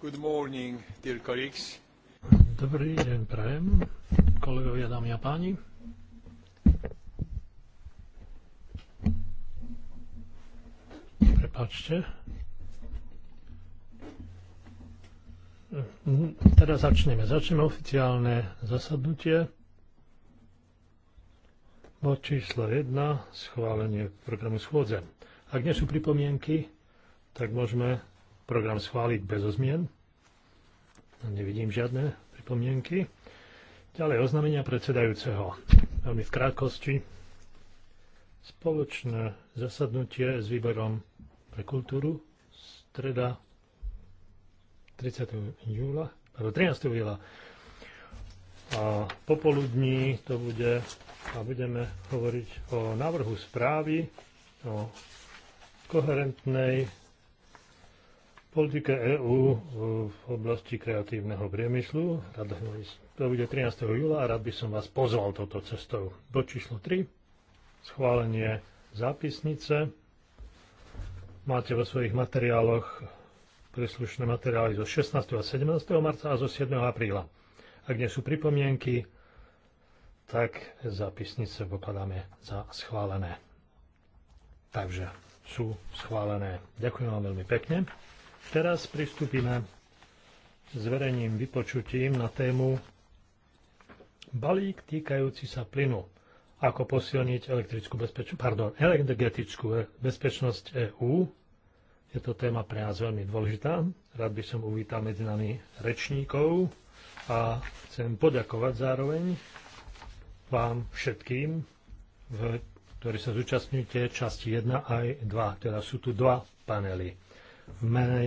Good morning, dear colleagues. Dobrý deň, prajem, kolegovia, dámy a páni. Prepačte. Teda začneme. Začneme oficiálne zasadnutie. Bod číslo 1, schválenie programu schôdze. Ak nie sú pripomienky, tak môžeme program schváliť bez zmien. No, nevidím žiadne pripomienky. Ďalej oznamenia predsedajúceho. Veľmi v krátkosti. Spoločné zasadnutie s výborom pre kultúru streda 30. júla, alebo 13. júla. A popoludní to bude a budeme hovoriť o návrhu správy o koherentnej politike EÚ e, v oblasti kreatívneho priemyslu. Rada, to bude 13. júla a rád by som vás pozval touto cestou. Bod číslo 3. Schválenie zápisnice. Máte vo svojich materiáloch príslušné materiály zo 16. a 17. marca a zo 7. apríla. Ak nie sú pripomienky, tak zápisnice pokladáme za schválené. Takže sú schválené. Ďakujem vám veľmi pekne. Teraz pristúpime s verejným vypočutím na tému balík týkajúci sa plynu. Ako posilniť elektrickú bezpeč- pardon, energetickú bezpečnosť EÚ. Je to téma pre nás veľmi dôležitá. Rád by som uvítal medzi nami rečníkov a chcem poďakovať zároveň vám všetkým, ktorí sa zúčastňujete časti 1 aj 2. Teda sú tu dva panely. V mene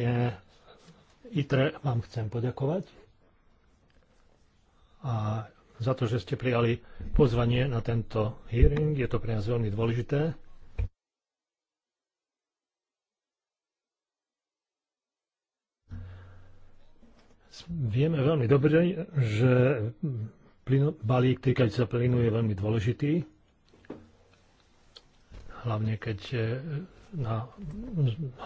ITRE vám chcem poďakovať a za to, že ste prijali pozvanie na tento hearing. Je to pre nás veľmi dôležité. Vieme veľmi dobre, že balík týkajúci sa plynu je veľmi dôležitý, hlavne keď na,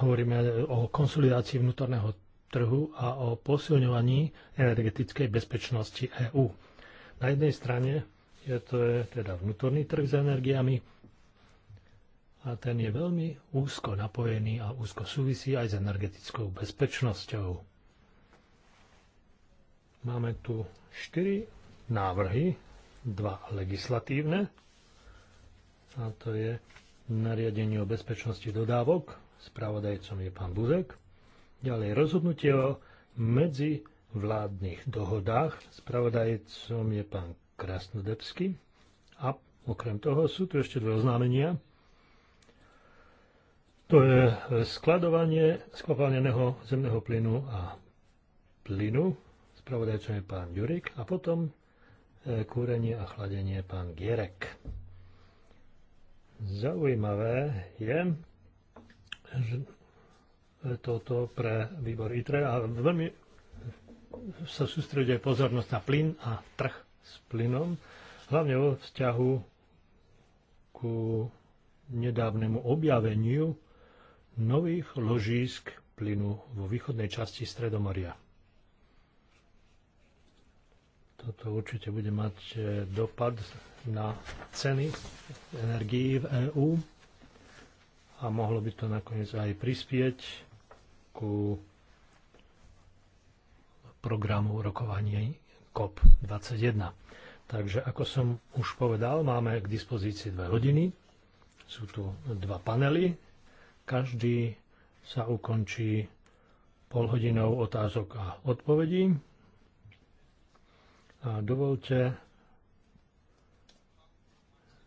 hovoríme o konsolidácii vnútorného trhu a o posilňovaní energetickej bezpečnosti EÚ. Na jednej strane je to je teda vnútorný trh s energiami a ten je veľmi úzko napojený a úzko súvisí aj s energetickou bezpečnosťou. Máme tu štyri návrhy, dva legislatívne, a to je nariadení o bezpečnosti dodávok, spravodajcom je pán Buzek. Ďalej rozhodnutie o medzivládnych dohodách, spravodajcom je pán Krasnodebsky. A okrem toho sú tu ešte dve oznámenia. To je skladovanie skvapalneného zemného plynu a plynu, spravodajcom je pán Ďurik, a potom eh, kúrenie a chladenie pán Gierek. Zaujímavé je, že toto pre výbor ITRE a veľmi sa sústreduje pozornosť na plyn a trh s plynom, hlavne vo vzťahu ku nedávnemu objaveniu nových ložísk plynu vo východnej časti Stredomoria. Toto určite bude mať e, dopad na ceny energií v EÚ a mohlo by to nakoniec aj prispieť ku programu rokovaní COP21. Takže ako som už povedal, máme k dispozícii dve hodiny. Sú tu dva panely. Každý sa ukončí pol hodinou otázok a odpovedí. A dovolte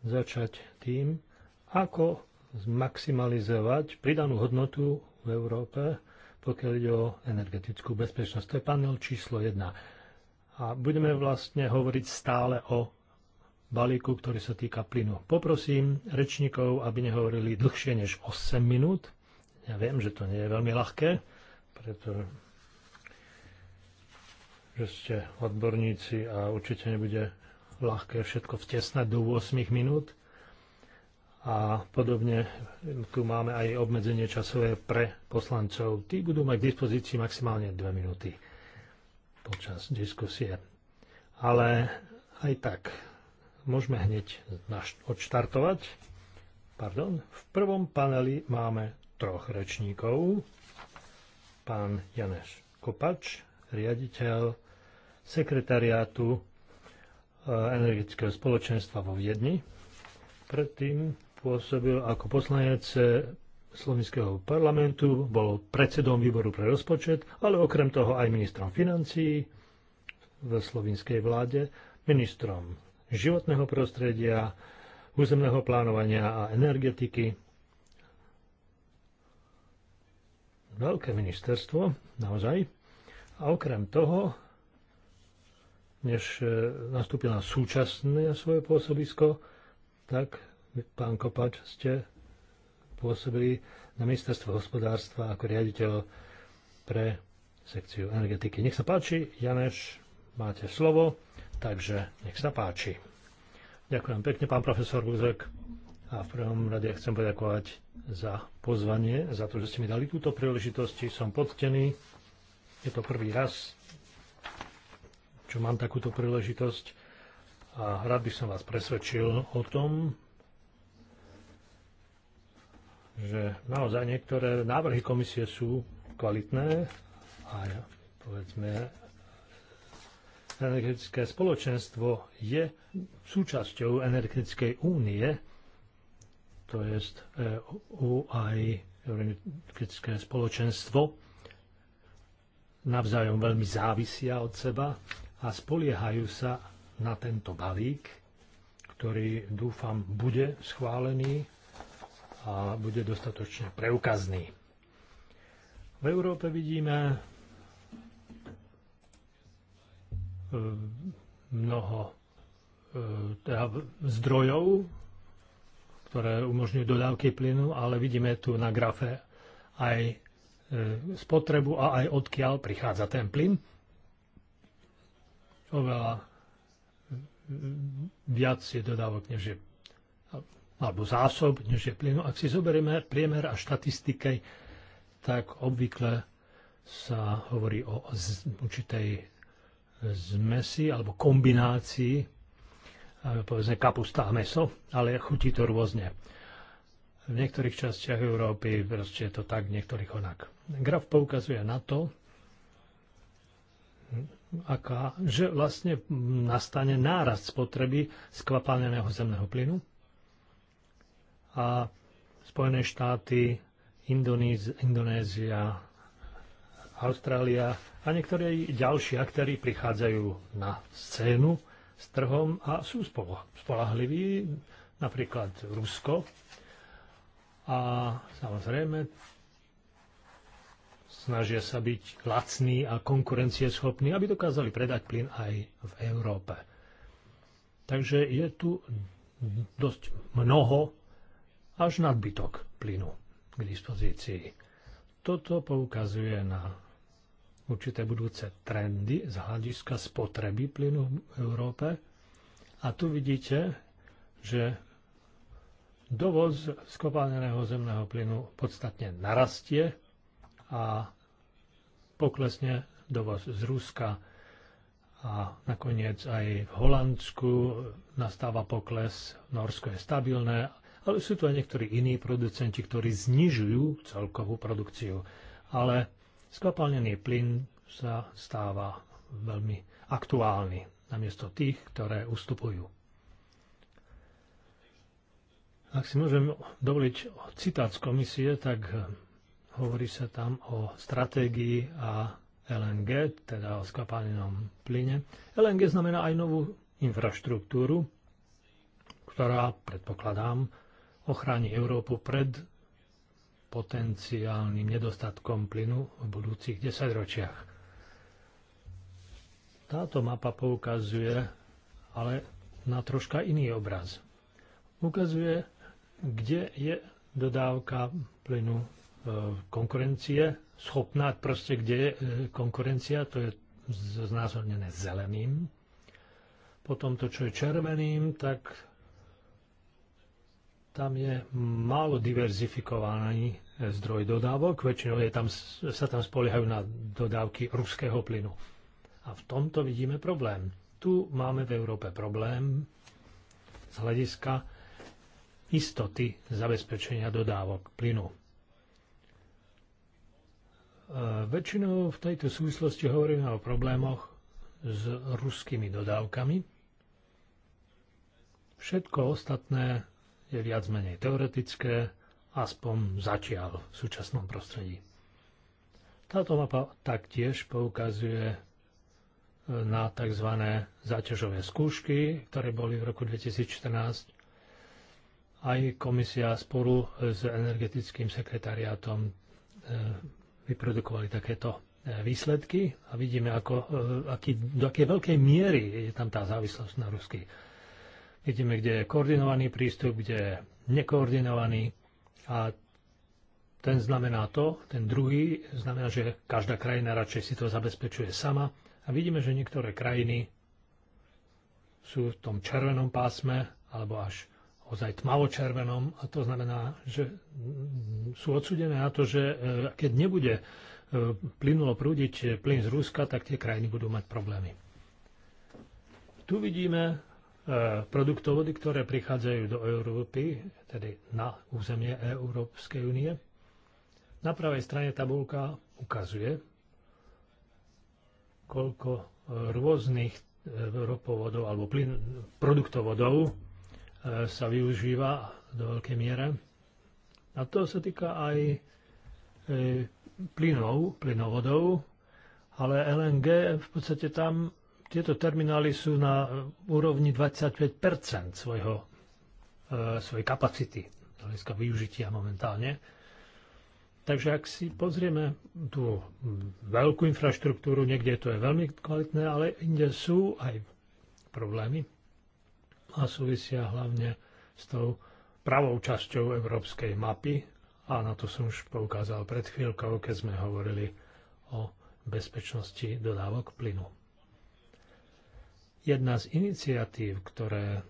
začať tým, ako zmaximalizovať pridanú hodnotu v Európe, pokiaľ ide o energetickú bezpečnosť. To je panel číslo 1. A budeme vlastne hovoriť stále o balíku, ktorý sa týka plynu. Poprosím rečníkov, aby nehovorili dlhšie než 8 minút. Ja viem, že to nie je veľmi ľahké, pretože že ste odborníci a určite nebude ľahké všetko vtesnať do 8 minút. A podobne tu máme aj obmedzenie časové pre poslancov. Tí budú mať k dispozícii maximálne 2 minúty počas diskusie. Ale aj tak môžeme hneď odštartovať. Pardon. V prvom paneli máme troch rečníkov. Pán Janeš Kopač, riaditeľ sekretariátu eh, energetického spoločenstva vo Viedni. Predtým pôsobil ako poslanec eh, Slovenského parlamentu, bol predsedom výboru pre rozpočet, ale okrem toho aj ministrom financií v slovinskej vláde, ministrom životného prostredia, územného plánovania a energetiky. Veľké ministerstvo, naozaj. A okrem toho než e, nastúpil na súčasné svoje pôsobisko, tak pán Kopač ste pôsobili na ministerstvo hospodárstva ako riaditeľ pre sekciu energetiky. Nech sa páči, Janeš, máte slovo, takže nech sa páči. Ďakujem pekne, pán profesor Buzek. A v prvom rade chcem poďakovať za pozvanie, za to, že ste mi dali túto príležitosť. Som poctený. Je to prvý raz, čo mám takúto príležitosť a rád by som vás presvedčil o tom, že naozaj niektoré návrhy komisie sú kvalitné a povedzme energetické spoločenstvo je súčasťou energetickej únie, to je EU aj energetické spoločenstvo navzájom veľmi závisia od seba a spoliehajú sa na tento balík, ktorý dúfam bude schválený a bude dostatočne preukazný. V Európe vidíme e, mnoho e, teda zdrojov, ktoré umožňujú dodávky plynu, ale vidíme tu na grafe aj e, spotrebu a aj odkiaľ prichádza ten plyn oveľa viac je dodávok, než je, alebo zásob, než je plynu. Ak si zoberieme priemer a štatistiky, tak obvykle sa hovorí o určitej zmesi alebo kombinácii, eh, povedzme kapusta a meso, ale chutí to rôzne. V niektorých častiach Európy proste je to tak, v niektorých onak. Graf poukazuje na to, aká, že vlastne nastane nárast spotreby skvapalneného zemného plynu a Spojené štáty, Indoníz, Indonézia, Austrália a niektorí ďalší aktéry prichádzajú na scénu s trhom a sú spolahliví, napríklad Rusko. A samozrejme, snažia sa byť lacní a konkurencieschopní, aby dokázali predať plyn aj v Európe. Takže je tu dosť mnoho až nadbytok plynu k dispozícii. Toto poukazuje na určité budúce trendy z hľadiska spotreby plynu v Európe. A tu vidíte, že dovoz skopáneného zemného plynu podstatne narastie a poklesne dovoz z Ruska a nakoniec aj v Holandsku nastáva pokles, Norsko je stabilné, ale sú tu aj niektorí iní producenti, ktorí znižujú celkovú produkciu. Ale skvapalnený plyn sa stáva veľmi aktuálny namiesto tých, ktoré ustupujú. Ak si môžem dovoliť citát z komisie, tak Hovorí sa tam o stratégii a LNG, teda o skapalnenom plyne. LNG znamená aj novú infraštruktúru, ktorá, predpokladám, ochráni Európu pred potenciálnym nedostatkom plynu v budúcich desaťročiach. Táto mapa poukazuje ale na troška iný obraz. Ukazuje, kde je dodávka plynu E, konkurencie, schopná proste, kde je e, konkurencia, to je znázornené zeleným. Potom to, čo je červeným, tak tam je málo diverzifikovaný e, zdroj dodávok. Väčšinou je tam, sa tam spoliehajú na dodávky ruského plynu. A v tomto vidíme problém. Tu máme v Európe problém z hľadiska istoty zabezpečenia dodávok plynu Väčšinou v tejto súvislosti hovoríme o problémoch s ruskými dodávkami. Všetko ostatné je viac menej teoretické, aspoň zatiaľ v súčasnom prostredí. Táto mapa taktiež poukazuje e, na tzv. záťažové skúšky, ktoré boli v roku 2014. Aj komisia spolu s energetickým sekretariátom e, vyprodukovali takéto e, výsledky a vidíme, ako, e, aký, do akej veľkej miery je tam tá závislosť na rusky. Vidíme, kde je koordinovaný prístup, kde je nekoordinovaný a ten znamená to, ten druhý znamená, že každá krajina radšej si to zabezpečuje sama a vidíme, že niektoré krajiny sú v tom červenom pásme alebo až ozaj tmavočervenom a to znamená, že sú odsudené na to, že e, keď nebude e, plynulo prúdiť e, plyn z Ruska, tak tie krajiny budú mať problémy. Tu vidíme produktovody, ktoré prichádzajú do Európy, tedy na územie Európskej únie. Na pravej strane tabulka ukazuje, koľko rôznych ropovodov alebo plyn, produktovodov E, sa využíva do veľkej miere. A to sa týka aj e, plynov, plynovodov, ale LNG v podstate tam tieto terminály sú na úrovni 25 svojho, e, svojej kapacity hľadiska využitia momentálne. Takže ak si pozrieme tú veľkú infraštruktúru, niekde to je veľmi kvalitné, ale inde sú aj problémy a súvisia hlavne s tou pravou časťou európskej mapy a na to som už poukázal pred chvíľkou, keď sme hovorili o bezpečnosti dodávok plynu. Jedna z iniciatív, ktoré e,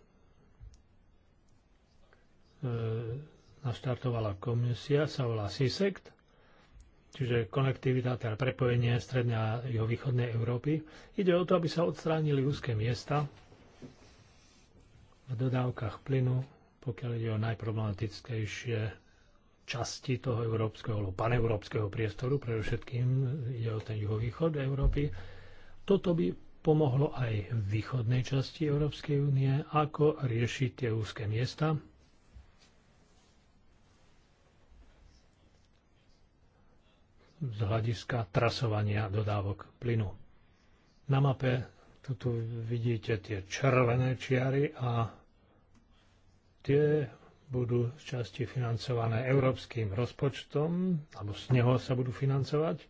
naštartovala komisia, sa volá SISECT, čiže konektivita, teda prepojenie strednej a východnej Európy. Ide o to, aby sa odstránili úzke miesta v dodávkach plynu, pokiaľ ide o najproblematickejšie časti toho európskeho alebo paneurópskeho priestoru, predovšetkým ide o ten juhovýchod Európy. Toto by pomohlo aj v východnej časti Európskej únie, ako riešiť tie úzke miesta. z hľadiska trasovania dodávok plynu. Na mape tu vidíte tie červené čiary a Tie budú z časti financované európskym rozpočtom, alebo z neho sa budú financovať,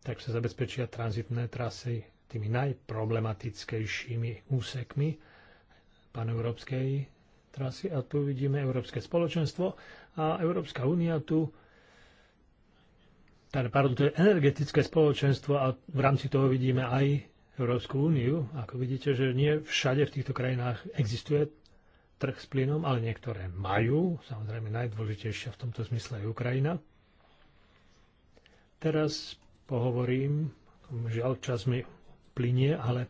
tak sa zabezpečia tranzitné trasy tými najproblematickejšími úsekmi paneurópskej trasy. A tu vidíme Európske spoločenstvo a Európska únia tu teda, pardon, to je energetické spoločenstvo a v rámci toho vidíme aj Európsku úniu. Ako vidíte, že nie všade v týchto krajinách existuje trh s plynom, ale niektoré majú. Samozrejme najdôležitejšia v tomto zmysle je Ukrajina. Teraz pohovorím, žiaľ čas mi plinie, ale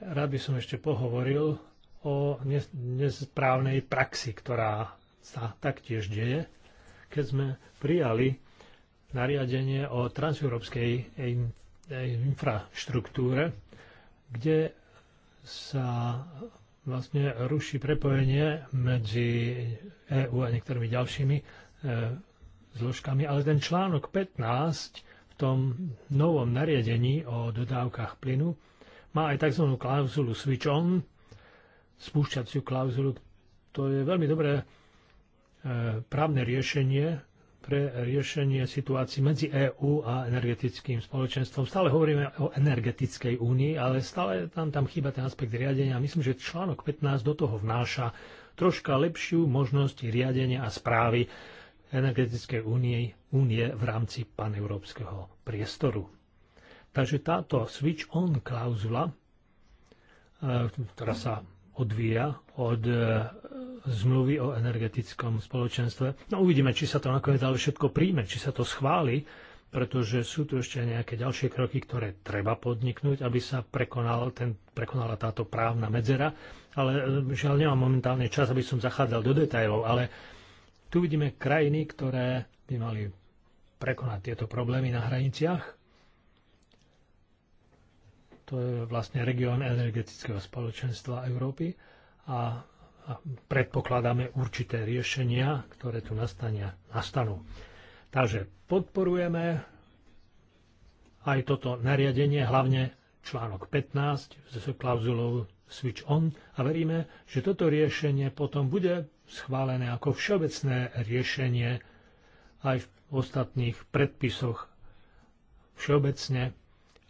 rád by som ešte pohovoril o nesprávnej praxi, ktorá sa taktiež deje, keď sme prijali nariadenie o transeurópskej infraštruktúre, kde sa vlastne ruší prepojenie medzi EÚ a niektorými ďalšími e, zložkami, ale ten článok 15 v tom novom nariadení o dodávkach plynu má aj tzv. klauzulu switch on, spúšťaciu klauzulu, to je veľmi dobré e, právne riešenie pre riešenie situácií medzi EÚ a energetickým spoločenstvom. Stále hovoríme o energetickej únii, ale stále tam, tam chýba ten aspekt riadenia. Myslím, že článok 15 do toho vnáša troška lepšiu možnosť riadenia a správy energetickej únie, únie v rámci paneurópskeho priestoru. Takže táto switch-on klauzula, e, ktorá sa odvíja od e, zmluvy o energetickom spoločenstve. No uvidíme, či sa to nakoniec ale všetko príjme, či sa to schváli, pretože sú tu ešte nejaké ďalšie kroky, ktoré treba podniknúť, aby sa prekonal ten, prekonala táto právna medzera. Ale e, žiaľ, nemám momentálne čas, aby som zachádzal do detajlov, ale tu vidíme krajiny, ktoré by mali prekonať tieto problémy na hraniciach to je vlastne región energetického spoločenstva Európy a, predpokladáme určité riešenia, ktoré tu nastania, nastanú. Takže podporujeme aj toto nariadenie, hlavne článok 15 s klauzulou switch on a veríme, že toto riešenie potom bude schválené ako všeobecné riešenie aj v ostatných predpisoch všeobecne,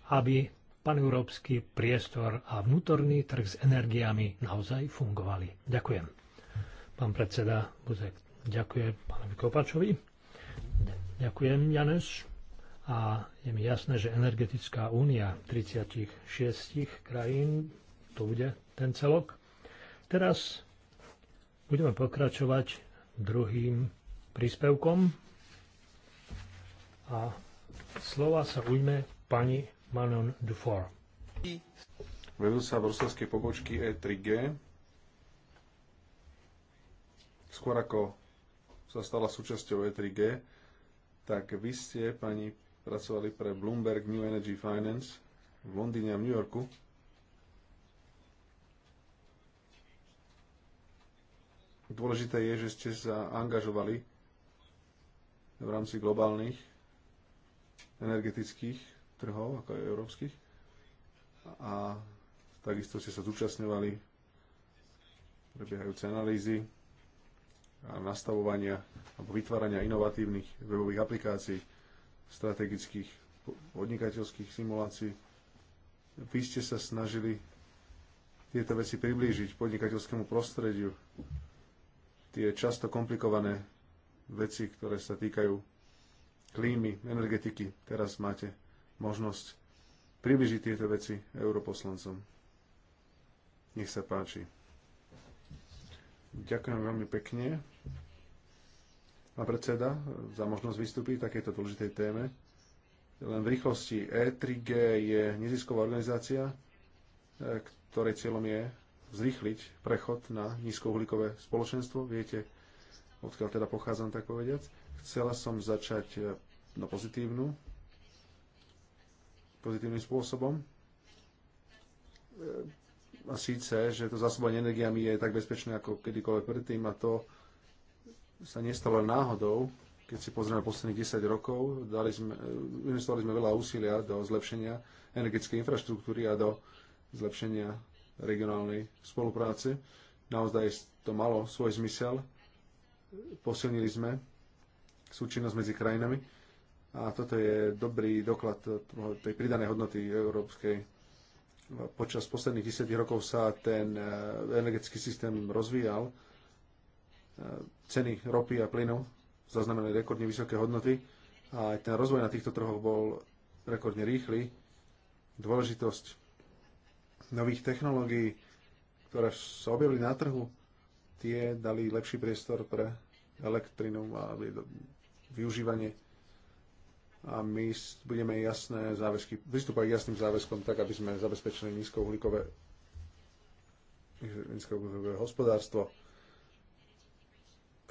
aby paneurópsky priestor a vnútorný trh s energiami naozaj fungovali. Ďakujem. Pán predseda Buzek, ďakujem pánovi Kopačovi. Ďakujem, Janeš. A je mi jasné, že energetická únia 36 krajín, to bude ten celok. Teraz budeme pokračovať druhým príspevkom a slova sa ujme pani Manon Dufour. Vedú sa bruselské pobočky E3G. Skôr ako sa stala súčasťou E3G, tak vy ste, pani, pracovali pre Bloomberg New Energy Finance v Londýne a v New Yorku. Dôležité je, že ste sa angažovali v rámci globálnych energetických trhov, ako aj európskych. A takisto ste sa zúčastňovali prebiehajúce analýzy a nastavovania alebo vytvárania inovatívnych webových aplikácií, strategických podnikateľských simulácií. Vy ste sa snažili tieto veci priblížiť podnikateľskému prostrediu, tie často komplikované veci, ktoré sa týkajú klímy, energetiky. Teraz máte možnosť približiť tieto veci europoslancom. Nech sa páči. Ďakujem veľmi pekne, pán predseda, za možnosť vystúpiť v takejto dôležitej téme. Len v rýchlosti E3G je nezisková organizácia, e, ktorej cieľom je zrýchliť prechod na nízkouhlíkové spoločenstvo. Viete, odkiaľ teda pochádzam, tak povediac. Chcela som začať e, na no, pozitívnu pozitívnym spôsobom. E, a síce, že to zásobovanie energiami je tak bezpečné ako kedykoľvek predtým a to sa nestalo náhodou, keď si pozrieme posledných 10 rokov, dali sme, e, investovali sme veľa úsilia do zlepšenia energetickej infraštruktúry a do zlepšenia regionálnej spolupráce. Naozaj to malo svoj zmysel. Posilnili sme súčinnosť medzi krajinami a toto je dobrý doklad tej pridanej hodnoty európskej. Počas posledných 10 rokov sa ten e, energetický systém rozvíjal. E, ceny ropy a plynu zaznamenali rekordne vysoké hodnoty a aj ten rozvoj na týchto trhoch bol rekordne rýchly. Dôležitosť nových technológií, ktoré sa objavili na trhu, tie dali lepší priestor pre elektrinu a využívanie a my budeme jasné záväzky, pristúpať jasným záväzkom tak, aby sme zabezpečili nízkouhlíkové nízkouhlíkové hospodárstvo.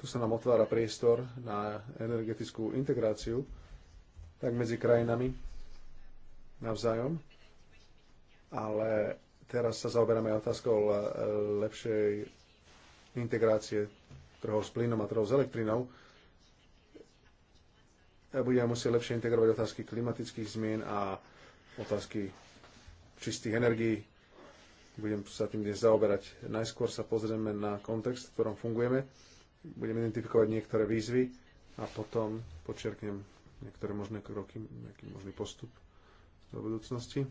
Tu sa nám otvára priestor na energetickú integráciu tak medzi krajinami navzájom, ale teraz sa zaoberáme otázkou e, lepšej integrácie trhov s plynom a trhov s elektrinou budeme musieť lepšie integrovať otázky klimatických zmien a otázky čistých energií. Budem sa tým dnes zaoberať. Najskôr sa pozrieme na kontext, v ktorom fungujeme. Budem identifikovať niektoré výzvy a potom počerknem niektoré možné kroky, nejaký možný postup do budúcnosti.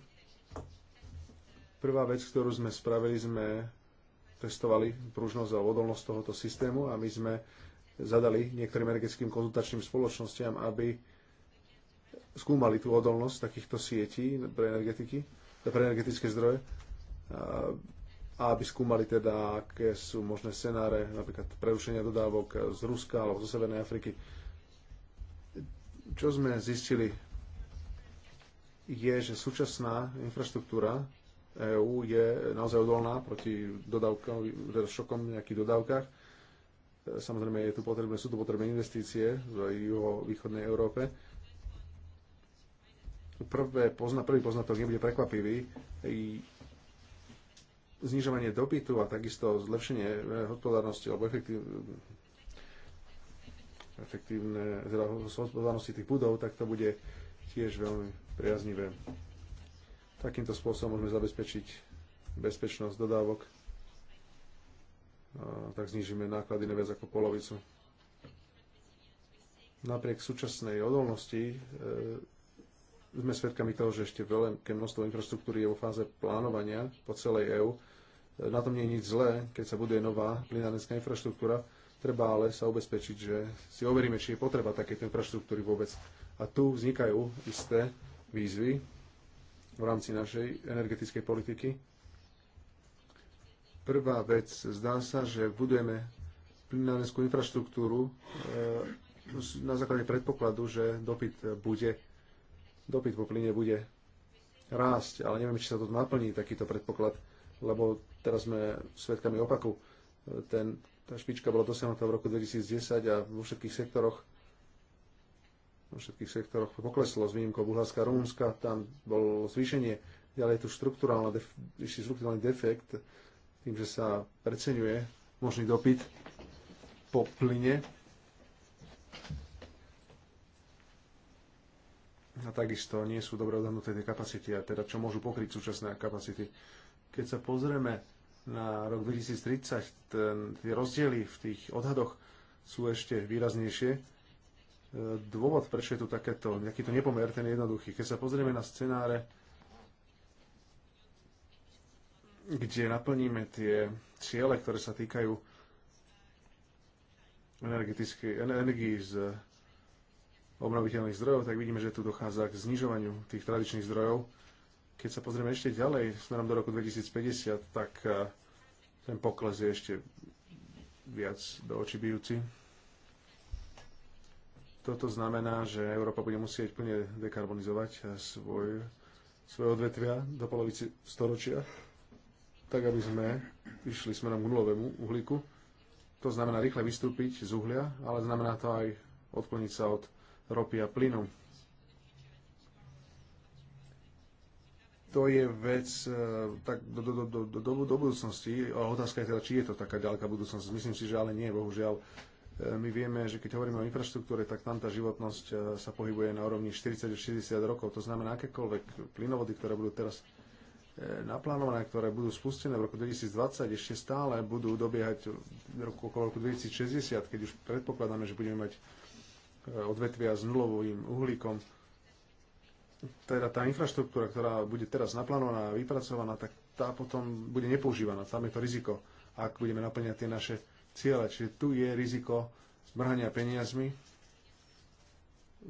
Prvá vec, ktorú sme spravili, sme testovali prúžnosť a odolnosť tohoto systému a my sme zadali niektorým energetickým konzultačným spoločnostiam, aby skúmali tú odolnosť takýchto sietí pre energetiky, pre energetické zdroje a aby skúmali teda, aké sú možné scenáre, napríklad prerušenia dodávok z Ruska alebo zo Severnej Afriky. Čo sme zistili, je, že súčasná infraštruktúra EÚ je naozaj odolná proti dodávkom, teda šokom v nejakých dodávkach Samozrejme, je tu potrebné, sú tu potrebné investície v juho-východnej Európe. Prvé pozna, prvý poznatok nebude prekvapivý. Znižovanie dopytu a takisto zlepšenie eh, hospodárnosti alebo efektívne hospodárnosti tých budov, tak to bude tiež veľmi priaznivé. Takýmto spôsobom môžeme zabezpečiť bezpečnosť dodávok tak znižíme náklady na viac ako polovicu. Napriek súčasnej odolnosti e, sme svedkami toho, že ešte veľké množstvo infraštruktúry je vo fáze plánovania po celej EÚ. E, na tom nie je nič zlé, keď sa buduje nová plinárenská infraštruktúra. Treba ale sa ubezpečiť, že si overíme, či je potreba takéto infraštruktúry vôbec. A tu vznikajú isté výzvy v rámci našej energetickej politiky. Prvá vec, zdá sa, že budujeme plynárenskú infraštruktúru e, na základe predpokladu, že dopyt bude, dopyt po plyne bude rásť, ale neviem, či sa to naplní takýto predpoklad, lebo teraz sme svedkami opaku. Ten, tá špička bola dosiahnutá v roku 2010 a vo všetkých sektoroch vo všetkých sektoroch pokleslo s výnimkou Bulharska a Rumunska, tam bolo zvýšenie, ďalej je tu štruktúrálny defekt, tým, že sa preceňuje možný dopyt po plyne. A takisto nie sú dobre odhadnuté tie kapacity, a teda čo môžu pokryť súčasné kapacity. Keď sa pozrieme na rok 2030, ten, tie rozdiely v tých odhadoch sú ešte výraznejšie. E, dôvod, prečo je tu takéto, to nepomer, ten je jednoduchý. Keď sa pozrieme na scenáre, kde naplníme tie ciele, ktoré sa týkajú energii z obnoviteľných zdrojov, tak vidíme, že tu dochádza k znižovaniu tých tradičných zdrojov. Keď sa pozrieme ešte ďalej, smerom do roku 2050, tak eh, ten pokles je ešte viac do očí bijúci. Toto znamená, že Európa bude musieť plne dekarbonizovať eh, svoj, svoje odvetvia do polovici storočia tak aby sme išli smerom k nulovému uhlíku. To znamená rýchle vystúpiť z uhlia, ale znamená to aj odkloniť sa od ropy a plynu. To je vec e, tak do, do, do, do, do, do budúcnosti. Otázka je teda, či je to taká ďalká budúcnosť. Myslím si, že ale nie, bohužiaľ. E, my vieme, že keď hovoríme o infraštruktúre, tak tam tá životnosť e, sa pohybuje na úrovni 40-60 rokov. To znamená, akékoľvek plynovody, ktoré budú teraz E, naplánované, ktoré budú spustené v roku 2020, ešte stále budú dobiehať v roku, okolo roku 2060, keď už predpokladáme, že budeme mať e, odvetvia s nulovým uhlíkom. Teda tá infraštruktúra, ktorá bude teraz naplánovaná a vypracovaná, tak tá potom bude nepoužívaná. Tam je to riziko, ak budeme naplňať tie naše ciele. Čiže tu je riziko zmrhania peniazmi,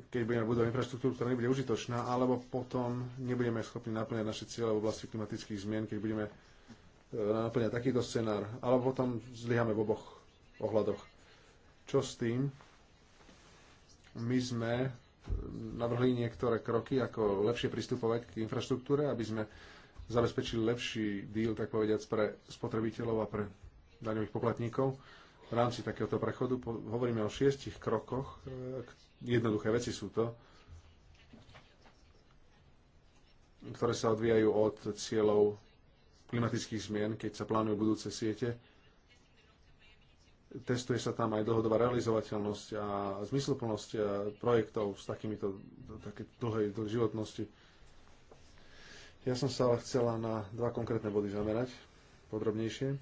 keď budeme budovať infraštruktúru, ktorá nebude užitočná, alebo potom nebudeme schopní naplňať naše cieľe v oblasti klimatických zmien, keď budeme e, naplňať takýto scenár, alebo potom zlyhame v oboch ohľadoch. Čo s tým? My sme e, navrhli niektoré kroky, ako lepšie pristupovať k infraštruktúre, aby sme zabezpečili lepší díl, tak povediac, pre spotrebiteľov a pre daňových poplatníkov v rámci takéhoto prechodu. Hovoríme o šiestich krokoch, e, Jednoduché veci sú to, ktoré sa odvíjajú od cieľov klimatických zmien, keď sa plánujú budúce siete. Testuje sa tam aj dlhodobá realizovateľnosť a zmysluplnosť eh, projektov s takýmito také dlhej životnosti. Ja som sa ale chcela na dva konkrétne body zamerať podrobnejšie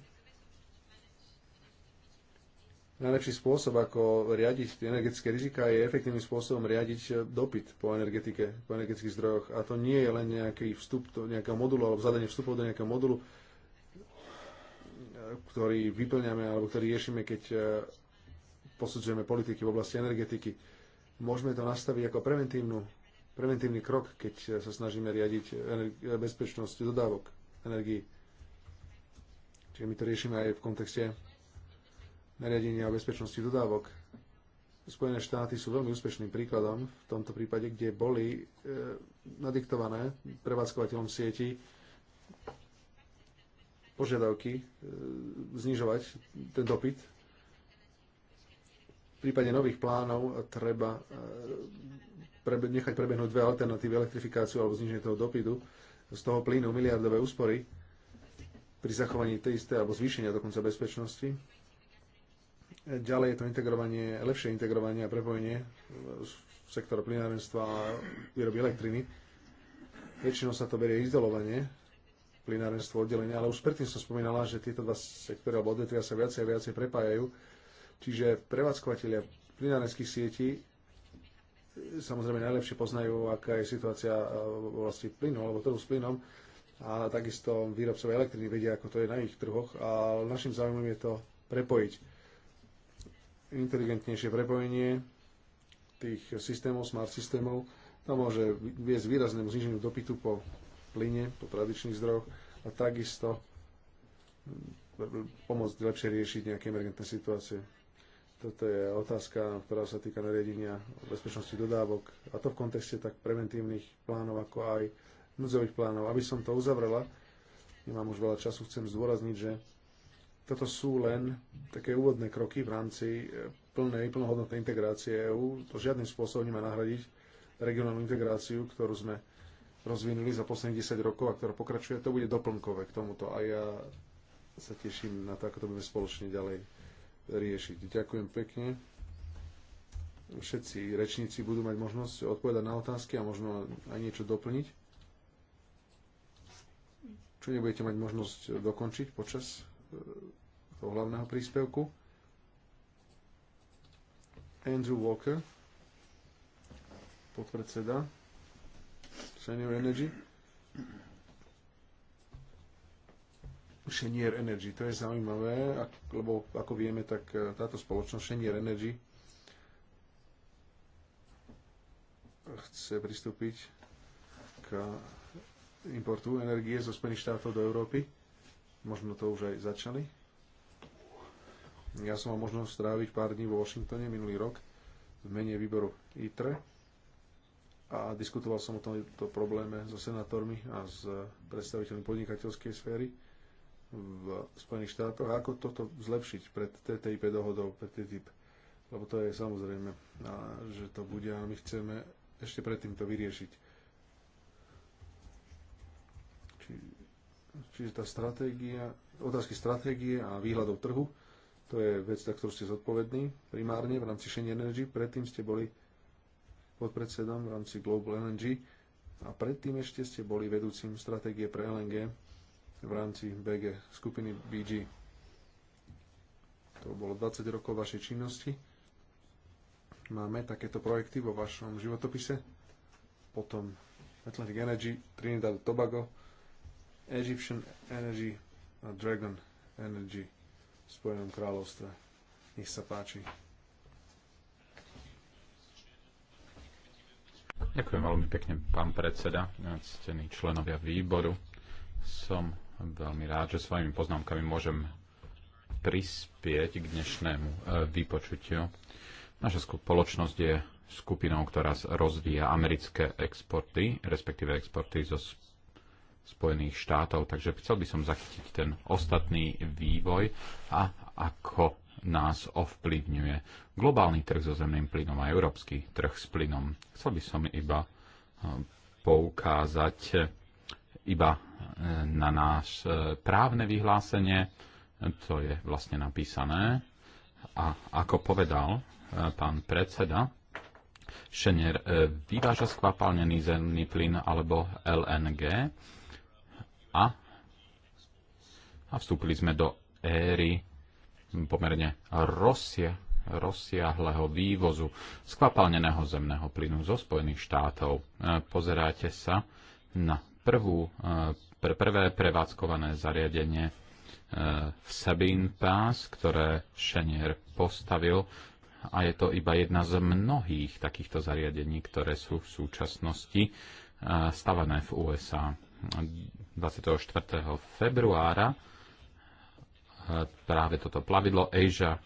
najlepší spôsob, ako riadiť energetické rizika, je efektívnym spôsobom riadiť dopyt po energetike, po energetických zdrojoch. A to nie je len nejaký vstup do nejakého modulu alebo zadanie vstupov do nejakého modulu, ktorý vyplňame alebo ktorý riešime, keď eh, posudzujeme politiky v oblasti energetiky. Môžeme to nastaviť ako preventívnu, preventívny krok, keď eh, sa snažíme riadiť bezpečnosť dodávok energii. Čiže my to riešime aj v kontexte nariadenia o bezpečnosti dodávok. Spojené štáty sú veľmi úspešným príkladom v tomto prípade, kde boli e, nadiktované prevádzkovateľom sieti požiadavky e, znižovať ten dopyt. V prípade nových plánov treba e, prebe, nechať prebehnúť dve alternatívy, elektrifikáciu alebo zniženie toho dopytu. Z toho plynu miliardové úspory pri zachovaní tej istej alebo zvýšenia dokonca bezpečnosti Ďalej je to integrovanie, lepšie integrovanie a prepojenie e, sektora plynárenstva a výroby elektriny. Väčšinou sa to berie izolovanie, plynárenstvo oddelenie, ale už predtým som spomínala, že tieto dva sektory alebo odvetvia sa viacej a viacej prepájajú. Čiže prevádzkovateľia plynárenských sietí e, samozrejme najlepšie poznajú, aká je situácia e, v oblasti plynu alebo trhu s plynom a takisto výrobcovia elektriny vedia, ako to je na ich trhoch a našim záujmom je to prepojiť inteligentnejšie prepojenie tých systémov, smart systémov, to môže viesť výraznému zniženiu dopytu po plyne, po tradičných zdrojoch a takisto mm, pomôcť lepšie riešiť nejaké emergentné situácie. Toto je otázka, ktorá sa týka nariadenia bezpečnosti dodávok a to v kontexte tak preventívnych plánov ako aj núdzových plánov. Aby som to uzavrela, nemám už veľa času, chcem zdôrazniť, že toto sú len také úvodné kroky v rámci eh, plnej, plnohodnotnej integrácie EÚ. To žiadnym spôsobom nemá nahradiť regionálnu integráciu, ktorú sme rozvinuli za posledných 10 rokov a ktorá pokračuje. To bude doplnkové k tomuto a ja sa teším na to, ako to budeme spoločne ďalej riešiť. Ďakujem pekne. Všetci rečníci budú mať možnosť odpovedať na otázky a možno aj niečo doplniť. Čo nebudete mať možnosť dokončiť počas E, toho hlavného príspevku. Andrew Walker, podpredseda Senior Energy. Senior Energy, to je zaujímavé, lebo ako vieme, tak e, táto spoločnosť Senior Energy chce pristúpiť k importu energie zo Spojených štátov do Európy Možno to už aj začali. Ja som mal možnosť stráviť pár dní vo Washingtone minulý rok v mene výboru ITRE a diskutoval som o tomto probléme so senátormi a s predstaviteľmi podnikateľskej sféry v Spojených štátoch ako toto zlepšiť pred TTIP dohodou, pred TTIP. Lebo to je samozrejme, že to bude a my chceme ešte predtým to vyriešiť Čiže tá stratégia, otázky stratégie a výhľadov trhu, to je vec, za ktorú ste zodpovední primárne v rámci Shen Energy. Predtým ste boli podpredsedom v rámci Global LNG a predtým ešte ste boli vedúcim stratégie pre LNG v rámci BG skupiny BG. To bolo 20 rokov vašej činnosti. Máme takéto projekty vo vašom životopise. Potom Atlantic Energy, Trinidad Tobago, Egyptian Energy a Dragon Energy v Spojenom kráľovstve. Nech sa páči. Ďakujem veľmi pekne, pán predseda, ctení členovia výboru. Som veľmi rád, že svojimi poznámkami môžem prispieť k dnešnému e, vypočutiu. Naša spoločnosť je skupinou, ktorá rozvíja americké exporty, respektíve exporty zo Spojených štátov. Takže chcel by som zachytiť ten ostatný vývoj a ako nás ovplyvňuje globálny trh so zemným plynom a európsky trh s plynom. Chcel by som iba eh, poukázať eh, iba eh, na náš právne vyhlásenie, to je vlastne napísané. A ako povedal pán predseda, Šenier vyváža skvapalnený zemný plyn alebo LNG a, a vstúpili sme do éry pomerne rozsia, rozsiahleho vývozu skvapalneného zemného plynu zo Spojených štátov. E, pozeráte sa na prvú, e, pr- prvé prevádzkované zariadenie e, v Sabine Pass, ktoré Šenier postavil a je to iba jedna z mnohých takýchto zariadení, ktoré sú v súčasnosti stavané v USA. 24. februára e, práve toto plavidlo Asia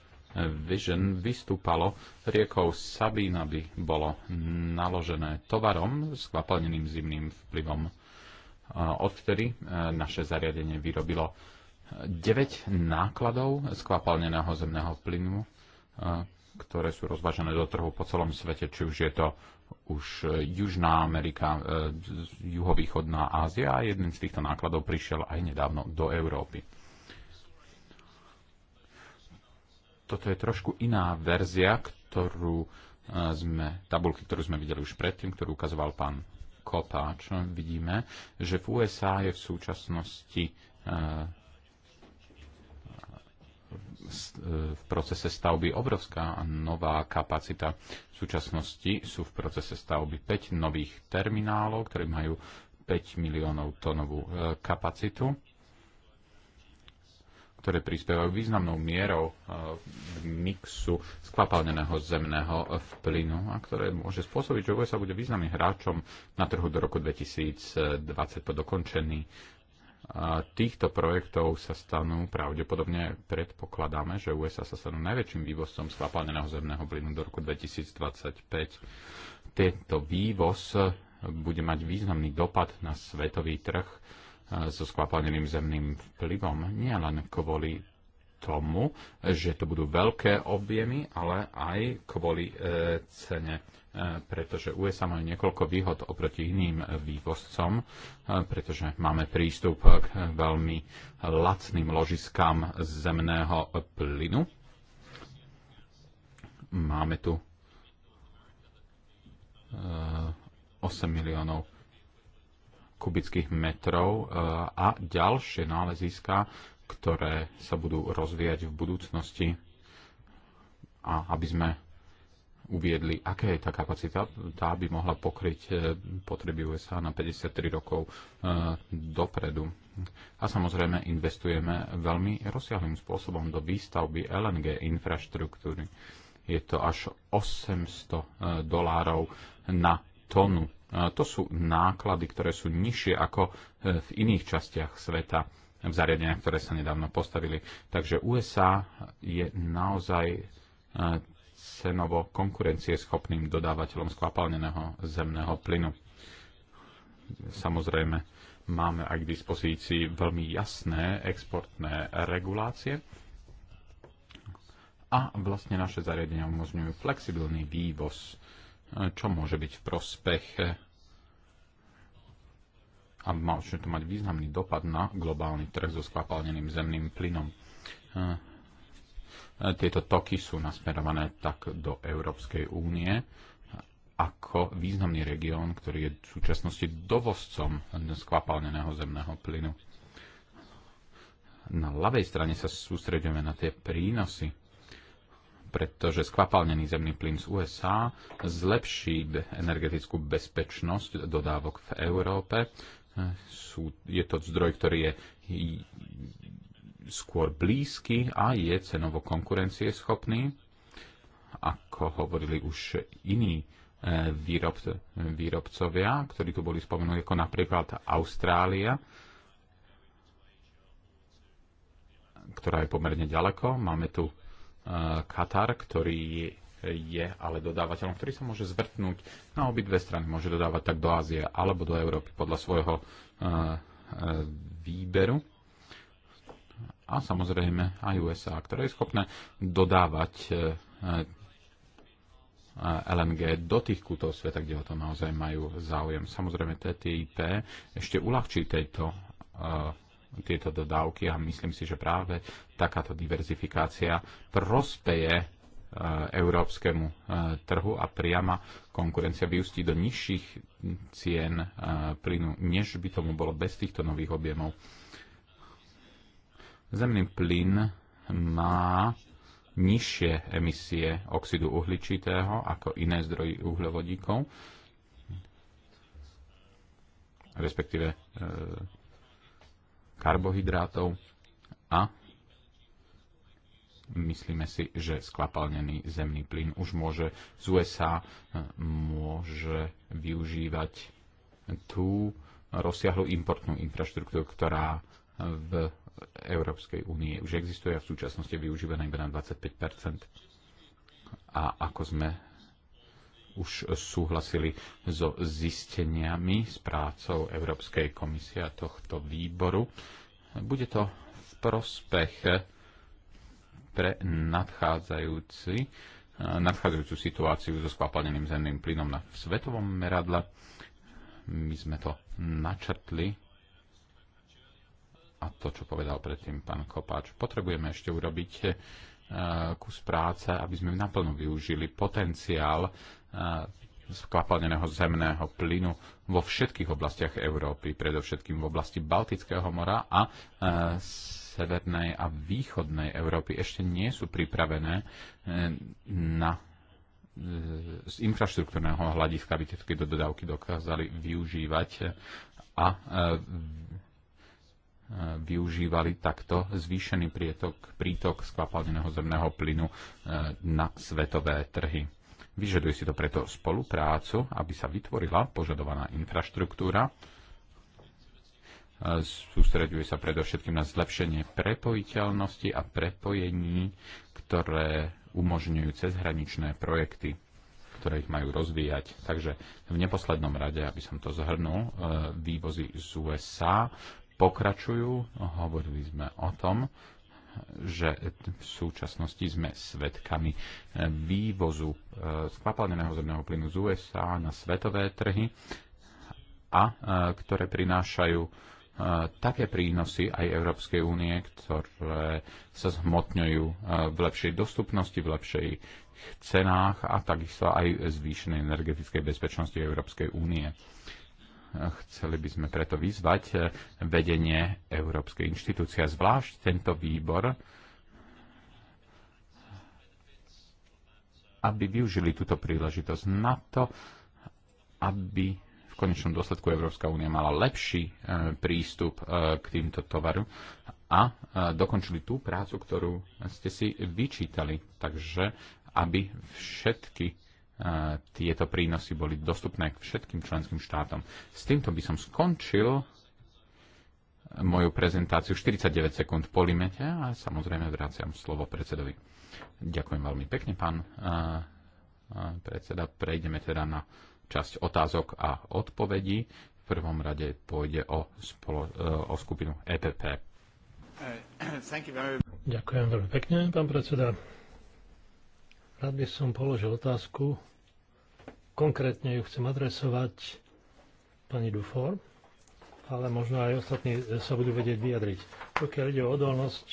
Vision vystúpalo riekou Sabína, aby bolo naložené tovarom s kvapalneným zimným vplyvom. E, odvtedy e, naše zariadenie vyrobilo 9 nákladov skvapalneného zemného plynu, ktoré sú rozvážené do trhu po celom svete, či už je to už e, Južná Amerika, e, Juhovýchodná Ázia a jedným z týchto nákladov prišiel aj nedávno do Európy. Toto je trošku iná verzia, ktorú e, sme, tabulky, ktorú sme videli už predtým, ktorú ukazoval pán Kopáč. Vidíme, že v USA je v súčasnosti v procese stavby obrovská nová kapacita. V súčasnosti sú v procese stavby 5 nových terminálov, ktoré majú 5 miliónov tonovú e, kapacitu ktoré prispievajú významnou mierou e, mixu skvapalneného zemného e, plynu a ktoré môže spôsobiť, že USA bude významným hráčom na trhu do roku 2020 po dokončení týchto projektov sa stanú pravdepodobne, predpokladáme, že USA sa stanú najväčším vývozcom skvapalneného zemného plynu do roku 2025. Tento vývoz e, bude mať významný dopad na svetový trh e, so skvapalneným zemným vplyvom, nielen kvôli tomu, že to budú veľké objemy, ale aj kvôli e, cene pretože USA majú niekoľko výhod oproti iným vývozcom, pretože máme prístup k veľmi lacným ložiskám zemného plynu. Máme tu 8 eh, miliónov kubických metrov eh, a ďalšie náleziska, ktoré sa budú rozvíjať v budúcnosti a aby sme uviedli, aká je tá kapacita. Tá by mohla pokryť e, potreby USA na 53 rokov e, dopredu. A samozrejme investujeme veľmi rozsiahlým spôsobom do výstavby LNG infraštruktúry. Je to až 800 e, dolárov na tonu. To sú náklady, ktoré sú nižšie ako v iných častiach sveta v zariadeniach, ktoré sa nedávno postavili. Takže USA je naozaj cenovo konkurencieschopným dodávateľom skvapalneného zemného plynu. Samozrejme, máme aj k dispozícii veľmi jasné exportné regulácie a vlastne naše zariadenia umožňujú flexibilný vývoz, čo môže byť v prospech a môže to mať významný dopad na globálny trh so skvapalneným zemným plynom tieto toky sú nasmerované tak do Európskej únie, ako významný región, ktorý je v súčasnosti dovozcom skvapalneného zemného plynu. Na ľavej strane sa sústredujeme na tie prínosy, pretože skvapalnený zemný plyn z USA zlepší energetickú bezpečnosť dodávok v Európe. Sú, je to zdroj, ktorý je skôr blízky a je cenovo konkurencieschopný, ako hovorili už iní eh, výrob, výrobcovia, ktorí tu boli spomenutí, ako napríklad Austrália, ktorá je pomerne ďaleko. Máme tu eh, Katar, ktorý je ale dodávateľom, ktorý sa môže zvrtnúť na obidve strany. Môže dodávať tak do Ázie alebo do Európy podľa svojho eh, výberu a samozrejme aj USA, ktoré je schopné dodávať e, e, LNG do tých kútov sveta, kde ho to naozaj majú záujem. Samozrejme TTIP ešte uľahčí tejto, e, tieto dodávky a myslím si, že práve takáto diverzifikácia prospeje európskemu trhu a priama konkurencia vyústí do nižších cien plynu, než by tomu bolo bez týchto nových objemov. Zemný plyn má nižšie emisie oxidu uhličitého ako iné zdroje uhľovodíkov, respektíve e, karbohydrátov a myslíme si, že skvapalnený zemný plyn už môže z USA e, môže využívať tú rozsiahlu importnú infraštruktúru, ktorá v Európskej únie už existuje a v súčasnosti je využívané iba na 25 A ako sme už súhlasili so zisteniami s prácou Európskej komisie a tohto výboru, bude to v prospech pre nadchádzajúci, nadchádzajúcu situáciu so skvapalneným zemným plynom na svetovom meradle. My sme to načrtli a to, čo povedal predtým pán Kopáč. Potrebujeme ešte urobiť eh, kus práce, aby sme naplno využili potenciál eh, skvapalneného zemného plynu vo všetkých oblastiach Európy, predovšetkým v oblasti Baltického mora a eh, severnej a východnej Európy ešte nie sú pripravené na z infraštruktúrneho hľadiska, aby tieto dodávky dokázali využívať a využívali takto zvýšený prietok, prítok skvapalneného zemného plynu e, na svetové trhy. Vyžaduje si to preto spoluprácu, aby sa vytvorila požadovaná infraštruktúra. E, sústreďuje sa predovšetkým na zlepšenie prepojiteľnosti a prepojení, ktoré umožňujú cezhraničné projekty ktoré ich majú rozvíjať. Takže v neposlednom rade, aby som to zhrnul, e, vývozy z USA pokračujú. Hovorili sme o tom, že v súčasnosti sme svetkami eh, vývozu eh, skvapalneného zemného plynu z USA na svetové trhy a eh, ktoré prinášajú také prínosy aj Európskej únie, ktoré sa zhmotňujú v lepšej dostupnosti, v lepšej cenách a takisto aj zvýšenej energetickej bezpečnosti Európskej únie. Chceli by sme preto vyzvať eh, vedenie Európskej inštitúcie, a zvlášť tento výbor, aby využili túto príležitosť na to, aby v konečnom dôsledku Európska únia mala lepší eh, prístup eh, k týmto tovaru a dokončili tú prácu, ktorú ste si vyčítali. Takže aby všetky tieto prínosy boli dostupné k všetkým členským štátom. S týmto by som skončil moju prezentáciu 49 sekúnd po limete a samozrejme vraciam slovo predsedovi. Ďakujem veľmi pekne, pán predseda. Prejdeme teda na časť otázok a odpovedí. V prvom rade pôjde o, spolo, e, o skupinu EPP. Ďakujem veľmi pekne, pán predseda. Rád by som položil otázku. Konkrétne ju chcem adresovať pani Dufor, ale možno aj ostatní sa budú vedieť vyjadriť. Pokiaľ ide o odolnosť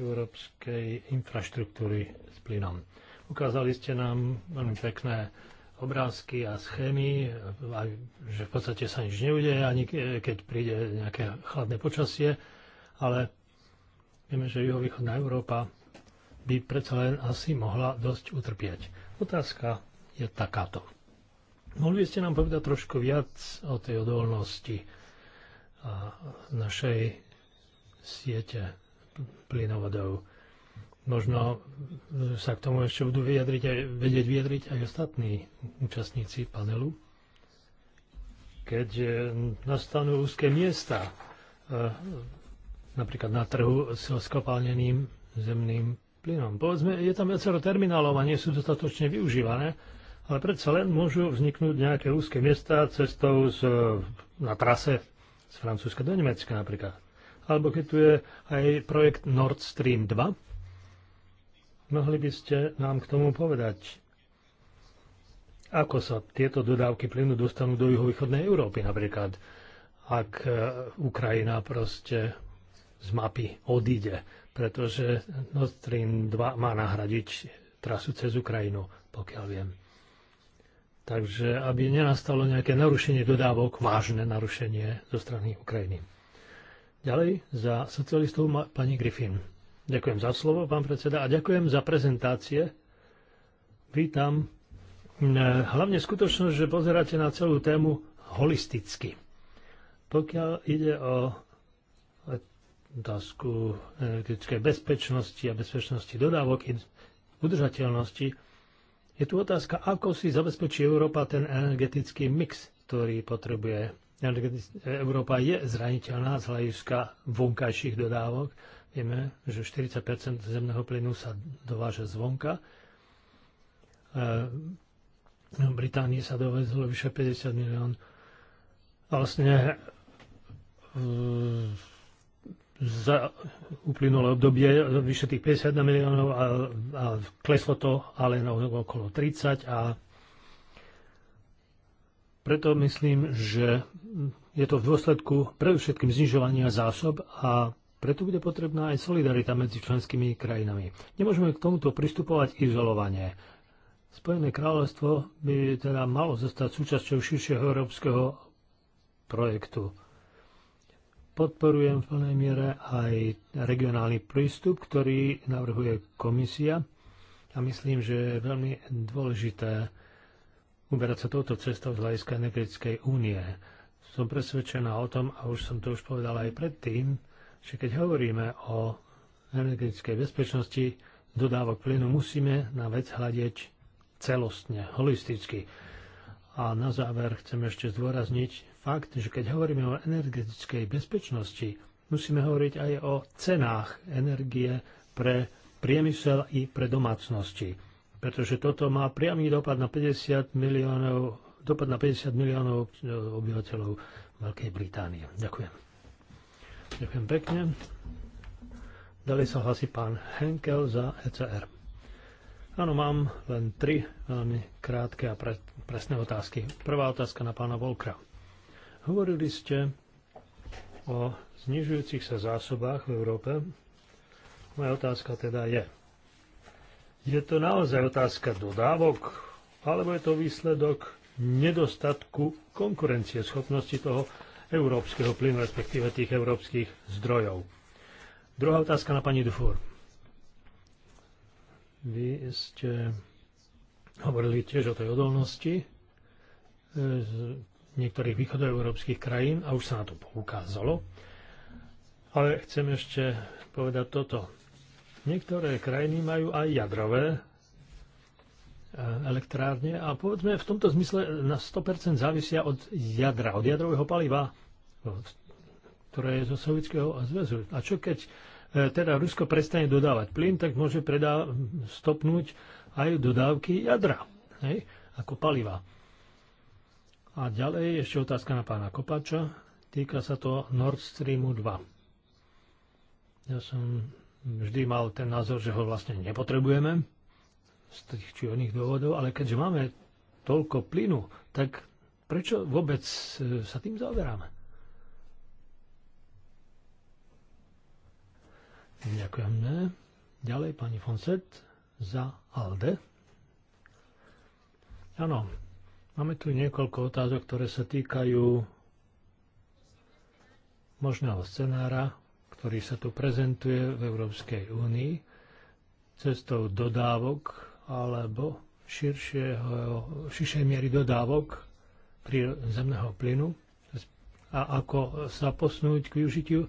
európskej infraštruktúry s plynom. Ukázali ste nám veľmi pekné obrázky a schémy, aj, že v podstate sa nič neudeje, ani keď príde nejaké chladné počasie, ale vieme, že juhovýchodná Európa by predsa len asi mohla dosť utrpieť. Otázka je takáto. Mohli by ste nám povedať trošku viac o tej odolnosti našej siete plynovodov. Možno e, sa k tomu ešte budú vyjadriť aj, vedieť vyjadriť aj ostatní účastníci panelu. Keď e, nastanú úzke miesta, e, napríklad na trhu s skopalneným zemným plynom. Povedzme, je tam viacero terminálov a nie sú dostatočne využívané, ale predsa len môžu vzniknúť nejaké úzke miesta cestou z, na trase z Francúzska do Nemecka napríklad. Alebo keď tu je aj projekt Nord Stream 2, mohli by ste nám k tomu povedať, ako sa tieto dodávky plynu dostanú do juhovýchodnej Európy napríklad, ak e, Ukrajina proste z mapy odíde pretože Nord Stream 2 má nahradiť trasu cez Ukrajinu, pokiaľ viem. Takže aby nenastalo nejaké narušenie dodávok, vážne narušenie zo strany Ukrajiny. Ďalej za socialistov pani Griffin. Ďakujem za slovo, pán predseda, a ďakujem za prezentácie. Vítam e, hlavne skutočnosť, že pozeráte na celú tému holisticky. Pokiaľ ide o otázku energetickej bezpečnosti a bezpečnosti dodávok i udržateľnosti, je tu otázka, ako si zabezpečí Európa ten energetický mix, ktorý potrebuje. Európa je zraniteľná z hľadiska vonkajších dodávok. Vieme, že 40 zemného plynu sa dováža zvonka. E, v Británii sa dovezlo vyše 50 milión. A vlastne za uplynulé obdobie vyše tých 51 miliónov a, a kleslo to ale na okolo 30 a preto myslím, že je to v dôsledku predovšetkým znižovania zásob a preto bude potrebná aj solidarita medzi členskými krajinami. Nemôžeme k tomuto pristupovať izolovanie. Spojené kráľovstvo by teda malo zostať súčasťou širšieho európskeho projektu. Podporujem v plnej miere aj regionálny prístup, ktorý navrhuje komisia a myslím, že je veľmi dôležité uberať sa touto cestou z hľadiska energetickej únie. Som presvedčená o tom, a už som to už povedala aj predtým, že keď hovoríme o energetickej bezpečnosti dodávok plynu, musíme na vec hľadiť celostne, holisticky. A na záver chcem ešte zdôrazniť, fakt, že keď hovoríme o energetickej bezpečnosti, musíme hovoriť aj o cenách energie pre priemysel i pre domácnosti. Pretože toto má priamy dopad na 50 miliónov, dopad na 50 miliónov obyvateľov Veľkej Británie. Ďakujem. Ďakujem pekne. Dali sa hlasí pán Henkel za ECR. Áno, mám len tri veľmi krátke a pre, presné otázky. Prvá otázka na pána Volkra. Hovorili ste o znižujúcich sa zásobách v Európe. Moja otázka teda je, je to naozaj otázka dodávok, alebo je to výsledok nedostatku konkurencie schopnosti toho európskeho plynu, respektíve tých európskych zdrojov? Druhá otázka na pani Dufour. Vy ste hovorili tiež o tej odolnosti e, niektorých východoeurópskych krajín a už sa na to poukázalo. Ale chcem ešte povedať toto. Niektoré krajiny majú aj jadrové e, elektrárne a povedzme v tomto zmysle na 100% závisia od jadra, od jadrového paliva, e, ktoré je zo Sovietskeho zväzu. A čo keď e, teda Rusko prestane dodávať plyn, tak môže predá, stopnúť aj dodávky jadra, hej, ako paliva. A ďalej ešte otázka na pána Kopača. Týka sa to Nord Streamu 2. Ja som vždy mal ten názor, že ho vlastne nepotrebujeme z tých či oných dôvodov, ale keďže máme toľko plynu, tak prečo vôbec e, sa tým zaoberáme? Ďakujem. Ne? Ďalej pani Fonset za ALDE. Áno, Máme tu niekoľko otázok, ktoré sa týkajú možného scenára, ktorý sa tu prezentuje v Európskej únii cestou dodávok alebo širšieho, širšej miery dodávok zemného plynu a ako sa posunúť k využitiu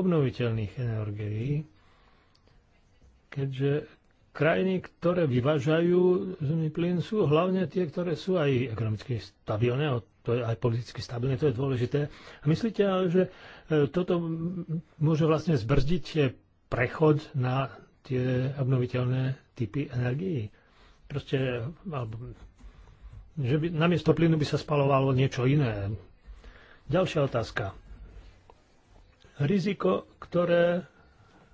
obnoviteľných energií, keďže krajiny, ktoré vyvážajú zemný plyn, sú hlavne tie, ktoré sú aj ekonomicky stabilné, to je aj politicky stabilné, to je dôležité. A myslíte, že e, toto môže vlastne zbrzdiť prechod na tie obnoviteľné typy energií? Proste, alebo, že by, namiesto plynu by sa spalovalo niečo iné. Ďalšia otázka. Riziko, ktoré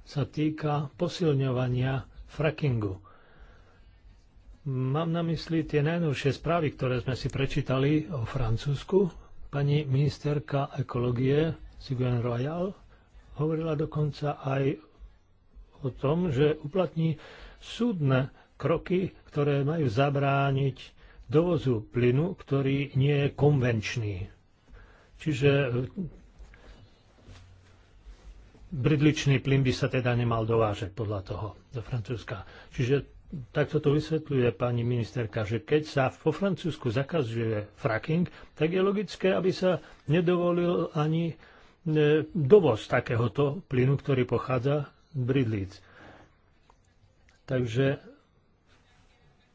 sa týka posilňovania frackingu. Mám na mysli tie najnovšie správy, ktoré sme si prečítali o Francúzsku. Pani ministerka ekológie Siguen Royal hovorila dokonca aj o tom, že uplatní súdne kroky, ktoré majú zabrániť dovozu plynu, ktorý nie je konvenčný. Čiže bridličný plyn by sa teda nemal dovážať podľa toho do Francúzska. Čiže takto to vysvetľuje pani ministerka, že keď sa po Francúzsku zakazuje fracking, tak je logické, aby sa nedovolil ani e, dovoz takéhoto plynu, ktorý pochádza z Bridlic. Takže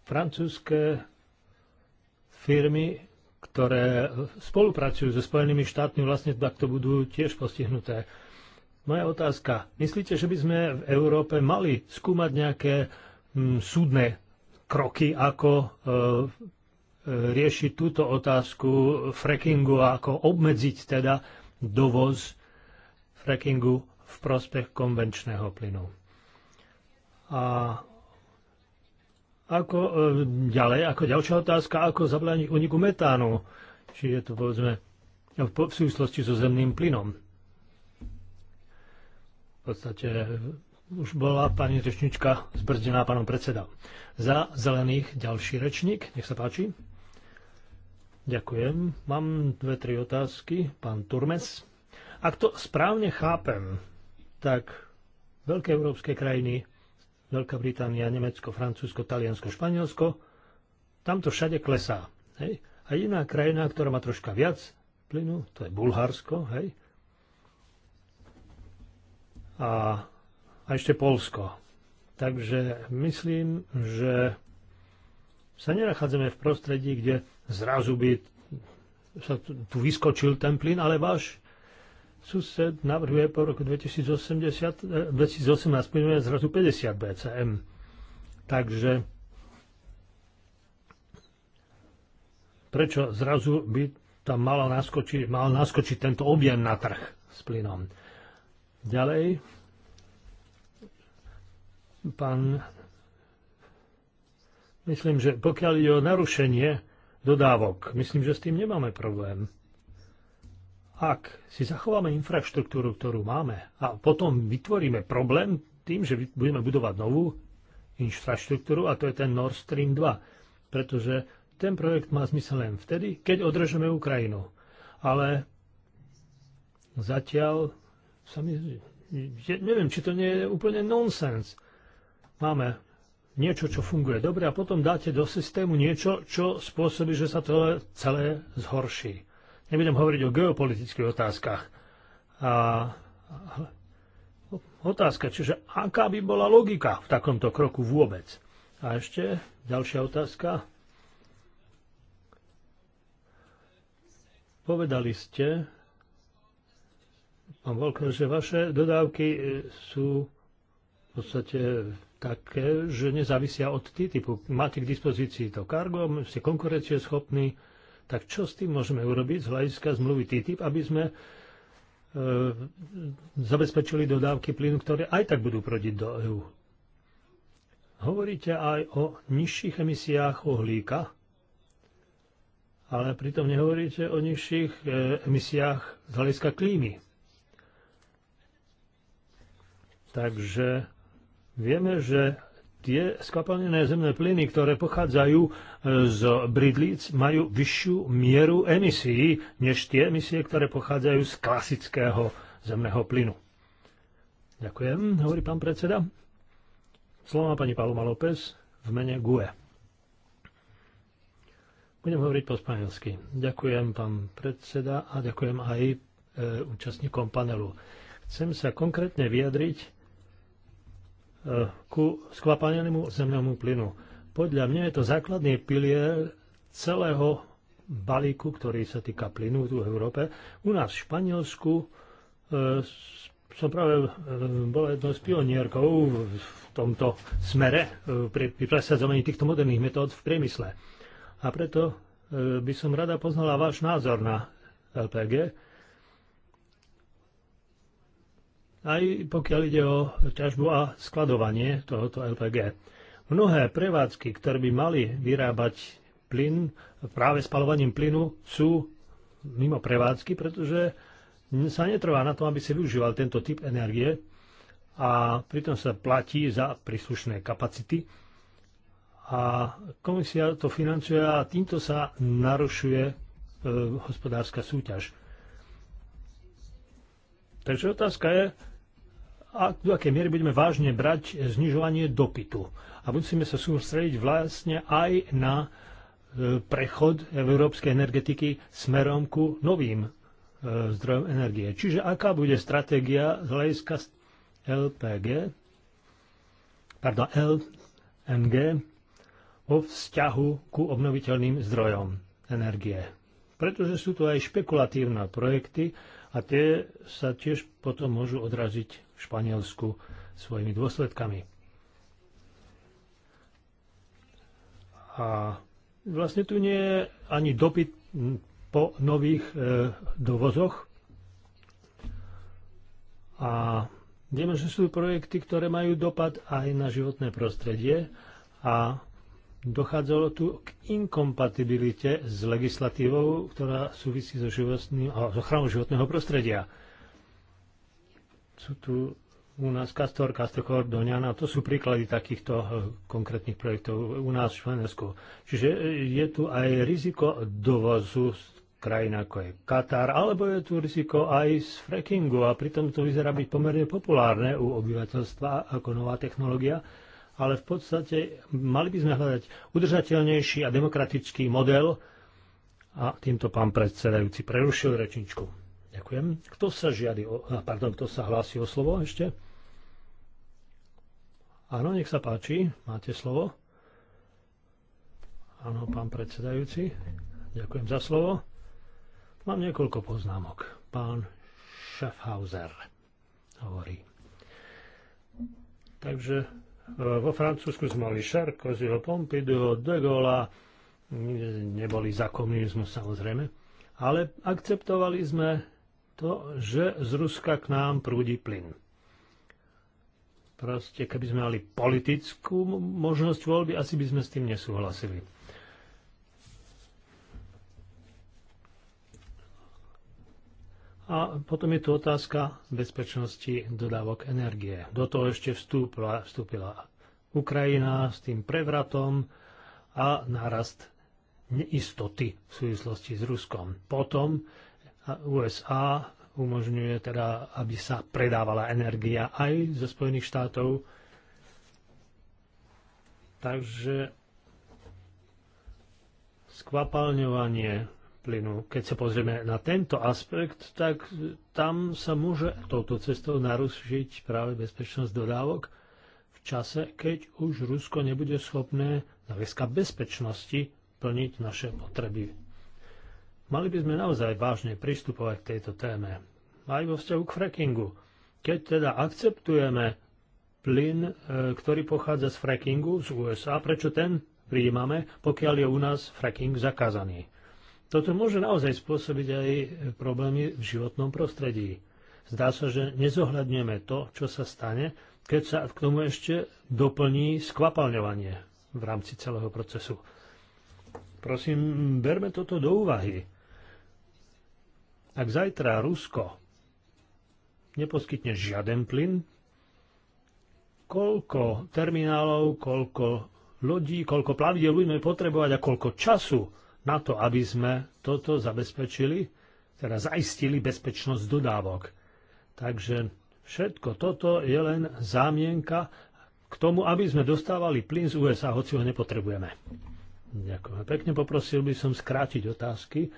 francúzske firmy, ktoré spolupracujú so Spojenými štátmi, vlastne takto budú tiež postihnuté. Moja otázka. Myslíte, že by sme v Európe mali skúmať nejaké m, mm, súdne kroky, ako e, e, riešiť túto otázku frackingu a ako obmedziť teda dovoz frackingu v prospech konvenčného plynu. A ako e, ďalej, ako ďalšia otázka, ako zabrániť uniku metánu, Čiže to povedzme v súvislosti so zemným plynom. V podstate eh, už bola pani rečnička zbrzdená pánom predseda. Za zelených ďalší rečník, nech sa páči. Ďakujem. Mám dve, tri otázky. Pán Turmes. Ak to správne chápem, tak veľké európske krajiny, Veľká Británia, Nemecko, Francúzsko, Taliansko, Španielsko, tam to všade klesá. Hej? A jediná krajina, ktorá má troška viac plynu, to je Bulharsko, hej? a, a ešte Polsko. Takže myslím, že sa nenachádzame v prostredí, kde zrazu by sa tu vyskočil ten plyn, ale váš sused navrhuje po roku 2080, 2018 plynuje zrazu 50 BCM. Takže prečo zrazu by tam mal naskočiť, mal naskočiť tento objem na trh s plynom? Ďalej, pán, myslím, že pokiaľ ide o narušenie dodávok, myslím, že s tým nemáme problém. Ak si zachováme infraštruktúru, ktorú máme, a potom vytvoríme problém tým, že budeme budovať novú infraštruktúru, a to je ten Nord Stream 2, pretože ten projekt má zmysel len vtedy, keď odrežeme Ukrajinu. Ale zatiaľ sa mi, neviem, či to nie je úplne nonsens. Máme niečo, čo funguje dobre a potom dáte do systému niečo, čo spôsobí, že sa to celé zhorší. Nebudem hovoriť o geopolitických otázkach. A, otázka, čiže aká by bola logika v takomto kroku vôbec? A ešte ďalšia otázka. Povedali ste, Mám veľkú, že vaše dodávky e, sú v podstate také, že nezávisia od TTIPu. Máte k dispozícii to kargo, ste schopní, tak čo s tým môžeme urobiť z hľadiska zmluvy TTIP, aby sme e, zabezpečili dodávky plynu, ktoré aj tak budú prodiť do EÚ. Hovoríte aj o nižších emisiách uhlíka, ale pritom nehovoríte o nižších e, emisiách z hľadiska klímy. Takže vieme, že tie skvapalnené zemné plyny, ktoré pochádzajú e, z bridlíc, majú vyššiu mieru emisí než tie emisie, ktoré pochádzajú z klasického zemného plynu. Ďakujem, hovorí pán predseda. Slovo má pani Paloma López v mene GUE. Budem hovoriť po španielsky. Ďakujem, pán predseda, a ďakujem aj e, účastníkom panelu. Chcem sa konkrétne vyjadriť ku skvapanému zemnému plynu. Podľa mňa je to základný pilier celého balíku, ktorý sa týka plynu tu v Európe. U nás v Španielsku e, som práve e, bol jednou z pionierkou v tomto smere e, pri, pri presadzovaní týchto moderných metód v priemysle. A preto e, by som rada poznala váš názor na LPG, aj pokiaľ ide o ťažbu a skladovanie tohoto LPG. Mnohé prevádzky, ktoré by mali vyrábať plyn práve spalovaním plynu, sú mimo prevádzky, pretože sa netrvá na tom, aby si využíval tento typ energie a pritom sa platí za príslušné kapacity a komisia to financuje a týmto sa narušuje e, hospodárska súťaž. Takže otázka je, a do akej miery budeme vážne brať znižovanie dopytu. A musíme sa sústrediť vlastne aj na e, prechod európskej energetiky smerom ku novým e, zdrojom energie. Čiže aká bude stratégia z hľadiska LPG, pardon, LNG vo vzťahu ku obnoviteľným zdrojom energie. Pretože sú tu aj špekulatívne projekty a tie sa tiež potom môžu odraziť Španielsku svojimi dôsledkami. A vlastne tu nie je ani dopyt po nových e, dovozoch. A vieme, že sú projekty, ktoré majú dopad aj na životné prostredie a dochádzalo tu k inkompatibilite s legislatívou, ktorá súvisí so, so ochranou životného prostredia. Sú tu u nás Castor, Castro Doňana, to sú príklady takýchto eh, konkrétnych projektov u nás v Švedsku. Čiže eh, je tu aj riziko dovozu z krajín ako je Katar, alebo je tu riziko aj z frackingu a pritom to vyzerá byť pomerne populárne u obyvateľstva ako nová technológia, ale v podstate mali by sme hľadať udržateľnejší a demokratický model a týmto pán predsedajúci prerušil rečničku. Ďakujem. Kto sa žiadi o, pardon, kto sa hlási o slovo ešte? Áno, nech sa páči, máte slovo. Áno, pán predsedajúci, ďakujem za slovo. Mám niekoľko poznámok. Pán Schaffhauser hovorí. Takže e, vo Francúzsku sme mali Sarkozyho, Pompidou, De Gaulle, neboli za komunizmu samozrejme, ale akceptovali sme to, že z Ruska k nám prúdi plyn. Proste, keby sme mali politickú možnosť voľby, asi by sme s tým nesúhlasili. A potom je tu otázka bezpečnosti dodávok energie. Do toho ešte vstúpila, vstúpila Ukrajina s tým prevratom a narast neistoty v súvislosti s Ruskom. Potom USA umožňuje teda, aby sa predávala energia aj zo Spojených štátov. Takže skvapalňovanie plynu, keď sa pozrieme na tento aspekt, tak tam sa môže touto cestou narušiť práve bezpečnosť dodávok v čase, keď už Rusko nebude schopné na bezpečnosti plniť naše potreby Mali by sme naozaj vážne pristupovať k tejto téme. Aj vo vzťahu k frackingu. Keď teda akceptujeme plyn, e, ktorý pochádza z frackingu z USA, prečo ten prijímame, pokiaľ je u nás fracking zakázaný? Toto môže naozaj spôsobiť aj problémy v životnom prostredí. Zdá sa, že nezohľadňujeme to, čo sa stane, keď sa k tomu ešte doplní skvapalňovanie v rámci celého procesu. Prosím, berme toto do úvahy. Ak zajtra Rusko neposkytne žiaden plyn, koľko terminálov, koľko lodí, koľko plavidel budeme potrebovať a koľko času na to, aby sme toto zabezpečili, teda zaistili bezpečnosť dodávok. Takže všetko toto je len zámienka k tomu, aby sme dostávali plyn z USA, hoci ho nepotrebujeme. Ďakujem. Pekne poprosil by som skrátiť otázky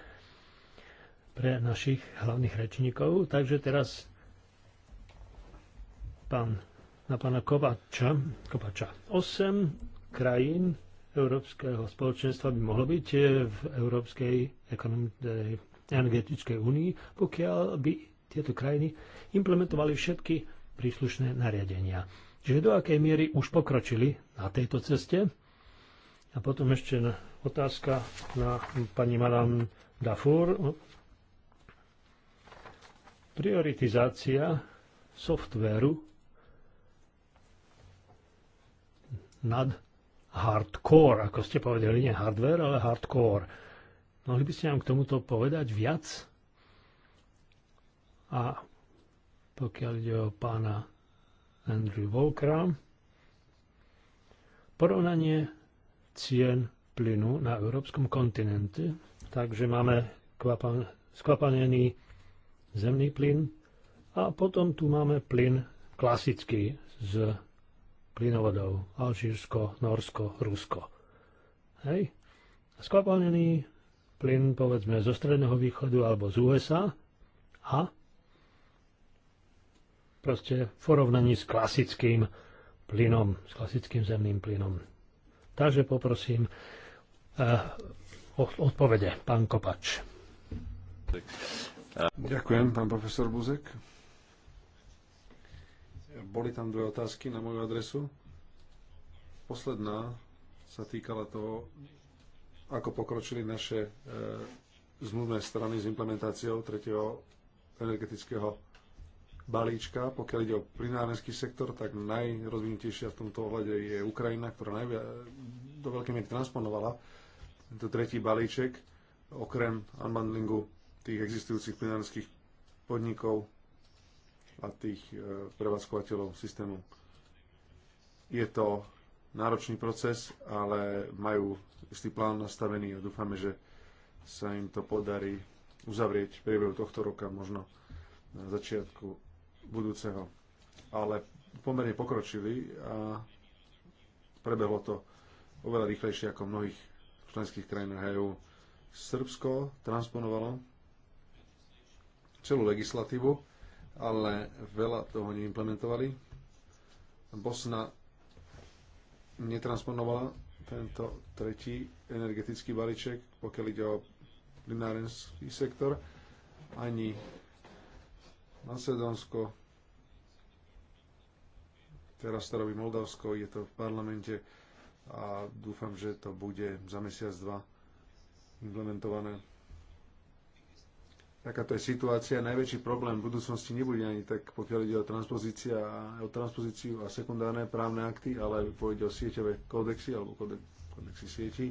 pre našich hlavných rečníkov. Takže teraz pán, na pána Kovača, Kovača. 8 krajín Európskeho spoločenstva by mohlo byť eh, v Európskej eh, energetickej únii, pokiaľ by tieto krajiny implementovali všetky príslušné nariadenia. Čiže do akej miery už pokročili na tejto ceste? A potom ešte otázka na pani Madame Dafour Prioritizácia softvéru nad hardcore, ako ste povedali, nie hardware, ale hardcore. Mohli by ste nám k tomuto povedať viac? A pokiaľ ide o pána Andrew Volkera, porovnanie cien plynu na európskom kontinente. Takže máme skvapanený zemný plyn a potom tu máme plyn klasický z plynovodov Alžírsko, Norsko, Rusko. Hej? Skvapalnený plyn povedzme zo Stredného východu alebo z USA a proste v porovnaní s klasickým plynom, s klasickým zemným plynom. Takže poprosím eh, o odpovede, pán Kopač. Ďakujem, pán profesor Buzek. Boli tam dve otázky na moju adresu. Posledná sa týkala toho, ako pokročili naše e, zmluvné strany s implementáciou tretieho energetického balíčka. Pokiaľ ide o plinárenský sektor, tak najrozvinutejšia v tomto ohľade je Ukrajina, ktorá najvia do veľkej miery transponovala tento tretí balíček, okrem unbundlingu tých existujúcich plinárenských podnikov a tých e, prevádzkovateľov systému. Je to náročný proces, ale majú istý plán nastavený a dúfame, že sa im to podarí uzavrieť v priebehu tohto roka, možno na začiatku budúceho. Ale pomerne pokročili a prebehlo to oveľa rýchlejšie ako v mnohých členských krajinách EU. Srbsko transponovalo celú legislatívu, ale veľa toho neimplementovali. Bosna netransponovala tento tretí energetický balíček, pokiaľ ide o plinárenský sektor, ani Macedónsko, teraz to robí Moldavsko, je to v parlamente a dúfam, že to bude za mesiac, dva implementované takáto je situácia. Najväčší problém v budúcnosti nebude ani tak, pokiaľ ide o, transpozícia, o transpozíciu a sekundárne právne akty, ale pôjde o sieťové kódexy alebo kódexy sieti.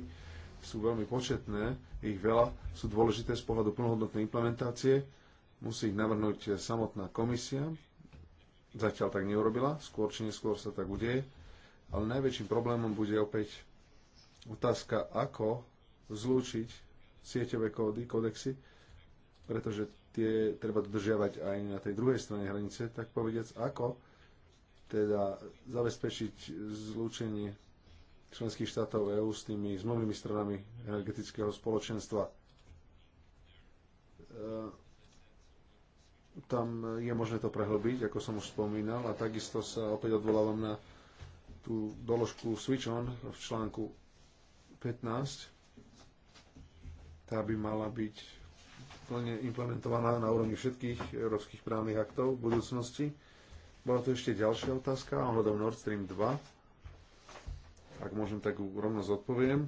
Sú veľmi početné, ich veľa, sú dôležité z pohľadu plnohodnotnej implementácie. Musí ich navrhnúť samotná komisia. Zatiaľ tak neurobila, skôr či neskôr sa tak udeje. Ale najväčším problémom bude opäť otázka, ako zlúčiť sieťové kódy, kódexy, pretože tie treba dodržiavať aj na tej druhej strane hranice, tak povediac, ako teda zabezpečiť zlúčenie členských štátov EÚ s tými zmluvnými stranami energetického spoločenstva. E, tam je možné to prehlbiť, ako som už spomínal, a takisto sa opäť odvolávam na tú doložku Switch On v článku 15. Tá by mala byť plne implementovaná na úrovni všetkých európskych právnych aktov v budúcnosti. Bola tu ešte ďalšia otázka ohľadom Nord Stream 2. Ak môžem, tak rovno zodpoviem.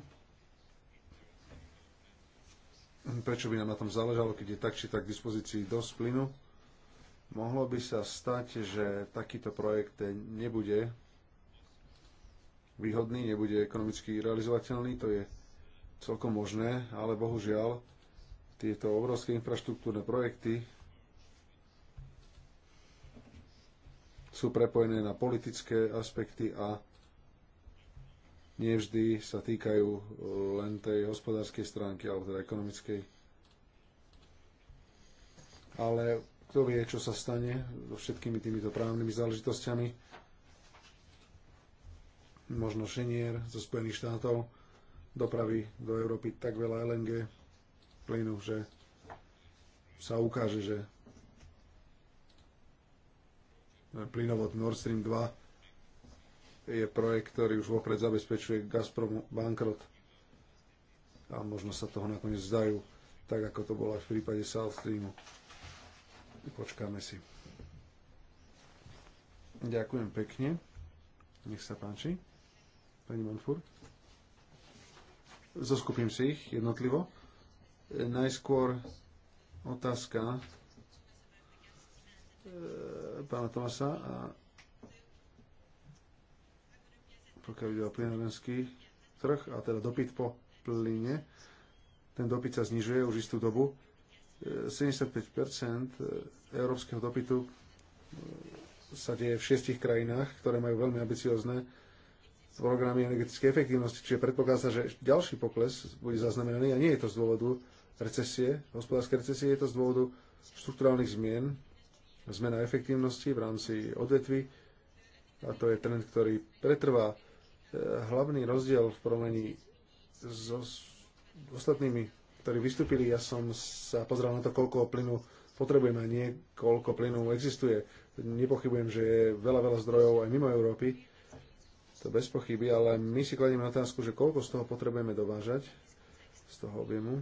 Prečo by nám na tom záležalo, keď je tak či tak k dispozícii dosť plynu? Mohlo by sa stať, že takýto projekt nebude výhodný, nebude ekonomicky realizovateľný, to je celkom možné, ale bohužiaľ tieto obrovské infraštruktúrne projekty sú prepojené na politické aspekty a nevždy sa týkajú e, len tej hospodárskej stránky alebo teda ekonomickej. Ale kto vie, čo sa stane so všetkými týmito právnymi záležitosťami. Možno šenier zo Spojených štátov dopravy do Európy tak veľa LNG, plynu, že sa ukáže, že plynovod Nord Stream 2 je projekt, ktorý už vopred zabezpečuje Gazpromu bankrot a možno sa toho nakoniec zdajú, tak ako to bolo aj v prípade South Streamu. Počkáme si. Ďakujem pekne. Nech sa páči. Pani Manfur. Zoskupím si ich jednotlivo. Najskôr otázka e, pána Tomasa a pokiaľ ide o plynárenský trh a teda dopyt po plyne. Ten dopyt sa znižuje už istú dobu. 75 e, e, európskeho dopytu sa deje v šiestich krajinách, ktoré majú veľmi ambiciozne programy energetickej efektivnosti, čiže predpokladá sa, že ďalší pokles bude zaznamenaný a nie je to z dôvodu recesie, hospodárskej recesie. Je to z dôvodu štruktúrálnych zmien, zmena efektívnosti v rámci odvetvy, a to je trend, ktorý pretrvá. E, hlavný rozdiel v porovnaní so ostatnými, ktorí vystúpili, ja som sa pozrel na to, koľko plynu potrebujeme a nie koľko plynu existuje. Nepochybujem, že je veľa, veľa zdrojov aj mimo Európy, to bez pochyby, ale my si kladieme otázku, že koľko z toho potrebujeme dovážať, z toho objemu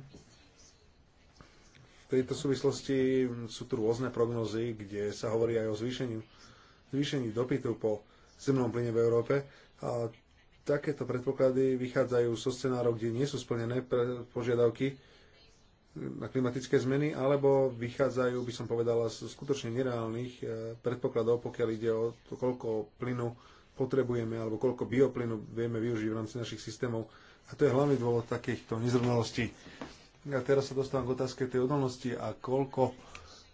tejto súvislosti sú tu rôzne prognozy, kde sa hovorí aj o zvýšení, zvýšení dopytu po zemnom plyne v Európe. A takéto predpoklady vychádzajú zo so scenárov, kde nie sú splnené požiadavky na klimatické zmeny, alebo vychádzajú, by som povedala, z skutočne nereálnych eh, predpokladov, pokiaľ ide o to, koľko plynu potrebujeme, alebo koľko bioplynu vieme využiť v rámci našich systémov. A to je hlavný dôvod takýchto nezrovnalostí. A teraz sa dostávam k otázke tej odolnosti a koľko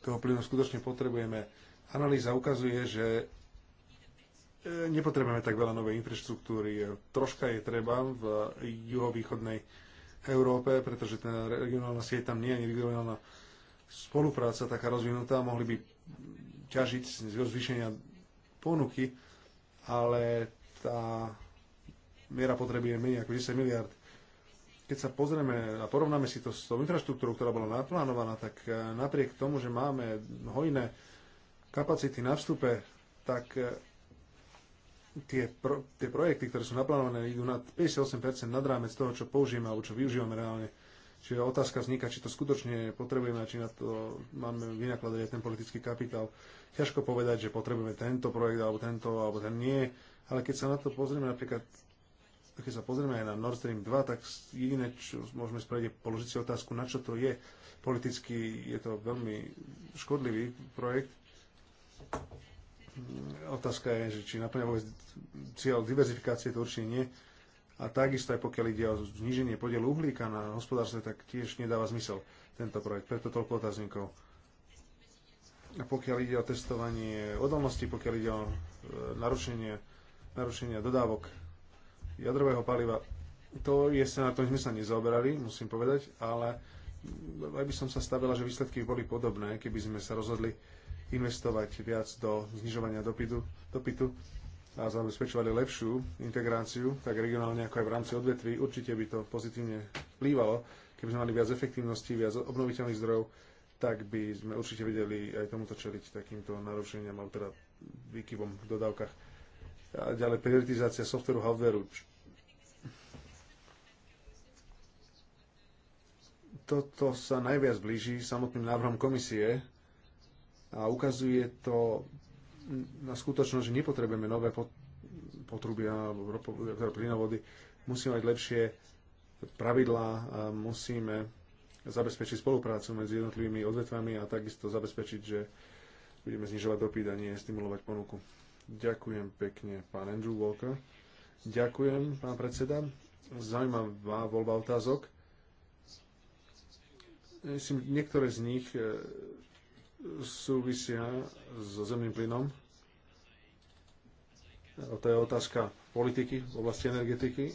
toho plynu skutočne potrebujeme. Analýza ukazuje, že e, nepotrebujeme tak veľa novej infraštruktúry. Troška je treba v juhovýchodnej Európe, pretože tá regionálna sieť tam nie je regionálna spolupráca taká rozvinutá. Mohli by ťažiť z zvýšenia ponuky, ale tá miera potreby je menej ako 10 miliard keď sa pozrieme a porovnáme si to s tou infraštruktúrou, ktorá bola naplánovaná, tak e, napriek tomu, že máme hojné kapacity na vstupe, tak e, tie, pro, tie projekty, ktoré sú naplánované, idú na 58% nad rámec toho, čo použijeme alebo čo využívame reálne. Čiže otázka vzniká, či to skutočne potrebujeme, a či na to máme vynakladať aj ten politický kapitál. Ťažko povedať, že potrebujeme tento projekt alebo tento alebo ten nie, ale keď sa na to pozrieme napríklad keď sa pozrieme aj na Nord Stream 2, tak jediné, čo môžeme spraviť, je položiť si otázku, na čo to je. Politicky je to veľmi škodlivý projekt. Mm, otázka je, že či naplňa vôbec cieľ diverzifikácie, to určite nie. A takisto aj pokiaľ ide o zníženie podielu uhlíka na hospodárstve, tak tiež nedáva zmysel tento projekt. Preto toľko otáznikov. A pokiaľ ide o testovanie odolnosti, pokiaľ ide o e, narušenie, narušenie dodávok jadrového paliva. To je sa, to sme sa nezaoberali, musím povedať, ale aj by som sa stavila, že výsledky boli podobné, keby sme sa rozhodli investovať viac do znižovania dopytu, dopytu a zabezpečovali lepšiu integráciu, tak regionálne ako aj v rámci odvetví, určite by to pozitívne vplývalo. Keby sme mali viac efektívnosti, viac obnoviteľných zdrojov, tak by sme určite vedeli aj tomuto čeliť takýmto narušeniam alebo teda výkyvom v dodávkach. A ďalej prioritizácia softveru, hardveru, Toto sa najviac blíži samotným návrhom komisie a ukazuje to na skutočnosť, že nepotrebujeme nové potrubia alebo plynovody. Musíme mať lepšie pravidlá, musíme zabezpečiť spoluprácu medzi jednotlivými odvetvami a takisto zabezpečiť, že budeme znižovať dopyt a nie stimulovať ponuku. Ďakujem pekne, pán Andrew Walker. Ďakujem, pán predseda. Zaujímavá voľba otázok. Myslím, niektoré z nich e, súvisia so zemným plynom. E, to je otázka politiky v oblasti energetiky. E,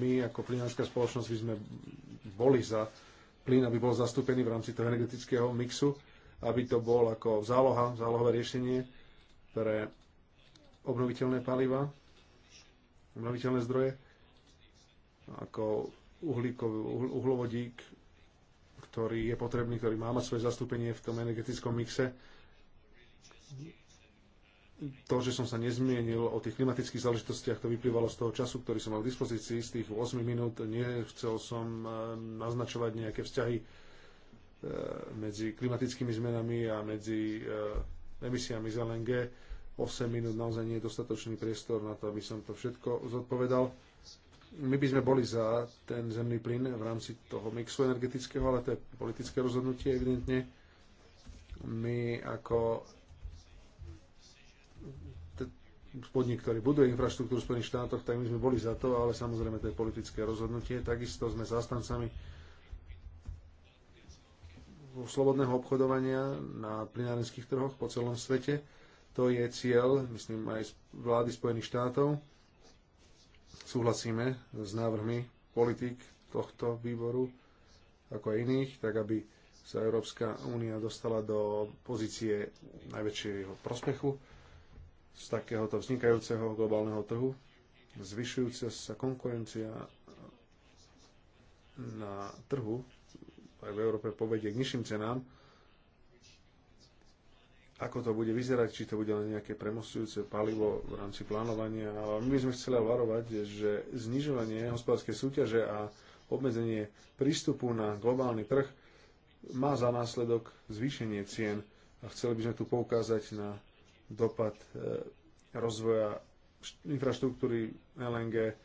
my ako plynárska spoločnosť by sme boli za plyn, aby bol zastúpený v rámci toho energetického mixu, aby to bol ako záloha, zálohové riešenie pre obnoviteľné paliva, obnoviteľné zdroje, ako uhlíkový, uhlovodík, ktorý je potrebný, ktorý má mať svoje zastúpenie v tom energetickom mixe. To, že som sa nezmienil o tých klimatických záležitostiach, to vyplývalo z toho času, ktorý som mal k dispozícii, z tých 8 minút. Nechcel som eh, naznačovať nejaké vzťahy eh, medzi klimatickými zmenami a medzi eh, emisiami z LNG. 8 minút naozaj nie je dostatočný priestor na to, aby som to všetko zodpovedal my by sme boli za ten zemný plyn v rámci toho mixu energetického, ale to je politické rozhodnutie evidentne. My ako podnik, ktorý buduje infraštruktúru v Spojených štátoch, tak my sme boli za to, ale samozrejme to je politické rozhodnutie. Takisto sme zástancami slobodného obchodovania na plinárenských trhoch po celom svete. To je cieľ, myslím, aj vlády Spojených štátov súhlasíme s návrhmi politik tohto výboru, ako aj iných, tak aby sa Európska únia dostala do pozície najväčšieho prospechu z takéhoto vznikajúceho globálneho trhu, zvyšujúca sa konkurencia na trhu aj v Európe povedie k nižším cenám, ako to bude vyzerať, či to bude len nejaké premostujúce palivo v rámci plánovania. Ale my by sme chceli varovať, že znižovanie hospodárskej súťaže a obmedzenie prístupu na globálny trh má za následok zvýšenie cien a chceli by sme tu poukázať na dopad e, rozvoja infraštruktúry LNG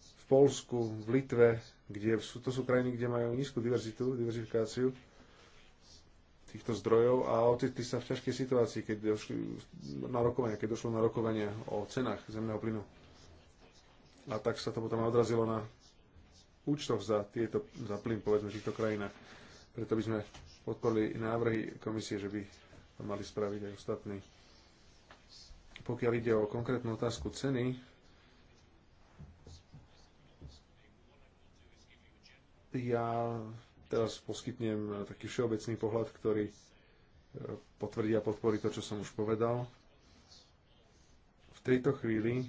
v Polsku, v Litve, kde sú, to sú krajiny, kde majú nízku diverzitu, diverzifikáciu týchto zdrojov a ocitli sa v ťažkej situácii, keď došli na rokovania, keď došlo na rokovania o cenách zemného plynu. A tak sa to potom odrazilo na účtoch za, tieto, za plyn, povedzme, v týchto krajinách. Preto by sme podporili návrhy komisie, že by to mali spraviť aj ostatní. Pokiaľ ide o konkrétnu otázku ceny, ja Teraz poskytnem e, taký všeobecný pohľad, ktorý e, potvrdí a podporí to, čo som už povedal. V tejto chvíli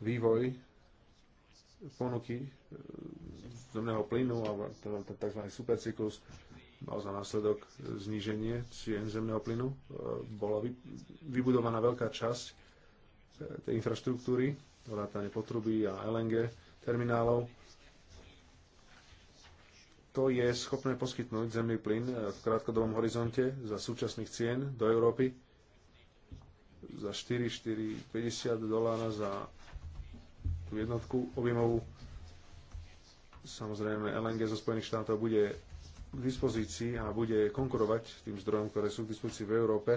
vývoj ponuky e, zemného plynu a ten tzv. supercyklus mal za následok zníženie cien zemného plynu. Bola vybudovaná veľká časť tej infraštruktúry, vrátane potruby a LNG terminálov to je schopné poskytnúť zemný plyn eh, v krátkodobom horizonte za súčasných cien do Európy za 4, 4, 50 dolára za tú jednotku objemovú. Samozrejme, LNG zo Spojených štátov bude k dispozícii a bude konkurovať tým zdrojom, ktoré sú k dispozícii v Európe.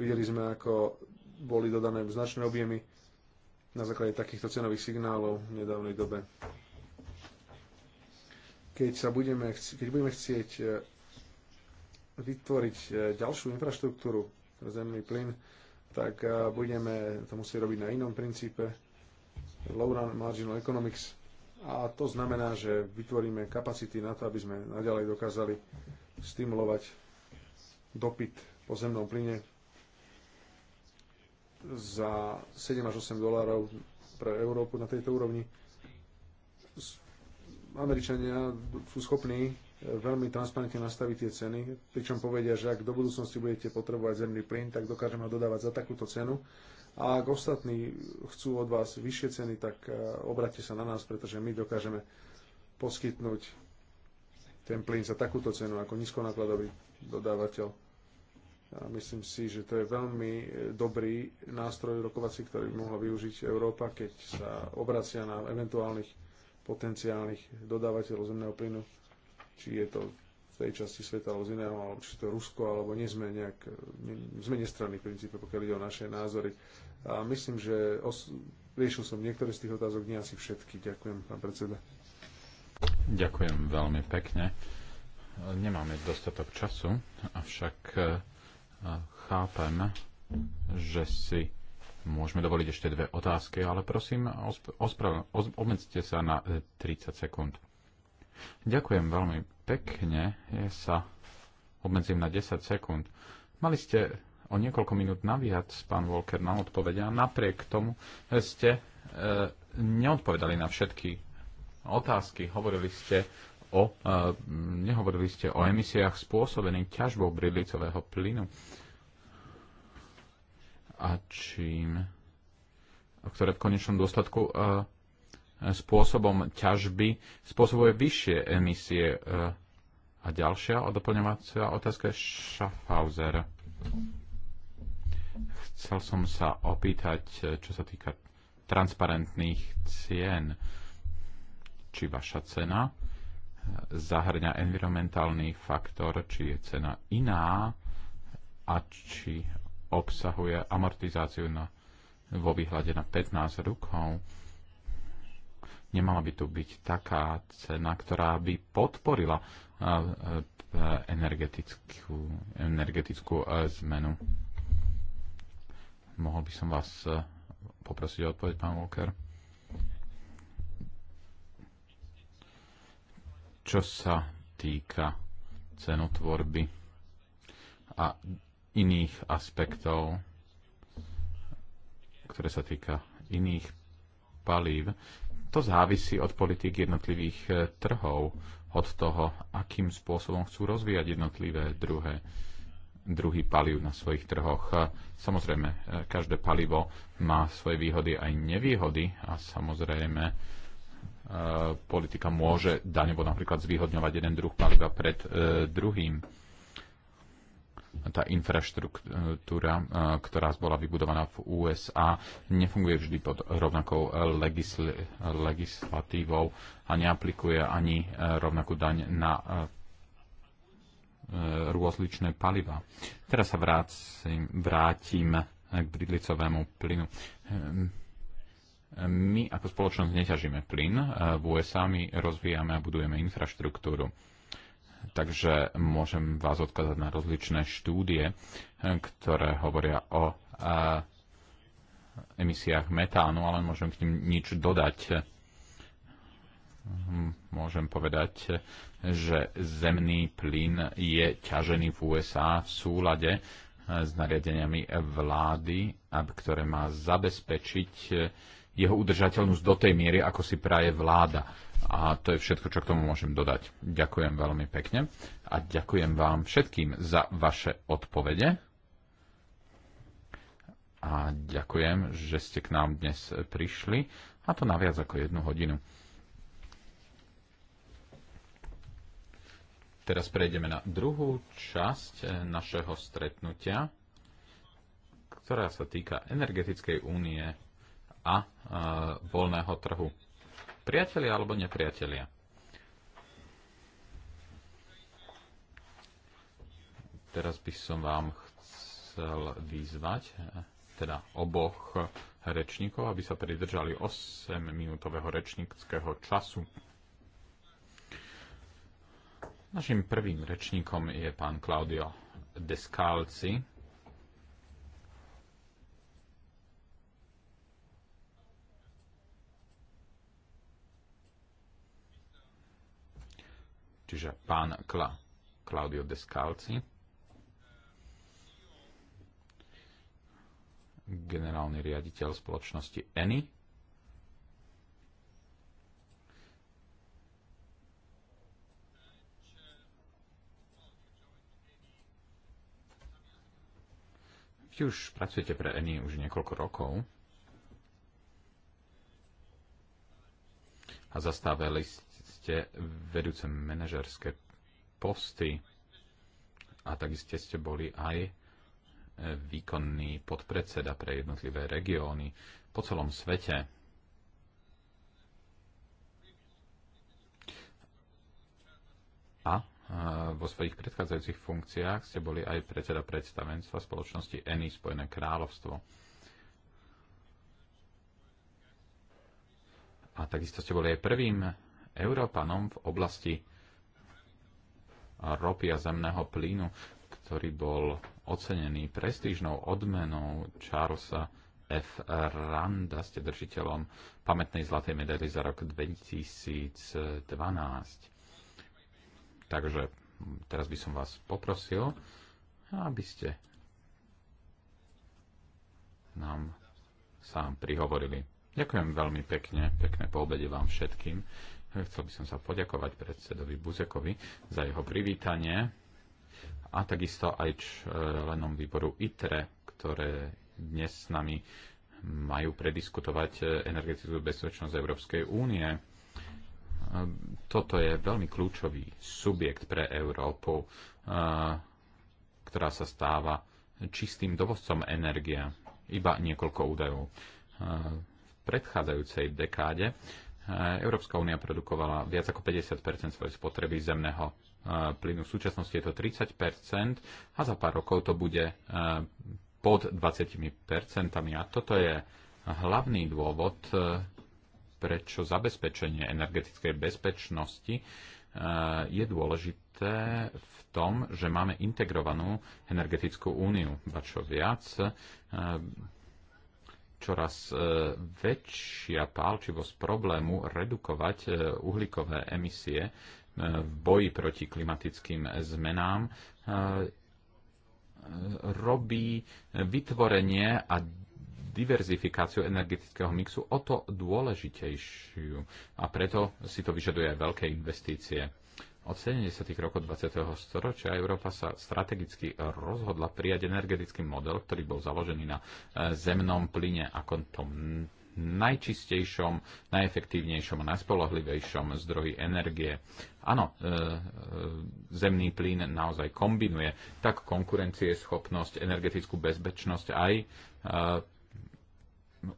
Videli sme, ako boli dodané značné objemy na základe takýchto cenových signálov v nedávnej dobe keď, sa budeme, keď budeme chcieť e, vytvoriť e, ďalšiu infraštruktúru pre teda zemný plyn, tak e, budeme to musieť robiť na inom princípe low marginal economics a to znamená, že vytvoríme kapacity na to, aby sme naďalej dokázali stimulovať dopyt po zemnom plyne za 7 až 8 dolárov pre Európu na tejto úrovni Američania sú schopní eh, veľmi transparentne nastaviť tie ceny, pričom povedia, že ak do budúcnosti budete potrebovať zemný plyn, tak dokážeme ho dodávať za takúto cenu. A ak ostatní chcú od vás vyššie ceny, tak eh, obráte sa na nás, pretože my dokážeme poskytnúť ten plyn za takúto cenu ako nízkonákladový dodávateľ. A myslím si, že to je veľmi eh, dobrý nástroj rokovací, ktorý by mohla využiť Európa, keď sa obracia na eventuálnych potenciálnych dodávateľov zemného plynu, či je to v tej časti sveta alebo z iného, alebo či to Rusko, alebo nie sme nejak, nie, sme nestranní v princípe, pokiaľ ide o naše názory. A myslím, že os- riešil som niektoré z tých otázok, nie asi všetky. Ďakujem, pán predseda. Ďakujem veľmi pekne. Nemáme dostatok času, avšak eh, chápem, že si Môžeme dovoliť ešte dve otázky, ale prosím, obmedzte sa na 30 e, sekúnd. Ďakujem veľmi pekne. Ja sa obmedzím na 10 sekúnd. Mali ste o niekoľko minút naviac, pán Volker, na odpovede a napriek tomu ste e, neodpovedali na všetky otázky. Hovorili ste o, e, nehovorili ste o emisiách spôsobených ťažbou brilicového plynu. E, a čím, ktoré v konečnom dôsledku e, spôsobom ťažby spôsobuje vyššie emisie. E, a ďalšia doplňovacia otázka je Schaffhauser. Chcel som sa opýtať, čo sa týka transparentných cien, či vaša cena e, zahrňa environmentálny faktor, či je cena iná a či obsahuje amortizáciu na, vo výhľade na 15 rokov. Nemala by tu byť taká cena, ktorá by podporila energetickú, energetickú zmenu. Mohol by som vás poprosiť o odpoveď, pán Walker? Čo sa týka cenotvorby a iných aspektov, ktoré sa týka iných palív. To závisí od politik jednotlivých e, trhov, od toho, akým spôsobom chcú rozvíjať jednotlivé druhé, druhý paliv na svojich trhoch. E, samozrejme, e, každé palivo má svoje výhody aj nevýhody a samozrejme politika môže daňovo napríklad zvýhodňovať jeden druh paliva pred druhým tá infraštruktúra, e, ktorá bola vybudovaná v USA, nefunguje vždy pod rovnakou legisl- legislatívou a neaplikuje ani e, rovnakú daň na e, rôzličné paliva. Teraz sa vrátim, vrátim k bridlicovému plynu. Ehm, ehm, my ako spoločnosť neťažíme plyn, v USA my rozvíjame a budujeme infraštruktúru Takže môžem vás odkázať na rozličné štúdie, eh, ktoré hovoria o eh, emisiách metánu, ale môžem k ním nič dodať. Hm, môžem povedať, že zemný plyn je ťažený v USA v súlade eh, s nariadeniami vlády, ktoré má zabezpečiť jeho udržateľnosť do tej miery, ako si praje vláda. A to je všetko, čo k tomu môžem dodať. Ďakujem veľmi pekne a ďakujem vám všetkým za vaše odpovede. A ďakujem, že ste k nám dnes prišli, a to na viac ako jednu hodinu. Teraz prejdeme na druhú časť eh, našeho stretnutia, ktorá sa týka energetickej únie a e, voľného trhu. Priatelia alebo nepriatelia? Teraz by som vám chcel vyzvať, teda oboch rečníkov, aby sa pridržali 8-minútového rečníckého času. Našim prvým rečníkom je pán Claudio Descalci, čiže pán Kla, Claudio Descalci, generálny riaditeľ spoločnosti ENI, Vy už pracujete pre ENI už niekoľko rokov a zastávali, ste vedúce manažerské posty a takisto ste boli aj e, výkonný podpredseda pre jednotlivé regióny po celom svete. A e, vo svojich predchádzajúcich funkciách ste boli aj predseda predstavenstva spoločnosti ENI Spojené kráľovstvo. A takisto ste boli aj prvým Európanom v oblasti ropy a zemného plynu, ktorý bol ocenený prestížnou odmenou Charlesa F. Randa, ste držiteľom pamätnej zlatej medaily za rok 2012. Takže teraz by som vás poprosil, aby ste nám sám prihovorili. Ďakujem veľmi pekne, pekné poobede vám všetkým. Chcel by som sa poďakovať predsedovi Buzekovi za jeho privítanie a takisto aj členom výboru ITRE, ktoré dnes s nami majú prediskutovať energetickú bezpečnosť Európskej únie. Toto je veľmi kľúčový subjekt pre Európu, ktorá sa stáva čistým dovozcom energie. Iba niekoľko údajov. V predchádzajúcej dekáde Európska únia produkovala viac ako 50 svojej spotreby zemného e, plynu. V súčasnosti je to 30 a za pár rokov to bude e, pod 20 A toto je hlavný dôvod, e, prečo zabezpečenie energetickej bezpečnosti je dôležité v tom, že máme integrovanú energetickú úniu. Ba čo viac, čoraz e, väčšia pálčivosť problému redukovať e, uhlíkové emisie e, v boji proti klimatickým zmenám robí vytvorenie a diverzifikáciu energetického mixu o to dôležitejšiu. A preto si to vyžaduje aj veľké investície. Od 70. rokov 20. storočia Európa sa strategicky rozhodla prijať energetický model, ktorý bol založený na e, zemnom plyne ako tom najčistejšom, najefektívnejšom a najspolohlivejšom zdroji energie. Áno, e, e, zemný plyn naozaj kombinuje tak konkurencieschopnosť, energetickú bezpečnosť aj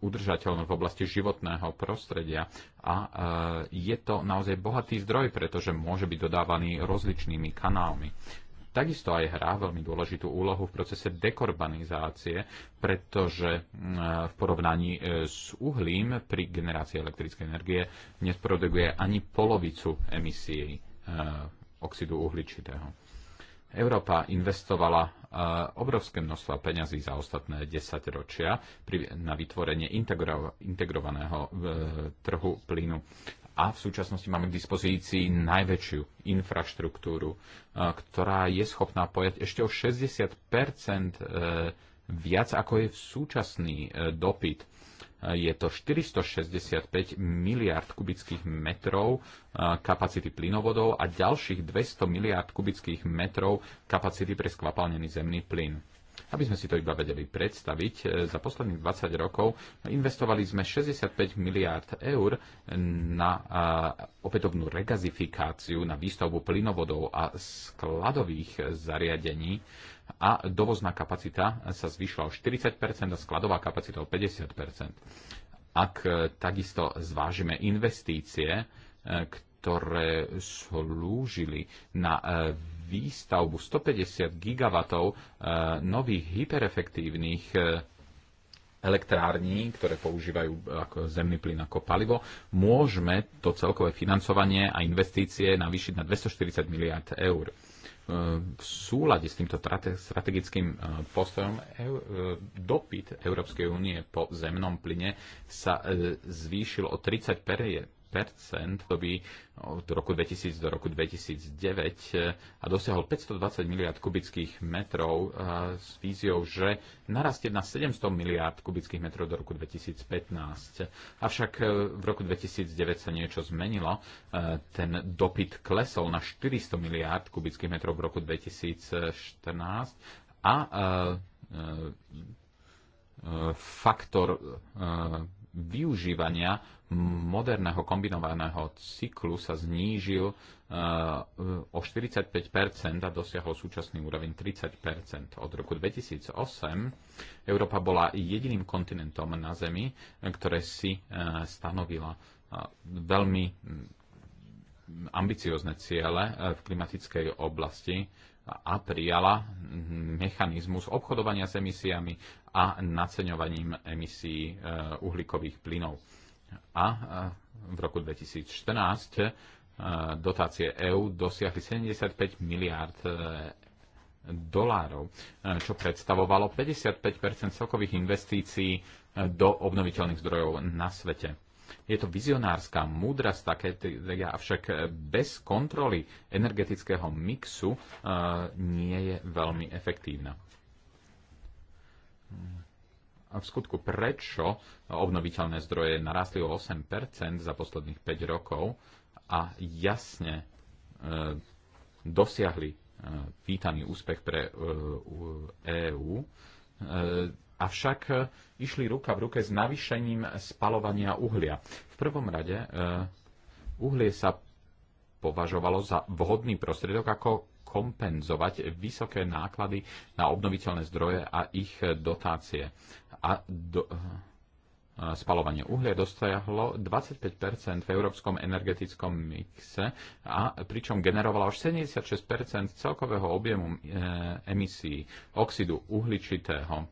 udržateľnú v oblasti životného prostredia a e, je to naozaj bohatý zdroj, pretože môže byť dodávaný rozličnými kanálmi. Takisto aj hrá veľmi dôležitú úlohu v procese dekorbanizácie, pretože v porovnaní e, s uhlím pri generácii elektrickej energie nesproduguje ani polovicu emisí e, oxidu uhličitého. Európa investovala obrovské množstva peňazí za ostatné 10 ročia na vytvorenie integrovaného e, trhu plynu. A v súčasnosti máme k dispozícii najväčšiu infraštruktúru, e, ktorá je schopná pojať ešte o 60 e, viac, ako je v súčasný dopyt je to 465 miliard kubických metrov kapacity plynovodov a ďalších 200 miliard kubických metrov kapacity pre skvapalnený zemný plyn. Aby sme si to iba vedeli predstaviť, e, za posledných 20 rokov investovali sme 65 miliard eur na opätovnú regazifikáciu, na výstavbu plynovodov a skladových zariadení a dovozná kapacita sa zvýšila o 40 a skladová kapacita o 50 Ak e, takisto zvážime investície, e, ktoré slúžili na e, výstavbu 150 GW nových hyperefektívnych elektrární, ktoré používajú ako zemný plyn ako palivo, môžeme to celkové financovanie a investície navýšiť na 240 miliard eur v súlade s týmto strategickým e, postojom e, dopyt Európskej únie po zemnom plyne sa e, zvýšil o 30 doby od roku 2000 do roku 2009 eh, a dosiahol 520 miliard kubických metrov eh, s víziou, že narastie na 700 miliard kubických metrov do roku 2015. Avšak eh, v roku 2009 sa niečo zmenilo. Ten dopyt klesol na 400 miliard kubických metrov v roku 2014 a faktor využívania moderného kombinovaného cyklu sa znížil eh, o 45 a dosiahol súčasný úroveň 30 Od roku 2008 Európa bola jediným kontinentom na Zemi, eh, ktoré si eh, stanovila veľmi mm, ambiciozne ciele v klimatickej oblasti a prijala mm, mechanizmus obchodovania s emisiami a naceňovaním emisí uhlíkových plynov a v roku 2014 e, dotácie EÚ dosiahli 75 miliárd e, dolárov, e, čo predstavovalo 55 celkových investícií do obnoviteľných zdrojov na svete. Je to vizionárska, múdra stratégia, avšak bez kontroly energetického mixu nie je veľmi efektívna v skutku prečo obnoviteľné zdroje narastli o 8 za posledných 5 rokov a jasne e, dosiahli e, vítaný úspech pre EÚ. E avšak išli ruka v ruke s navýšením spalovania uhlia. V prvom rade uhlie sa považovalo za vhodný prostriedok, ako kompenzovať vysoké náklady na obnoviteľné zdroje a ich dotácie a do, eh, spalovanie uhlia dosiahlo 25 v európskom energetickom mixe a pričom generovalo až 76 celkového objemu eh, emisí oxidu uhličitého.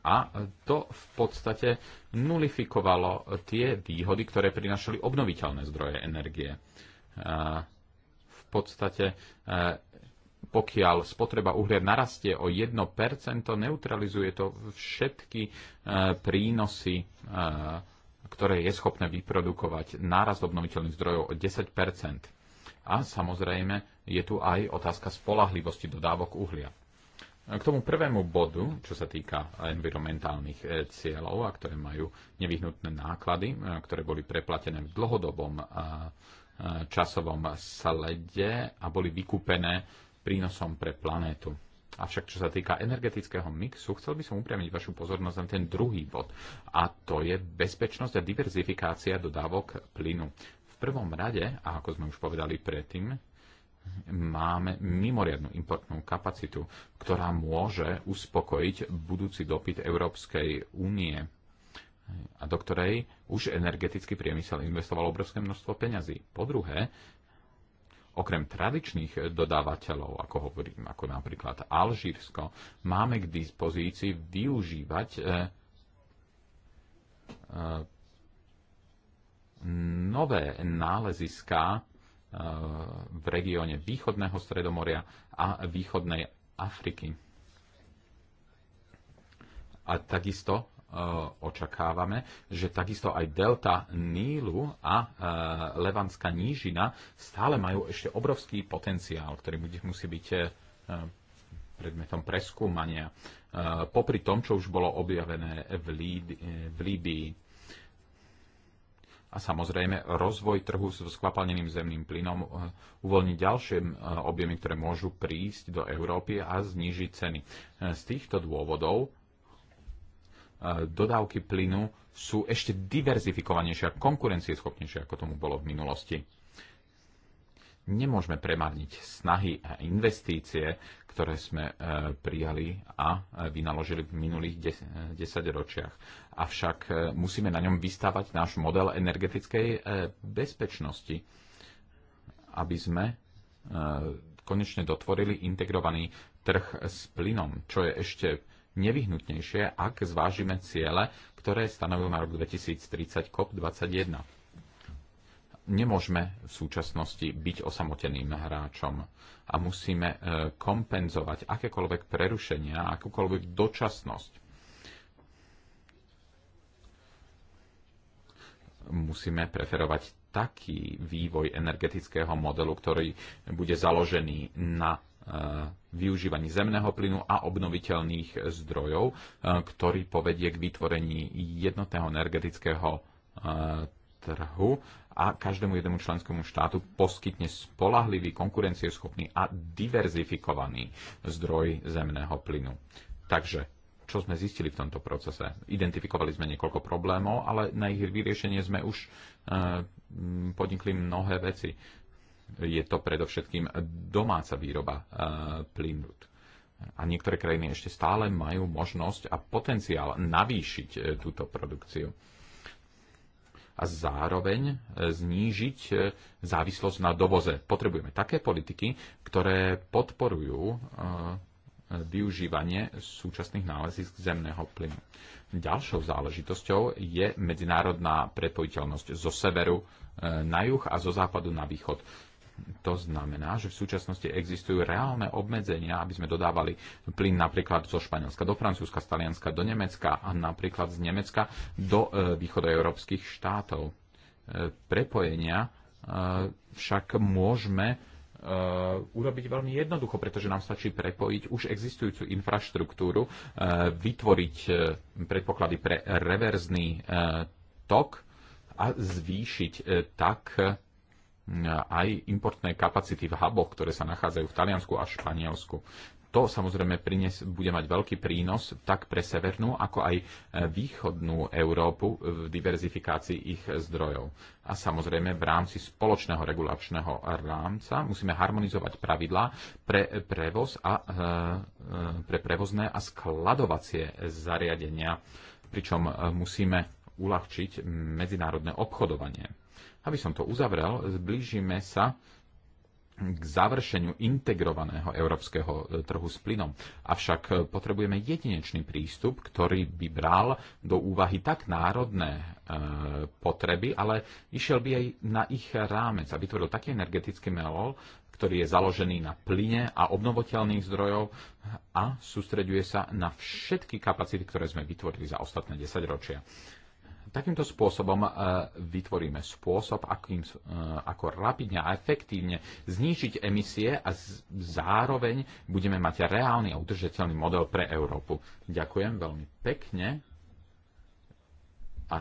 A to v podstate nulifikovalo tie výhody, ktoré prinašali obnoviteľné zdroje energie. Eh, v podstate pokiaľ spotreba uhlia narastie o 1%, neutralizuje to všetky e, prínosy, e, ktoré je schopné vyprodukovať nárast obnoviteľných zdrojov o 10%. A samozrejme je tu aj otázka spolahlivosti dodávok uhlia. E, k tomu prvému bodu, čo sa týka environmentálnych cieľov a ktoré majú nevyhnutné náklady, ktoré boli preplatené v dlhodobom časovom slede a boli vykúpené prínosom pre planétu. Avšak čo sa týka energetického mixu, chcel by som upriamiť vašu pozornosť na ten druhý bod. A to je bezpečnosť a diverzifikácia dodávok plynu. V prvom rade, a ako sme už povedali predtým, máme mimoriadnu importnú kapacitu, ktorá môže uspokojiť budúci dopyt Európskej únie a do ktorej už energetický priemysel investoval obrovské množstvo peňazí. Po druhé, okrem tradičných dodávateľov, ako hovorím, ako napríklad Alžírsko, máme k dispozícii využívať e, e, nové náleziská e, v regióne východného Stredomoria a východnej Afriky. A takisto Eh, očakávame, že takisto aj delta Nílu a eh, Levanská nížina stále majú ešte obrovský potenciál, ktorý musí byť eh, predmetom preskúmania. Popri tom, čo už bolo objavené v, Líbi, v Líbii, a samozrejme rozvoj trhu s skvapalneným zemným plynom uvoľní ďalšie objemy, ktoré môžu prísť do Európy a znížiť ceny. Z týchto dôvodov dodávky plynu sú ešte diverzifikovanejšie a konkurencieschopnejšie, ako tomu bolo v minulosti. Nemôžeme premarniť snahy a investície, ktoré sme e, prijali a e, vynaložili v minulých e, desaťročiach. Avšak musíme na ňom vystávať náš model energetickej bezpečnosti, aby sme konečne dotvorili integrovaný trh s plynom, čo je ešte nevyhnutnejšie, ak zvážime ciele, ktoré stanovil na rok 2030 COP21. Nemôžeme v súčasnosti byť osamoteným hráčom a musíme e, kompenzovať akékoľvek prerušenia, akúkoľvek dočasnosť. Musíme preferovať taký vývoj energetického modelu, ktorý bude založený na využívaní zemného plynu a obnoviteľných zdrojov, e, ktorý povedie k vytvorení jednotného energetického e, trhu a každému jednému členskému štátu poskytne spolahlivý, konkurencieschopný a diverzifikovaný zdroj zemného plynu. Takže čo sme zistili v tomto procese? Identifikovali sme niekoľko problémov, ale na ich vyriešenie sme už e, podnikli mnohé veci je to predovšetkým domáca výroba e, plynrud. A niektoré krajiny ešte stále majú možnosť a potenciál navýšiť e, túto produkciu a zároveň e, znížiť závislosť na dovoze. Potrebujeme také politiky, ktoré podporujú využívanie súčasných nálezisk zemného plynu. Ďalšou záležitosťou je medzinárodná prepojiteľnosť zo severu na juh a zo západu na východ. To znamená, že v súčasnosti existujú reálne obmedzenia, aby sme dodávali plyn napríklad zo Španielska do Francúzska, z Talianska do Nemecka a napríklad z Nemecka do e, východoeurópskych štátov. E, prepojenia e, však môžeme urobiť veľmi jednoducho, pretože nám stačí prepojiť už existujúcu infraštruktúru, vytvoriť predpoklady pre reverzný tok a zvýšiť tak aj importné kapacity v huboch, ktoré sa nachádzajú v Taliansku a Španielsku. To samozrejme prines, bude mať veľký prínos tak pre severnú, ako aj e, východnú Európu v diverzifikácii ich zdrojov. A samozrejme v rámci spoločného regulačného rámca musíme harmonizovať pravidlá pre, prevoz a, e, e, pre prevozné a skladovacie zariadenia, pričom musíme uľahčiť medzinárodné obchodovanie aby som to uzavrel, zblížime sa k završeniu integrovaného európskeho e, trhu s plynom. Avšak e, potrebujeme jedinečný prístup, ktorý by bral do úvahy tak národné e, potreby, ale išiel by aj na ich rámec a vytvoril taký energetický melol, ktorý je založený na plyne a obnovoteľných zdrojov a sústreďuje sa na všetky kapacity, ktoré sme vytvorili za ostatné 10 ročia. Takýmto spôsobom e, vytvoríme spôsob, akým, e, ako rapidne a efektívne znížiť emisie a zároveň budeme mať reálny a udržateľný model pre Európu. Ďakujem veľmi pekne. A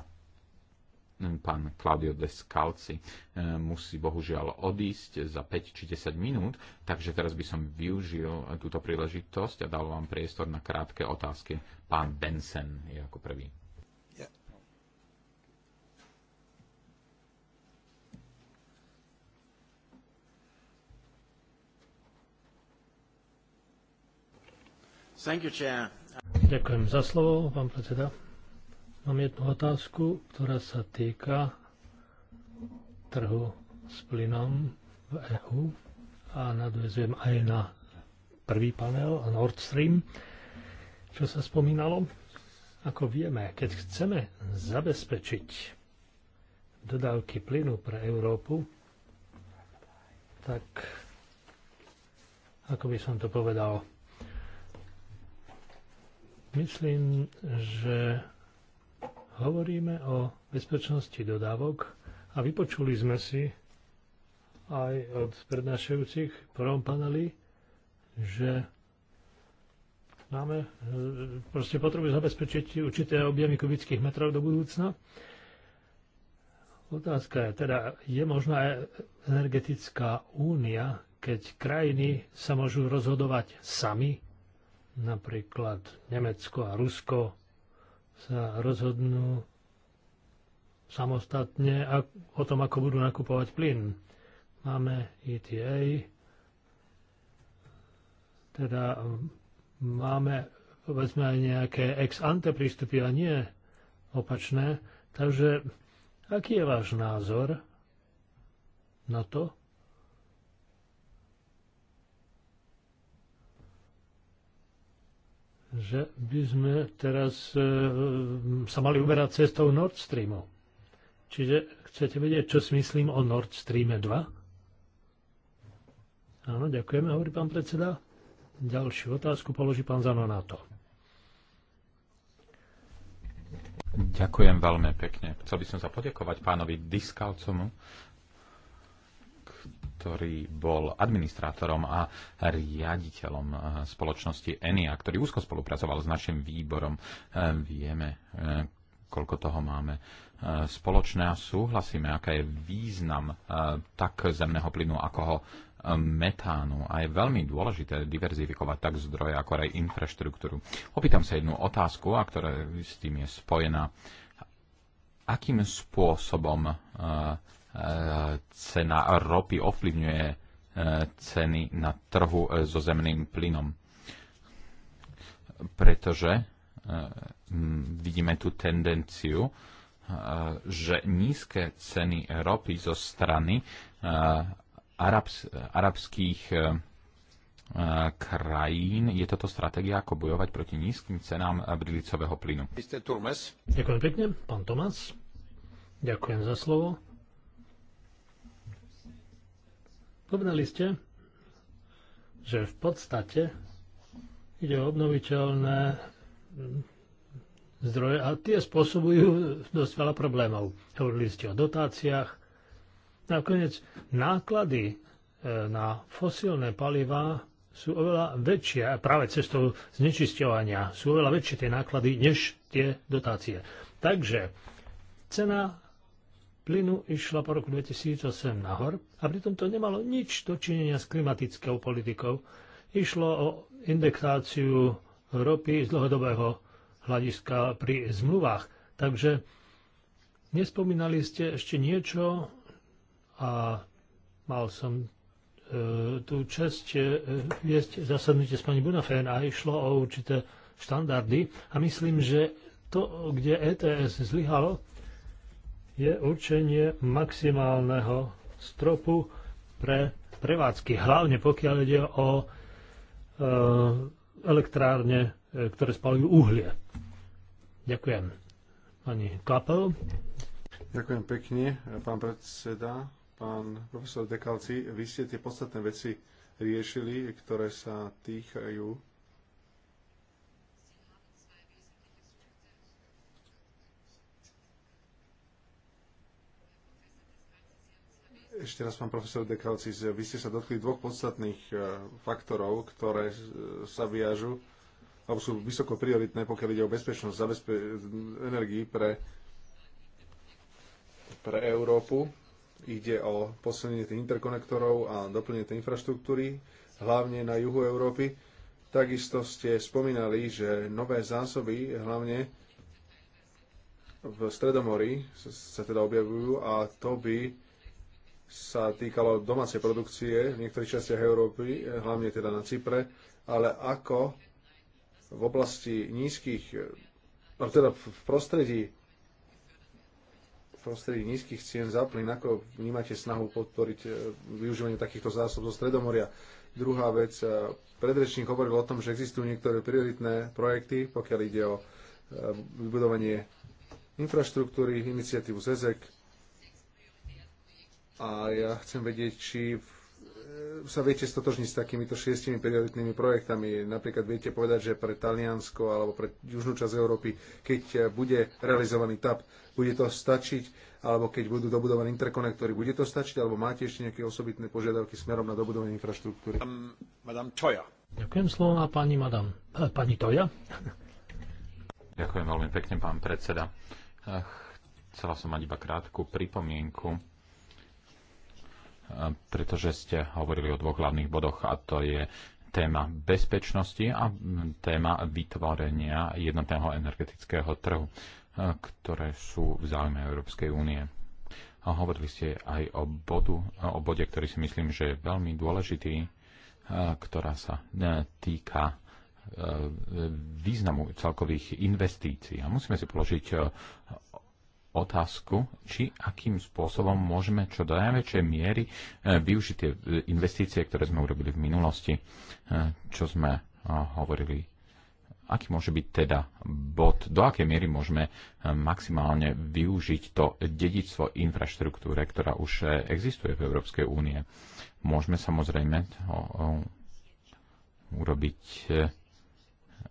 pán Claudio Descalci e, musí bohužiaľ odísť za 5 či 10 minút, takže teraz by som využil túto príležitosť a dal vám priestor na krátke otázky. Pán Benson je ako prvý. Ďakujem za slovo, pán predseda. Mám jednu otázku, ktorá sa týka trhu s plynom v EU a nadvezujem aj na prvý panel, Nord Stream, čo sa spomínalo. Ako vieme, keď chceme zabezpečiť dodávky plynu pre Európu, tak ako by som to povedal, Myslím, že hovoríme o bezpečnosti dodávok a vypočuli sme si aj od prednášajúcich v prvom paneli, že máme, e, proste potrebujú zabezpečiť určité objemy kubických metrov do budúcna. Otázka je teda, je možná e, energetická únia, keď krajiny sa môžu rozhodovať sami napríklad Nemecko a Rusko sa rozhodnú samostatne o tom, ako budú nakupovať plyn. Máme ETA, teda um, máme povedzme aj nejaké ex ante prístupy a nie opačné. Takže aký je váš názor na to, že by sme teraz e, sa mali uberať cestou Nord Streamu. Čiže chcete vedieť, čo si myslím o Nord streame 2? Áno, ďakujeme, hovorí pán predseda. Ďalšiu otázku položí pán to. Ďakujem veľmi pekne. Chcel by som sa poďakovať pánovi Diskalcomu ktorý bol administrátorom a riaditeľom e, spoločnosti ENIA, ktorý úzko spolupracoval s našim výborom. E, vieme, e, koľko toho máme spoločné a súhlasíme, aká je význam tak zemného plynu, ako ho metánu a je veľmi dôležité diverzifikovať tak zdroje, ako aj infraštruktúru. Opýtam sa jednu otázku, a ktorá s tým je spojená. Akým spôsobom Eh, cena ropy ovplyvňuje eh, ceny na trhu eh, so zemným plynom. Pretože vidíme tú tendenciu, že nízke ceny ropy zo strany arabských krajín. Je toto stratégia, ako bojovať proti nízkym cenám brilicového plynu? Ďakujem pekne, pán Tomás. Ďakujem za slovo. Povedali ste, že v podstate ide o obnoviteľné hm, zdroje a tie spôsobujú dosť veľa problémov. Hovorili ste o dotáciách. Nakoniec náklady e, na fosílne palivá sú oveľa väčšie, práve cestou znečisťovania sú oveľa väčšie tie náklady než tie dotácie. Takže cena plynu išla po roku 2008 nahor a pritom to nemalo nič dočinenia s klimatickou politikou. Išlo o indexáciu ropy z dlhodobého hľadiska pri zmluvách. Takže nespomínali ste ešte niečo a mal som e, tú čest e, viesť zasadnutie s pani Bunafén a išlo o určité štandardy a myslím, že to, kde ETS zlyhalo, je určenie maximálneho stropu pre prevádzky, hlavne pokiaľ ide o e, elektrárne, e, ktoré spalujú uhlie. Ďakujem. Pani Klapel. Ďakujem pekne, pán predseda, pán profesor Dekalci. Vy ste tie podstatné veci riešili, ktoré sa týkajú Ešte raz, pán profesor Dekalcis, vy ste sa dotkli dvoch podstatných e, faktorov, ktoré e, sa viažu, alebo sú vysoko prioritné, pokiaľ ide o bezpečnosť zabezpe- energii pre, pre Európu. Ide o posilnenie tých interkonektorov a doplnenie tej infraštruktúry, hlavne na juhu Európy. Takisto ste spomínali, že nové zásoby, hlavne v Stredomorí, sa teda objavujú a to by sa týkalo domácej produkcie v niektorých častiach Európy, eh, hlavne teda na Cypre, ale ako v oblasti nízkych, eh, teda v prostredí v prostredí nízkych cien za plyn, ako vnímate snahu podporiť eh, využívanie takýchto zásob zo Stredomoria? Druhá vec, predrečník hovoril o tom, že existujú niektoré prioritné projekty, pokiaľ ide o vybudovanie infraštruktúry, iniciatívu ZEZEK, a ja chcem vedieť, či e, sa viete stotožniť s takýmito šiestimi prioritnými projektami. Napríklad viete povedať, že pre Taliansko alebo pre južnú časť Európy, keď bude realizovaný TAP, bude to stačiť, alebo keď budú dobudované interkonektory, bude to stačiť, alebo máte ešte nejaké osobitné požiadavky smerom na dobudovanie infraštruktúry? Um, Madame Toja. Ďakujem slovo a pani, madam, eh, pani Toja. Ďakujem veľmi pekne, pán predseda. Eh, chcela som mať iba krátku pripomienku pretože ste hovorili o dvoch hlavných bodoch a to je téma bezpečnosti a téma vytvorenia jednotného energetického trhu, ktoré sú v záujme Európskej únie. A hovorili ste aj o, bodu, o bode, ktorý si myslím, že je veľmi dôležitý, e, ktorá sa e, týka e, významu celkových investícií. A musíme si položiť otázku, či akým spôsobom môžeme čo do najväčšej miery e, využiť tie e, investície, ktoré sme urobili v minulosti, e, čo sme hovorili. Aký môže byť teda bod, do akej miery môžeme maximálne využiť to dedictvo infraštruktúre, ktorá už existuje v Európskej únie. Môžeme samozrejme urobiť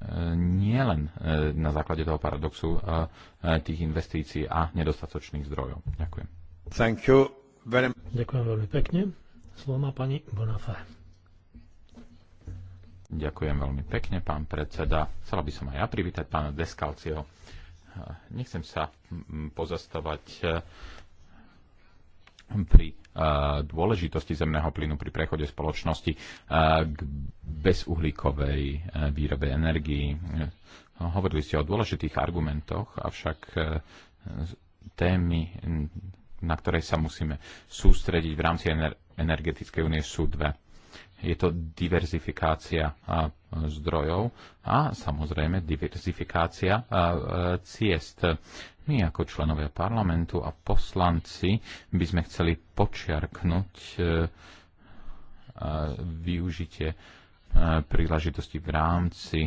len e, na základe toho paradoxu e, e, tých investícií a nedostatočných zdrojov. Ďakujem. Thank you very... Ďakujem veľmi pekne. Slovo má pani Bonafé. Ďakujem veľmi pekne, pán predseda. Chcela by som aj ja privítať pána Deskalcieho. Nechcem sa pozastavať pri dôležitosti zemného plynu pri prechode spoločnosti k bezuhlíkovej e, výrobe energii. No, hovorili ste o dôležitých argumentoch, avšak e, témy, na ktoré sa musíme sústrediť v rámci energetickej únie sú dve je to diverzifikácia zdrojov a samozrejme diverzifikácia e, ciest. My ako členovia parlamentu a poslanci by sme chceli počiarknúť e, využitie e, príležitosti v rámci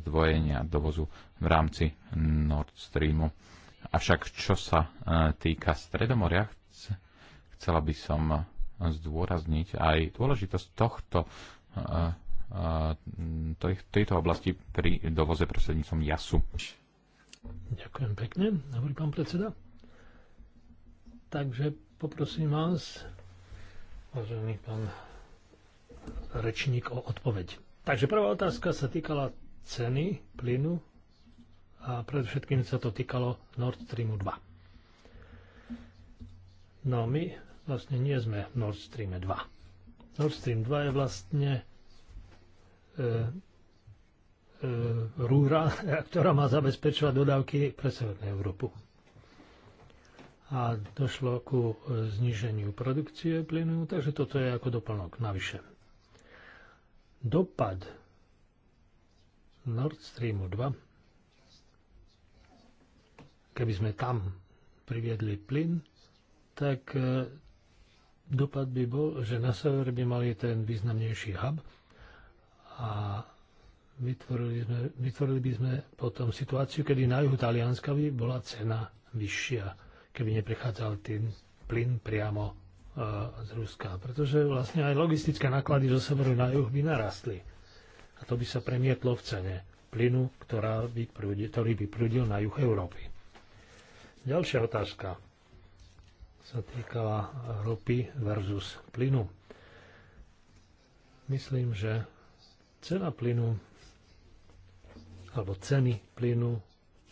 zdvojenia dovozu v rámci Nord Streamu. Avšak čo sa týka Stredomoria, chcela by som zdôrazniť aj dôležitosť tohto tejto oblasti pri dovoze prostrednícom jasu. Ďakujem pekne, hovorí pán predseda. Takže poprosím vás, vážený pán rečník, o odpoveď. Takže prvá otázka sa týkala ceny plynu a predovšetkým sa to týkalo Nord Streamu 2. No my vlastne nie sme v Nord Stream 2. Nord Stream 2 je vlastne e, e, rúra, ktorá má zabezpečovať dodávky pre Severnú Európu. A došlo ku zniženiu produkcie plynu, takže toto je ako doplnok navyše. Dopad Nord Streamu 2, keby sme tam priviedli plyn, tak e, dopad by bol, že na sever by mali ten významnejší hub a vytvorili, sme, vytvorili by sme potom situáciu, kedy na juhu Talianska by bola cena vyššia, keby neprechádzal ten plyn priamo e, z Ruska. Pretože vlastne aj logistické náklady zo severu na juh by narastli. A to by sa premietlo v cene plynu, ktorá by prúdil, ktorý by prúdil na juh Európy. Ďalšia otázka sa týkala e, ropy versus plynu. Myslím, že cena plynu alebo ceny plynu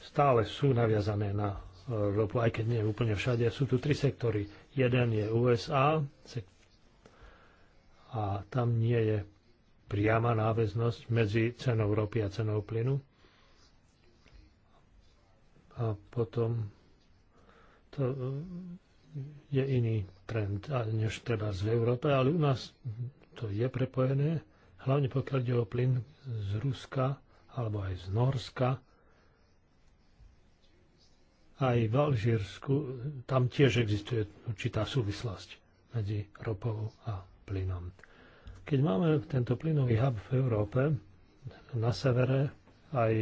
stále sú naviazané na e, ropu, aj keď nie úplne všade. Sú tu tri sektory. Jeden je USA a tam nie je priama náväznosť medzi cenou ropy a cenou plynu. A potom to je iný trend než treba z Európe, ale u nás to je prepojené, hlavne pokiaľ ide o plyn z Ruska alebo aj z Norska. Aj v Alžírsku tam tiež existuje určitá súvislosť medzi ropou a plynom. Keď máme tento plynový hub v Európe, na severe, aj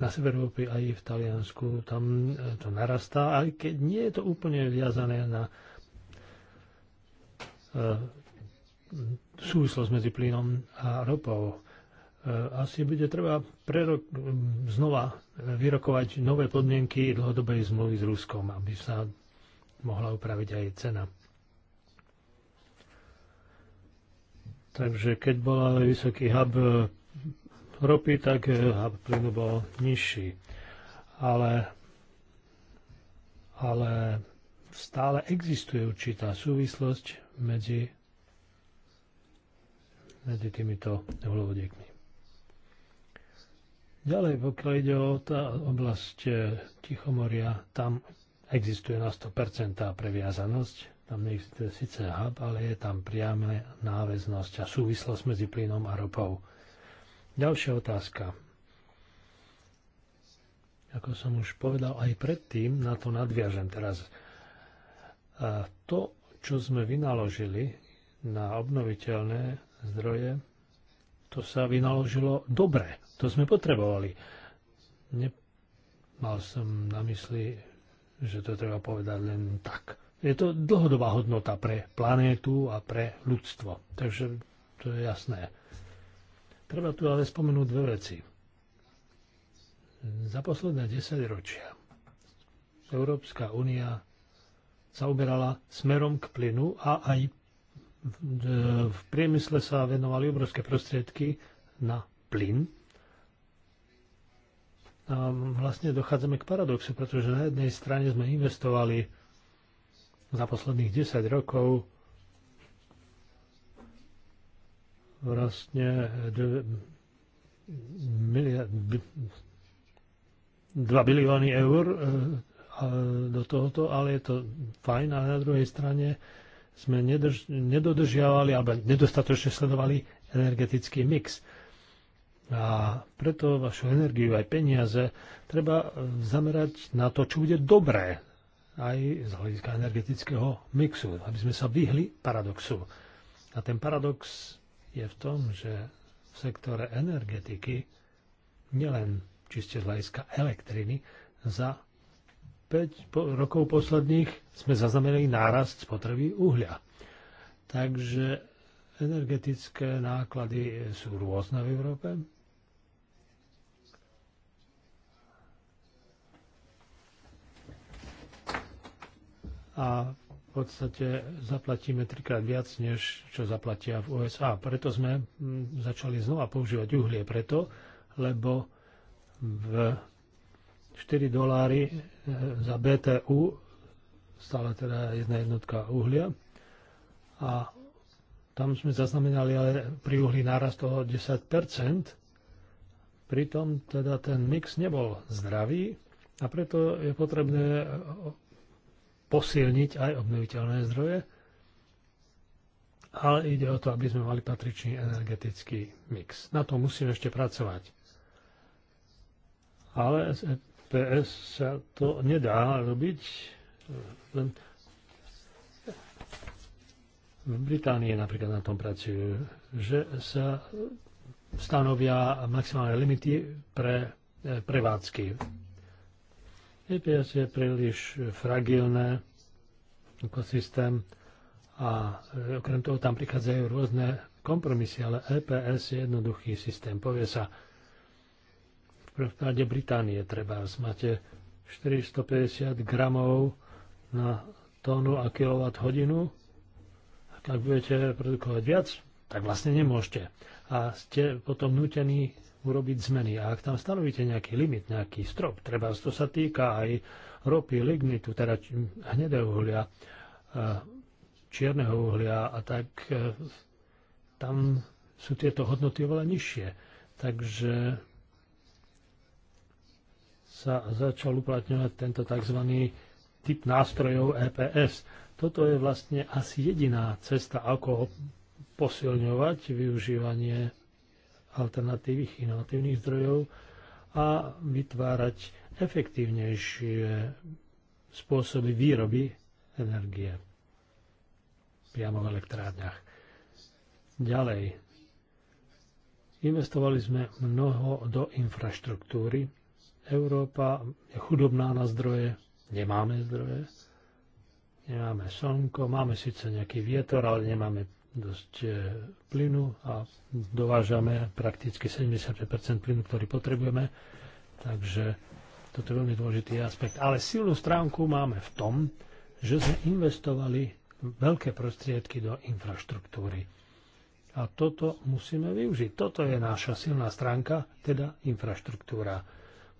na sever Európy, aj v Taliansku. Tam e, to narastá, aj keď nie je to úplne viazané na e, súvislosť medzi plynom a ropou. E, asi bude treba prerok- znova vyrokovať nové podmienky dlhodobej zmluvy s Ruskom, aby sa mohla upraviť aj cena. Takže keď bol vysoký hub ropy, tak eh, plynu bol nižší. Ale, ale stále existuje určitá súvislosť medzi, medzi týmito uhlovodíkmi. Ďalej, pokiaľ ide o tá oblasť eh, Tichomoria, tam existuje na 100% previazanosť. Tam nie je síce hub, ale je tam priame náväznosť a súvislosť medzi plynom a ropou. Ďalšia otázka. Ako som už povedal aj predtým, na to nadviažem teraz. A to, čo sme vynaložili na obnoviteľné zdroje, to sa vynaložilo dobre. To sme potrebovali. Nemal som na mysli, že to treba povedať len tak. Je to dlhodobá hodnota pre planétu a pre ľudstvo. Takže to je jasné. Treba tu ale spomenúť dve veci. Za posledné 10 ročia Európska únia sa uberala smerom k plynu a aj v priemysle sa venovali obrovské prostriedky na plyn. A vlastne dochádzame k paradoxu, pretože na jednej strane sme investovali za posledných 10 rokov vlastne 2 bilióny eur e, do tohoto, ale je to fajn. ale na druhej strane sme nedrž, nedodržiavali alebo nedostatočne sledovali energetický mix. A preto vašu energiu aj peniaze treba zamerať na to, čo bude dobré aj z hľadiska energetického mixu, aby sme sa vyhli paradoxu. A ten paradox je v tom, že v sektore energetiky nielen čiste z hľadiska elektriny za 5 rokov posledných sme zaznamenali nárast spotreby uhlia. Takže energetické náklady sú rôzne v Európe. A v podstate zaplatíme trikrát viac, než čo zaplatia v USA. Preto sme začali znova používať uhlie preto, lebo v 4 dolári e, za BTU stále teda jedna jednotka uhlia a tam sme zaznamenali ale pri uhli nárast toho 10%, pritom teda ten mix nebol zdravý a preto je potrebné posilniť aj obnoviteľné zdroje, ale ide o to, aby sme mali patričný energetický mix. Na to musíme ešte pracovať. Ale EPS e sa to nedá robiť, len v Británii napríklad na tom pracujú, že sa stanovia maximálne limity pre prevádzky EPS je príliš fragilné ako systém a e, okrem toho tam prichádzajú rôzne kompromisy, ale EPS je jednoduchý systém. Povie sa, v prípade Británie treba, máte 450 gramov na tónu a kilowatt hodinu. Ak budete produkovať viac, tak vlastne nemôžete. A ste potom nutení urobiť zmeny. A ak tam stanovíte nejaký limit, nejaký strop, treba to sa týka aj ropy, lignitu, teda hnedého uhlia, e, čierneho uhlia a tak e, tam sú tieto hodnoty oveľa nižšie. Takže sa začal uplatňovať tento tzv. typ nástrojov EPS. Toto je vlastne asi jediná cesta, ako posilňovať využívanie alternatívnych, inovatívnych zdrojov a vytvárať efektívnejšie spôsoby výroby energie priamo v elektrárniach. Ďalej, investovali sme mnoho do infraštruktúry. Európa je chudobná na zdroje, nemáme zdroje, nemáme slnko, máme síce nejaký vietor, ale nemáme dosť e, plynu a dovážame prakticky 70 plynu, ktorý potrebujeme. Takže toto je veľmi dôležitý aspekt. Ale silnú stránku máme v tom, že sme investovali veľké prostriedky do infraštruktúry. A toto musíme využiť. Toto je naša silná stránka, teda infraštruktúra.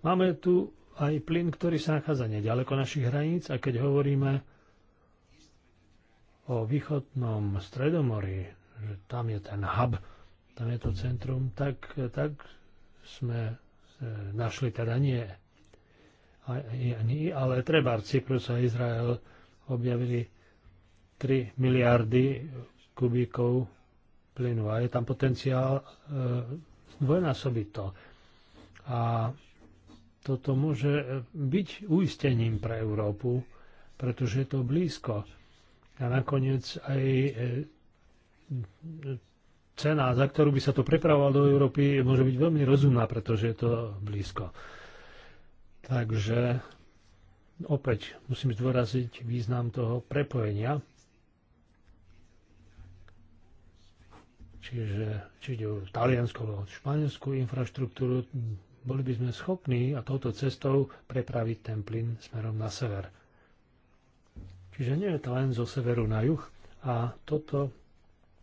Máme tu aj plyn, ktorý sa nachádza nedaleko našich hraníc a keď hovoríme o východnom Stredomorí, že tam je ten hub, tam je to centrum, tak, tak sme e, našli teda nie ale treba Cyprus a Izrael objavili 3 miliardy kubíkov plynu a je tam potenciál dvojnásobito. E, dvojnásobiť to. A toto môže e, byť uistením pre Európu, pretože je to blízko a nakoniec aj e, cena, za ktorú by sa to prepravovalo do Európy, môže byť veľmi rozumná, pretože je to blízko. Takže opäť musím zdôraziť význam toho prepojenia. Čiže či ide o taliansku alebo španielskú infraštruktúru, boli by sme schopní a touto cestou prepraviť ten plyn smerom na sever. Čiže nie je to len zo severu na juh a toto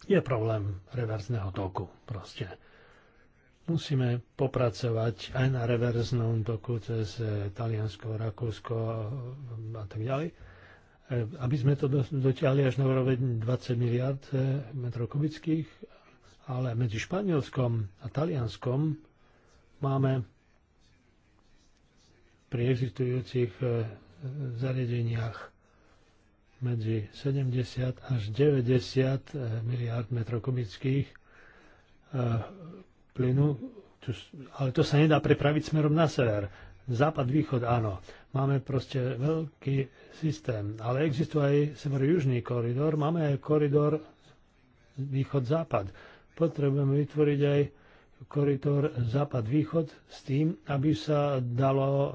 je problém reverzného toku proste. Musíme popracovať aj na reverznom toku cez e, Taliansko, Rakúsko mm, a tak ďalej, e, aby sme to dotiahli až na úroveň 20 miliard e, metrov kubických, ale medzi Španielskom a Talianskom máme pri existujúcich zariadeniach medzi 70 až 90 eh, miliard metrov kubických eh, plynu, ale to sa nedá prepraviť smerom na sever. Západ, východ, áno. Máme proste veľký systém, ale existuje aj sever-južný koridor, máme aj koridor východ-západ. Potrebujeme vytvoriť aj koridor západ-východ s tým, aby sa dalo eh,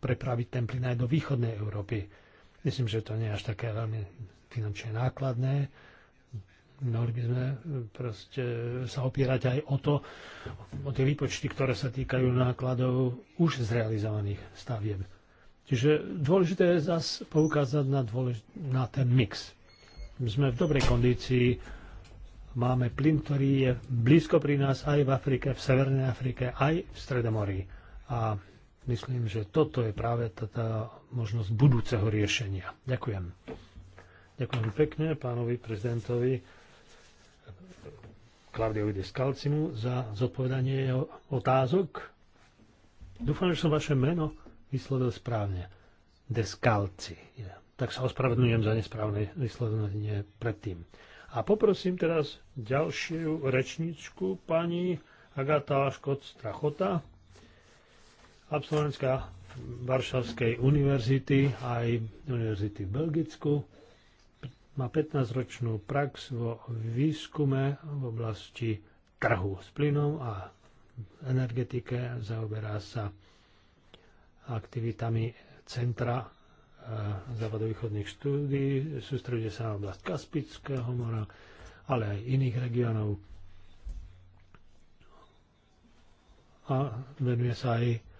prepraviť ten plyn aj do východnej Európy Myslím, že to nie je až také veľmi finančne nákladné. Mohli by sme e, proste sa opierať aj o to, o tie výpočty, ktoré sa týkajú nákladov už zrealizovaných stavieb. Čiže dôležité je zase poukázať na, dôlež- na ten mix. Sme v dobrej kondícii, máme plyn, ktorý je blízko pri nás aj v Afrike, v Severnej Afrike, aj v Stredomorí. A Myslím, že toto je práve tá, tá možnosť budúceho riešenia. Ďakujem. Ďakujem pekne pánovi prezidentovi Klaudiovi Deskalcimu za zodpovedanie jeho otázok. Dúfam, že som vaše meno vyslovil správne. Deskalci. Ja. Tak sa ospravedlňujem za nesprávne vyslovenie predtým. A poprosím teraz ďalšiu rečničku, pani Agatá Škot Strachota absolventka Varšavskej univerzity aj univerzity v Belgicku. Má 15-ročnú prax vo výskume v oblasti trhu s plynom a energetike. Zaoberá sa aktivitami Centra eh, západovýchodných štúdí, sústreduje sa na oblast Kaspického mora, ale aj iných regiónov a venuje sa aj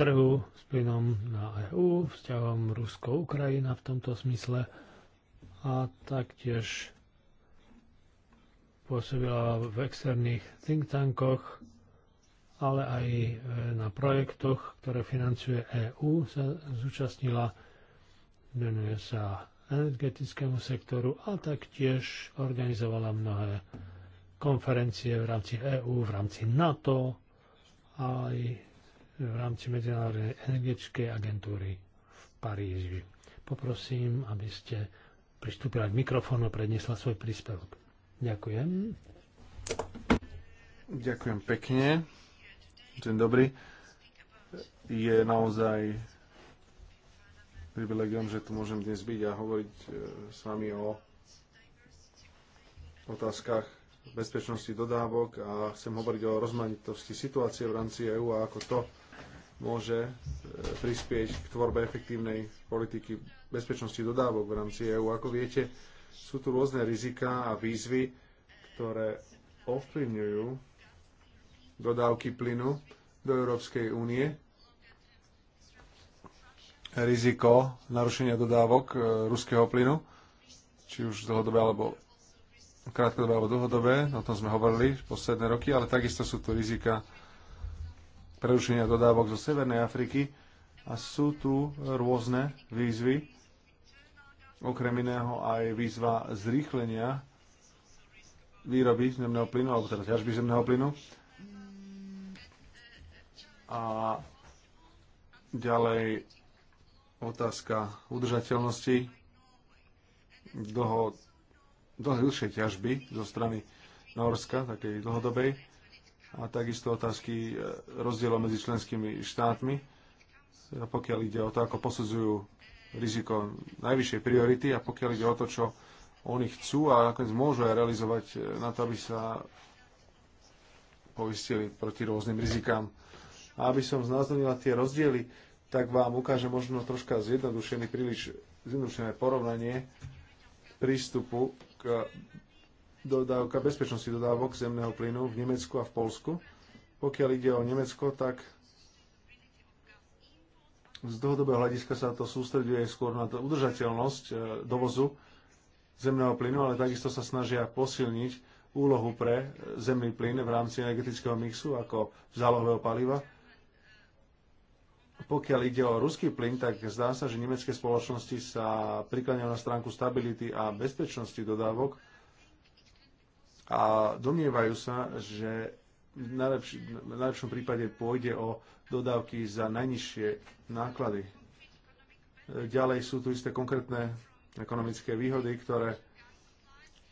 trhu s plynom na EÚ, vzťahom Rusko-Ukrajina v tomto smysle a taktiež pôsobila v externých think tankoch, ale aj e, na projektoch, ktoré financuje EÚ, sa zúčastnila, venuje sa energetickému sektoru a taktiež organizovala mnohé konferencie v rámci EÚ, v rámci NATO, aj v rámci Medzinárodnej energetickej agentúry v Paríži. Poprosím, aby ste pristúpila k mikrofónu a predniesla svoj príspevok. Ďakujem. Ďakujem pekne. Deň dobrý. Je naozaj privilegium, že tu môžem dnes byť a hovoriť e, s vami o otázkach bezpečnosti dodávok a chcem hovoriť o rozmanitosti situácie v rámci EÚ a ako to môže e, prispieť k tvorbe efektívnej politiky bezpečnosti dodávok v rámci EÚ. Ako viete, sú tu rôzne rizika a výzvy, ktoré ovplyvňujú dodávky plynu do Európskej únie. Riziko narušenia dodávok e, ruského plynu, či už dlhodobé alebo krátkodobé alebo dlhodobé, o tom sme hovorili posledné roky, ale takisto sú tu rizika prerušenia dodávok zo Severnej Afriky a sú tu rôzne výzvy, okrem iného aj výzva zrýchlenia výroby zemného plynu, alebo teda ťažby zemného plynu. A ďalej otázka udržateľnosti dlho, dlhšej ťažby zo strany Norska, takej dlhodobej a takisto otázky e, rozdielov medzi členskými štátmi, teda pokiaľ ide o to, ako posudzujú riziko najvyššej priority a pokiaľ ide o to, čo oni chcú a nakoniec môžu aj realizovať e, na to, aby sa poistili proti rôznym rizikám. A aby som znázornila tie rozdiely, tak vám ukážem možno troška zjednodušený, príliš zjednodušené porovnanie prístupu k dodávka bezpečnosti dodávok zemného plynu v Nemecku a v Polsku. Pokiaľ ide o Nemecko, tak z dlhodobého hľadiska sa to sústreduje skôr na udržateľnosť e, dovozu zemného plynu, ale takisto sa snažia posilniť úlohu pre zemný plyn v rámci energetického mixu ako zálohového paliva. Pokiaľ ide o ruský plyn, tak zdá sa, že nemecké spoločnosti sa prikláňajú na stránku stability a bezpečnosti dodávok a domnievajú sa, že v najlepšom prípade pôjde o dodávky za najnižšie náklady. Ďalej sú tu isté konkrétne ekonomické výhody, ktoré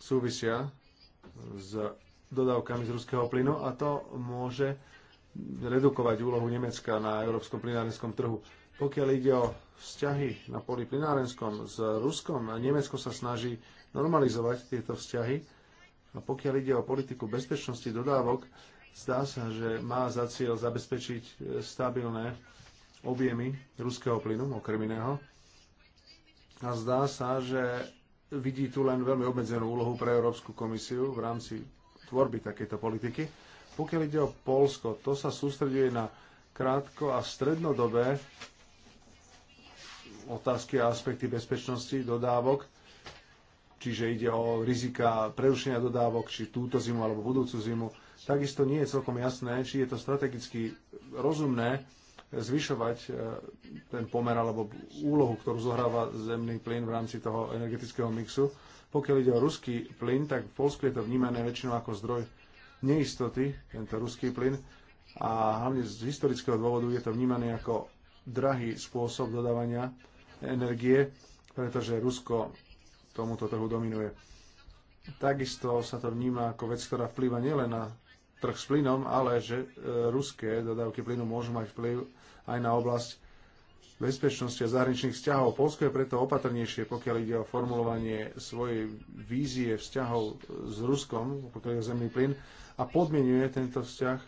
súvisia s dodávkami z ruského plynu a to môže redukovať úlohu Nemecka na európskom plynárenskom trhu. Pokiaľ ide o vzťahy na poli plynárenskom s Ruskom, Nemecko sa snaží normalizovať tieto vzťahy a pokiaľ ide o politiku bezpečnosti dodávok, zdá sa, že má za cieľ zabezpečiť e, stabilné objemy ruského plynu, okrem iného. A zdá sa, že vidí tu len veľmi obmedzenú úlohu pre Európsku komisiu v rámci tvorby takejto politiky. Pokiaľ ide o Polsko, to sa sústreduje na krátko a strednodobé otázky a aspekty bezpečnosti dodávok čiže ide o rizika prerušenia dodávok, či túto zimu alebo budúcu zimu. Takisto nie je celkom jasné, či je to strategicky rozumné zvyšovať e, ten pomer alebo úlohu, ktorú zohráva zemný plyn v rámci toho energetického mixu. Pokiaľ ide o ruský plyn, tak v Polsku je to vnímané väčšinou ako zdroj neistoty, tento ruský plyn. A hlavne z historického dôvodu je to vnímané ako drahý spôsob dodávania energie, pretože Rusko tomuto trhu dominuje. Takisto sa to vníma ako vec, ktorá vplýva nielen na trh s plynom, ale že e, ruské dodávky plynu môžu mať vplyv aj na oblasť bezpečnosti a zahraničných vzťahov. Polsko je preto opatrnejšie, pokiaľ ide o formulovanie svojej vízie vzťahov s Ruskom, pokiaľ je zemný plyn, a podmienuje tento vzťah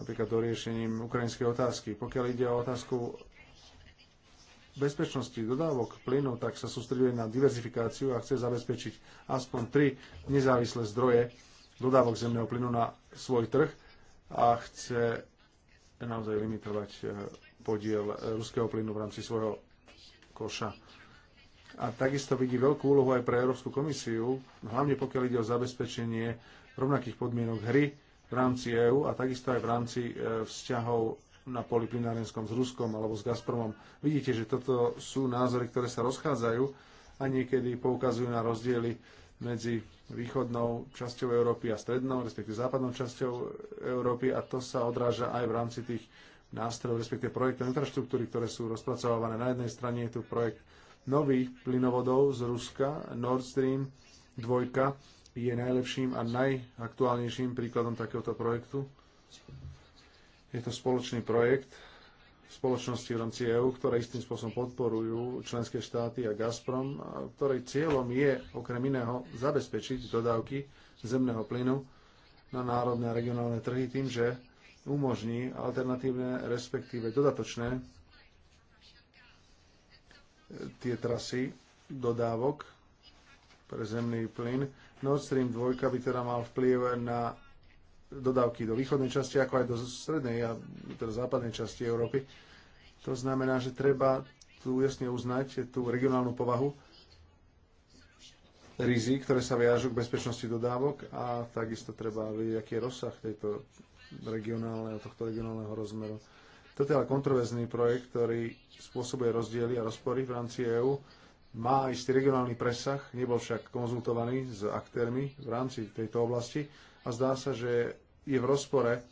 napríklad do riešením ukrajinskej otázky. Pokiaľ ide o otázku bezpečnosti dodávok plynu, tak sa sústreduje na diverzifikáciu a chce zabezpečiť aspoň tri nezávislé zdroje dodávok zemného plynu na svoj trh a chce naozaj limitovať e, podiel e, ruského plynu v rámci svojho koša. A takisto vidí veľkú úlohu aj pre Európsku komisiu, hlavne pokiaľ ide o zabezpečenie rovnakých podmienok hry v rámci EÚ a takisto aj v rámci e, vzťahov na poli plinárenskom s Ruskom alebo s Gazpromom. Vidíte, že toto sú názory, ktoré sa rozchádzajú a niekedy poukazujú na rozdiely medzi východnou časťou Európy a strednou, respektíve západnou časťou Európy a to sa odráža aj v rámci tých nástrojov, respektíve projektov infraštruktúry, ktoré sú rozpracovávané. Na jednej strane je tu projekt nových plynovodov z Ruska, Nord Stream 2 je najlepším a najaktuálnejším príkladom takéhoto projektu. Je to spoločný projekt spoločnosti v rámci EÚ, ktoré istým spôsobom podporujú členské štáty a Gazprom, a ktorej cieľom je okrem iného zabezpečiť dodávky zemného plynu na národné a regionálne trhy tým, že umožní alternatívne, respektíve dodatočné e, tie trasy dodávok pre zemný plyn. Nord Stream 2 by teda mal vplyv na dodávky do východnej časti, ako aj do strednej a teda západnej časti Európy. To znamená, že treba tu jasne uznať tú regionálnu povahu rizik, ktoré sa viažú k bezpečnosti dodávok a takisto treba vidieť, aký je rozsah tejto regionálneho, tohto regionálneho rozmeru. Toto je ale kontroverzný projekt, ktorý spôsobuje rozdiely a rozpory v rámci EÚ. Má istý regionálny presah, nebol však konzultovaný s aktérmi v rámci tejto oblasti a zdá sa, že je v rozpore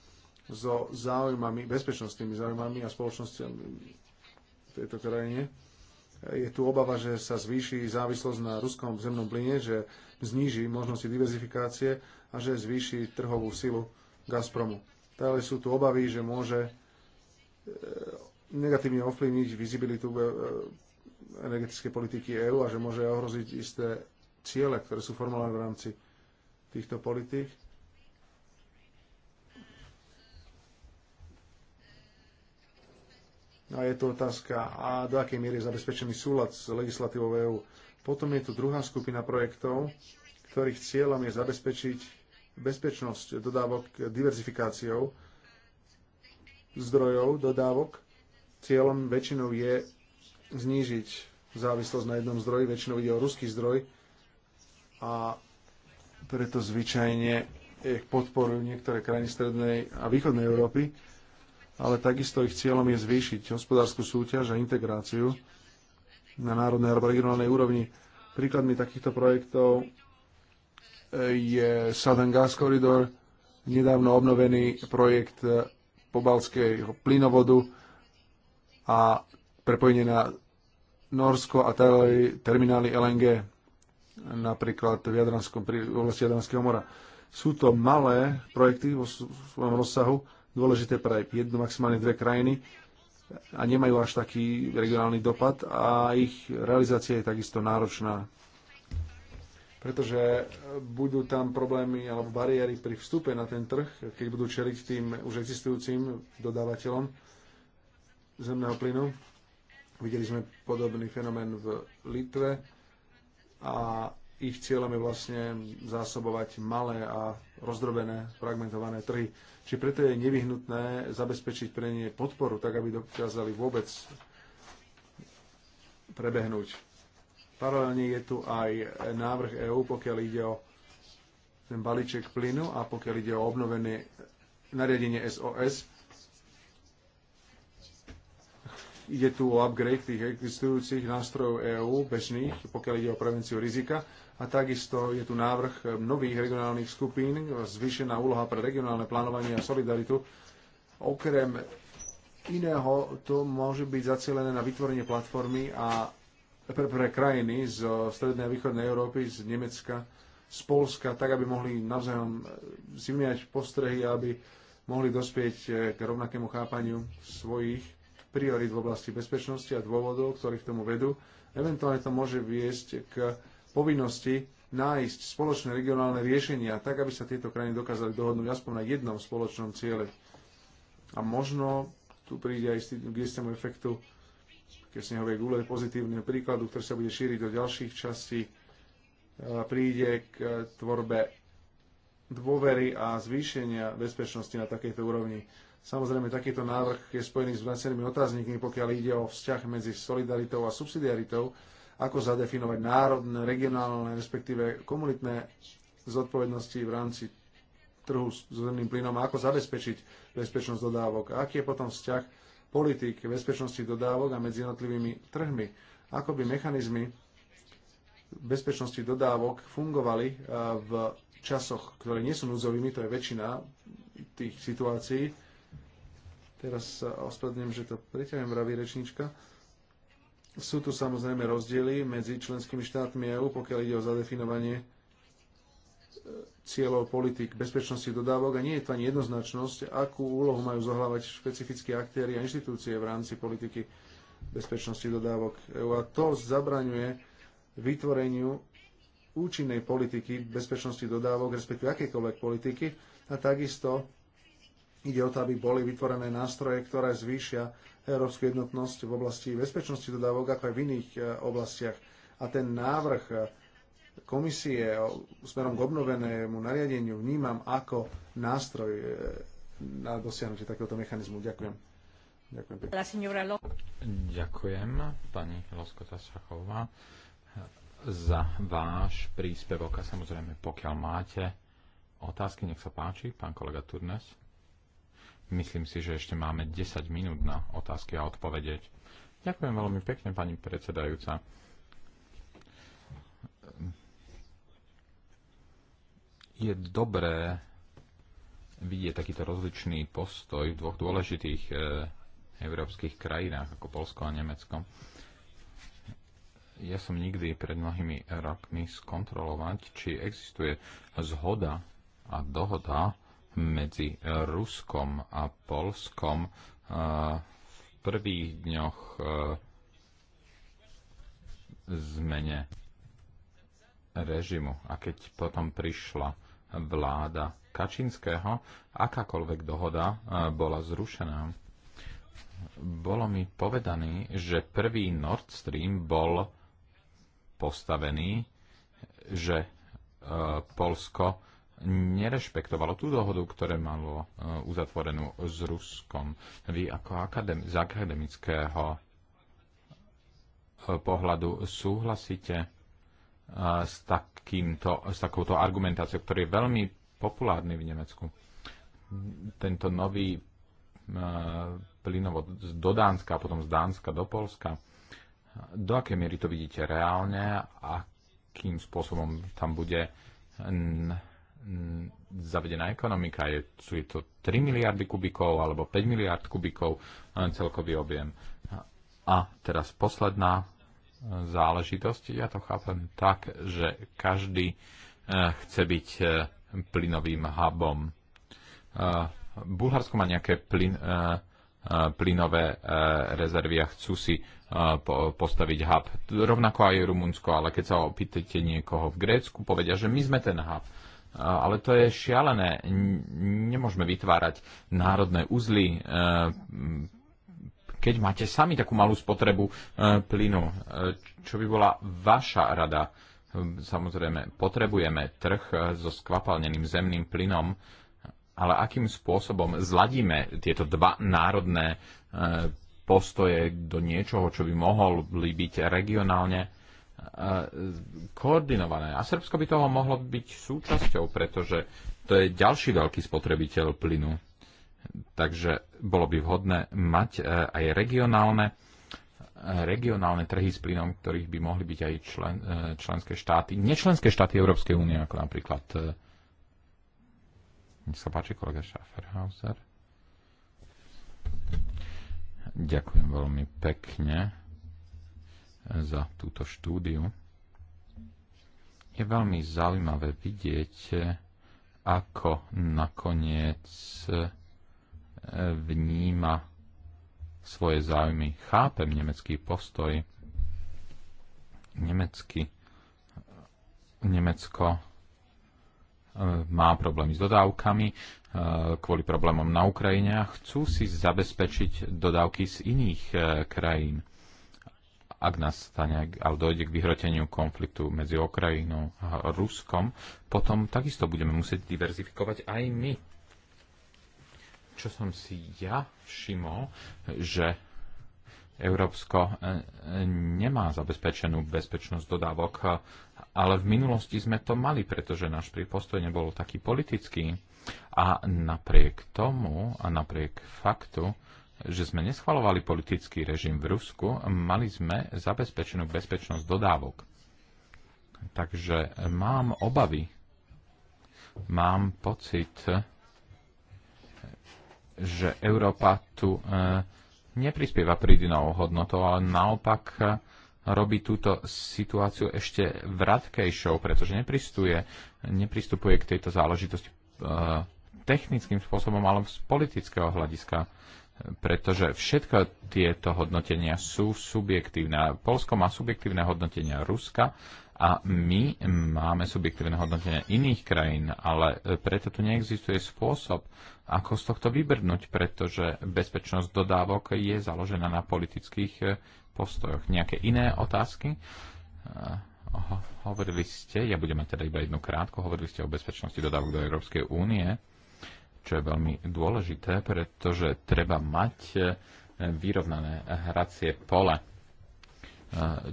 so záujmami, bezpečnostnými záujmami a spoločnosťami v tejto krajine. Je tu obava, že sa zvýši závislosť na ruskom zemnom plyne, že zníži možnosti diverzifikácie a že zvýši trhovú silu Gazpromu. Tále sú tu obavy, že môže e, negatívne ovplyvniť vizibilitu e, energetickej politiky EÚ a že môže ohroziť isté ciele, ktoré sú formulované v rámci týchto politík A je to otázka, a do akej miery je zabezpečený súlad s legislatívou EÚ. Potom je tu druhá skupina projektov, ktorých cieľom je zabezpečiť bezpečnosť dodávok diverzifikáciou zdrojov dodávok. Cieľom väčšinou je znížiť závislosť na jednom zdroji, väčšinou ide o ruský zdroj a preto zvyčajne ich podporujú niektoré krajiny strednej a východnej Európy ale takisto ich cieľom je zvýšiť hospodárskú súťaž a integráciu na národnej alebo regionálnej úrovni. Príkladmi takýchto projektov e, je Southern Gas Corridor, nedávno obnovený projekt e, pobalského plynovodu a prepojenie na Norsko a terminály LNG napríklad v, Jadranskom, v oblasti Jadranského mora. Sú to malé projekty vo svojom rozsahu, dôležité pre jednu, maximálne dve krajiny a nemajú až taký regionálny dopad a ich realizácia je takisto náročná. Pretože budú tam problémy alebo bariéry pri vstupe na ten trh, keď budú čeliť tým už existujúcim dodávateľom zemného plynu. Videli sme podobný fenomén v Litve a ich cieľom je vlastne zásobovať malé a rozdrobené, fragmentované trhy. Či preto je nevyhnutné zabezpečiť pre nie podporu, tak aby dokázali vôbec prebehnúť. Paralelne je tu aj návrh EÚ, pokiaľ ide o ten balíček plynu a pokiaľ ide o obnovené nariadenie SOS. Ide tu o upgrade tých existujúcich nástrojov EÚ, bežných, pokiaľ ide o prevenciu rizika a takisto je tu návrh eh, nových regionálnych skupín, zvýšená úloha pre regionálne plánovanie a solidaritu. Okrem iného to môže byť zacielené na vytvorenie platformy a pre, pre krajiny z strednej a východnej Európy, z Nemecka, z Polska, tak aby mohli navzájom eh, si postrehy, aby mohli dospieť eh, k rovnakému chápaniu svojich priorit v oblasti bezpečnosti a dôvodov, ktorých tomu vedú. Eventuálne to môže viesť k povinnosti nájsť spoločné regionálne riešenia, tak aby sa tieto krajiny dokázali dohodnúť aspoň na jednom spoločnom ciele. A možno tu príde aj k istému efektu keď snehovej gule pozitívneho príkladu, ktorý sa bude šíriť do ďalších častí, e, príde k tvorbe dôvery a zvýšenia bezpečnosti na takejto úrovni. Samozrejme, takýto návrh je spojený s viacerými otáznikmi, pokiaľ ide o vzťah medzi solidaritou a subsidiaritou, ako zadefinovať národné, regionálne, respektíve komunitné zodpovednosti v rámci trhu s zemným plynom ako zabezpečiť bezpečnosť dodávok. A aký je potom vzťah politik bezpečnosti dodávok a medzi jednotlivými trhmi. Ako by mechanizmy bezpečnosti dodávok fungovali eh, v časoch, ktoré nie sú núdzovými, to je väčšina tých situácií. Teraz sa ospravedlňujem, že to priťahujem, vraví rečníčka. Sú tu samozrejme rozdiely medzi členskými štátmi EÚ, pokiaľ ide o zadefinovanie e, cieľov politik bezpečnosti dodávok a nie je to ani jednoznačnosť, akú úlohu majú zohľavať špecifickí aktéry a inštitúcie v rámci politiky bezpečnosti dodávok EÚ. A to zabraňuje vytvoreniu účinnej politiky bezpečnosti dodávok, respektíve akékoľvek politiky a takisto ide o to, aby boli vytvorené nástroje, ktoré zvýšia európsku jednotnosť v oblasti bezpečnosti dodávok, ako aj v iných e, oblastiach. A ten návrh e, komisie smerom k obnovenému nariadeniu vnímam ako nástroj e, na dosiahnutie takéhoto mechanizmu. Ďakujem. Ďakujem. Ďakujem pani Loskota Sachová za váš príspevok a samozrejme, pokiaľ máte otázky, nech sa páči, pán kolega Turnes. Myslím si, že ešte máme 10 minút na otázky a odpovedeť. Ďakujem veľmi pekne, pani predsedajúca. Je dobré vidieť takýto rozličný postoj v dvoch dôležitých e, európskych krajinách, ako Polsko a Nemecko. Ja som nikdy pred mnohými rokmi skontrolovať, či existuje zhoda a dohoda medzi Ruskom a Polskom v prvých dňoch zmene režimu. A keď potom prišla vláda Kačinského, akákoľvek dohoda bola zrušená. Bolo mi povedané, že prvý Nord Stream bol postavený, že Polsko nerešpektovalo tú dohodu, ktoré malo e, uzatvorenú s Ruskom. Vy ako akadem- z akademického e, pohľadu súhlasíte e, s, takýmto, s takouto argumentáciou, ktorý je veľmi populárny v Nemecku. Tento nový plynovod z do Dánska a potom z Dánska do Polska. Do akej miery to vidíte reálne a akým spôsobom tam bude Mm, zavedená ekonomika. Je, sú je to 3 miliardy kubikov alebo 5 miliard kubikov celkový objem. A teraz posledná e, záležitosť. Ja to chápem tak, že každý e, chce byť e, plynovým hubom. Bulharsko má nejaké plyn, plynové rezervy a chcú si postaviť hub. Rovnako aj Rumunsko, ale keď sa opýtate niekoho v Grécku, povedia, že my sme ten hub ale to je šialené. Nemôžeme vytvárať národné uzly, e, keď máte sami takú malú spotrebu e, plynu. E, čo by bola vaša rada? Samozrejme, potrebujeme trh so skvapalneným zemným plynom, ale akým spôsobom zladíme tieto dva národné postoje do niečoho, čo by mohol byť regionálne E, koordinované. A Srbsko by toho mohlo byť súčasťou, pretože to je ďalší veľký spotrebiteľ plynu. Takže bolo by vhodné mať e, aj regionálne, e, regionálne trhy s plynom, ktorých by mohli byť aj člen, členské štáty, nečlenské štáty Európskej únie, ako napríklad nech sa páči, kolega Schaferhauser. Ďakujem veľmi pekne za túto štúdiu. Je veľmi zaujímavé vidieť, ako nakoniec e, vníma svoje záujmy. Chápem nemecký postoj. Nemecky Nemecko e, má problémy s dodávkami e, kvôli problémom na Ukrajine a chcú si zabezpečiť dodávky z iných krajín ak nastane, ale dojde k vyhroteniu konfliktu medzi Ukrajinou a Ruskom, potom takisto budeme musieť diverzifikovať aj my. Čo som si ja všimol, že Európsko e, e, nemá zabezpečenú bezpečnosť dodávok, ale v minulosti sme to mali, pretože náš postoj nebol taký politický. A napriek tomu a napriek faktu, že sme neschvalovali politický režim v Rusku, mali sme zabezpečenú bezpečnosť dodávok. Takže mám obavy, mám pocit, že Európa tu e, neprispieva prídinou hodnotou, ale naopak e, robí túto situáciu ešte vratkejšou, pretože nepristuje, nepristupuje k tejto záležitosti e, technickým spôsobom, ale z politického hľadiska pretože všetko tieto hodnotenia sú subjektívne. Polsko má subjektívne hodnotenia Ruska a my máme subjektívne hodnotenia iných krajín, ale e, preto tu neexistuje spôsob, ako z tohto vybrnúť, pretože bezpečnosť dodávok je založená na politických e, postojoch. Nejaké iné otázky? E, hovorili ste, ja budem mať teda iba jednu krátku, hovorili ste o bezpečnosti dodávok do Európskej únie čo je veľmi dôležité, pretože treba mať e, vyrovnané hracie pole. E,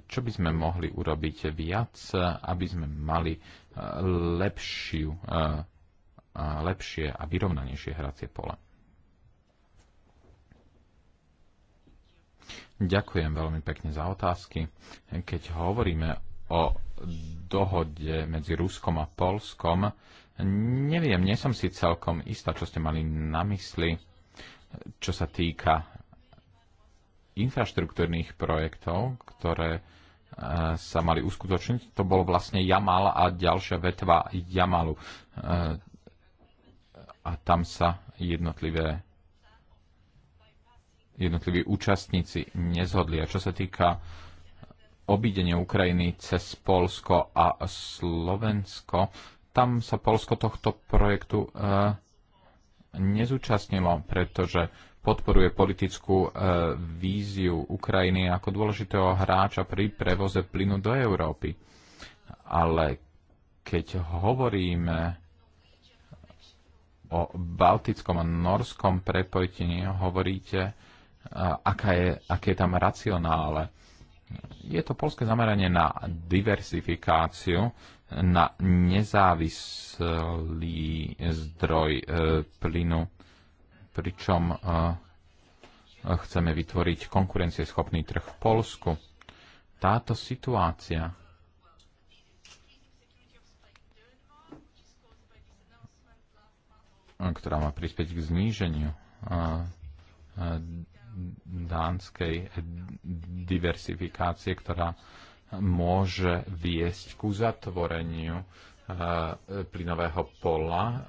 čo by sme mohli urobiť viac, aby sme mali e, lepšiu, lepšie a vyrovnanejšie hracie pole? Ďakujem veľmi pekne za otázky. Keď hovoríme o dohode medzi Ruskom a Polskom, Neviem, nie som si celkom istá, čo ste mali na mysli, čo sa týka infraštruktúrnych projektov, ktoré e, sa mali uskutočniť. To bol vlastne Jamal a ďalšia vetva Jamalu. E, a tam sa jednotlivé jednotliví účastníci nezhodli. A čo sa týka obídenia Ukrajiny cez Polsko a Slovensko, tam sa Polsko tohto projektu e, nezúčastnilo, pretože podporuje politickú e, víziu Ukrajiny ako dôležitého hráča pri prevoze plynu do Európy. Ale keď hovoríme o baltickom a norskom prepojení, hovoríte, e, aká je, aké je tam racionále. Je to polské zameranie na diversifikáciu, na nezávislý zdroj e, plynu, pričom e, chceme vytvoriť konkurencieschopný trh v Polsku. Táto situácia ktorá má prispieť k zníženiu e, dánskej diversifikácie, ktorá môže viesť ku zatvoreniu eh, plynového pola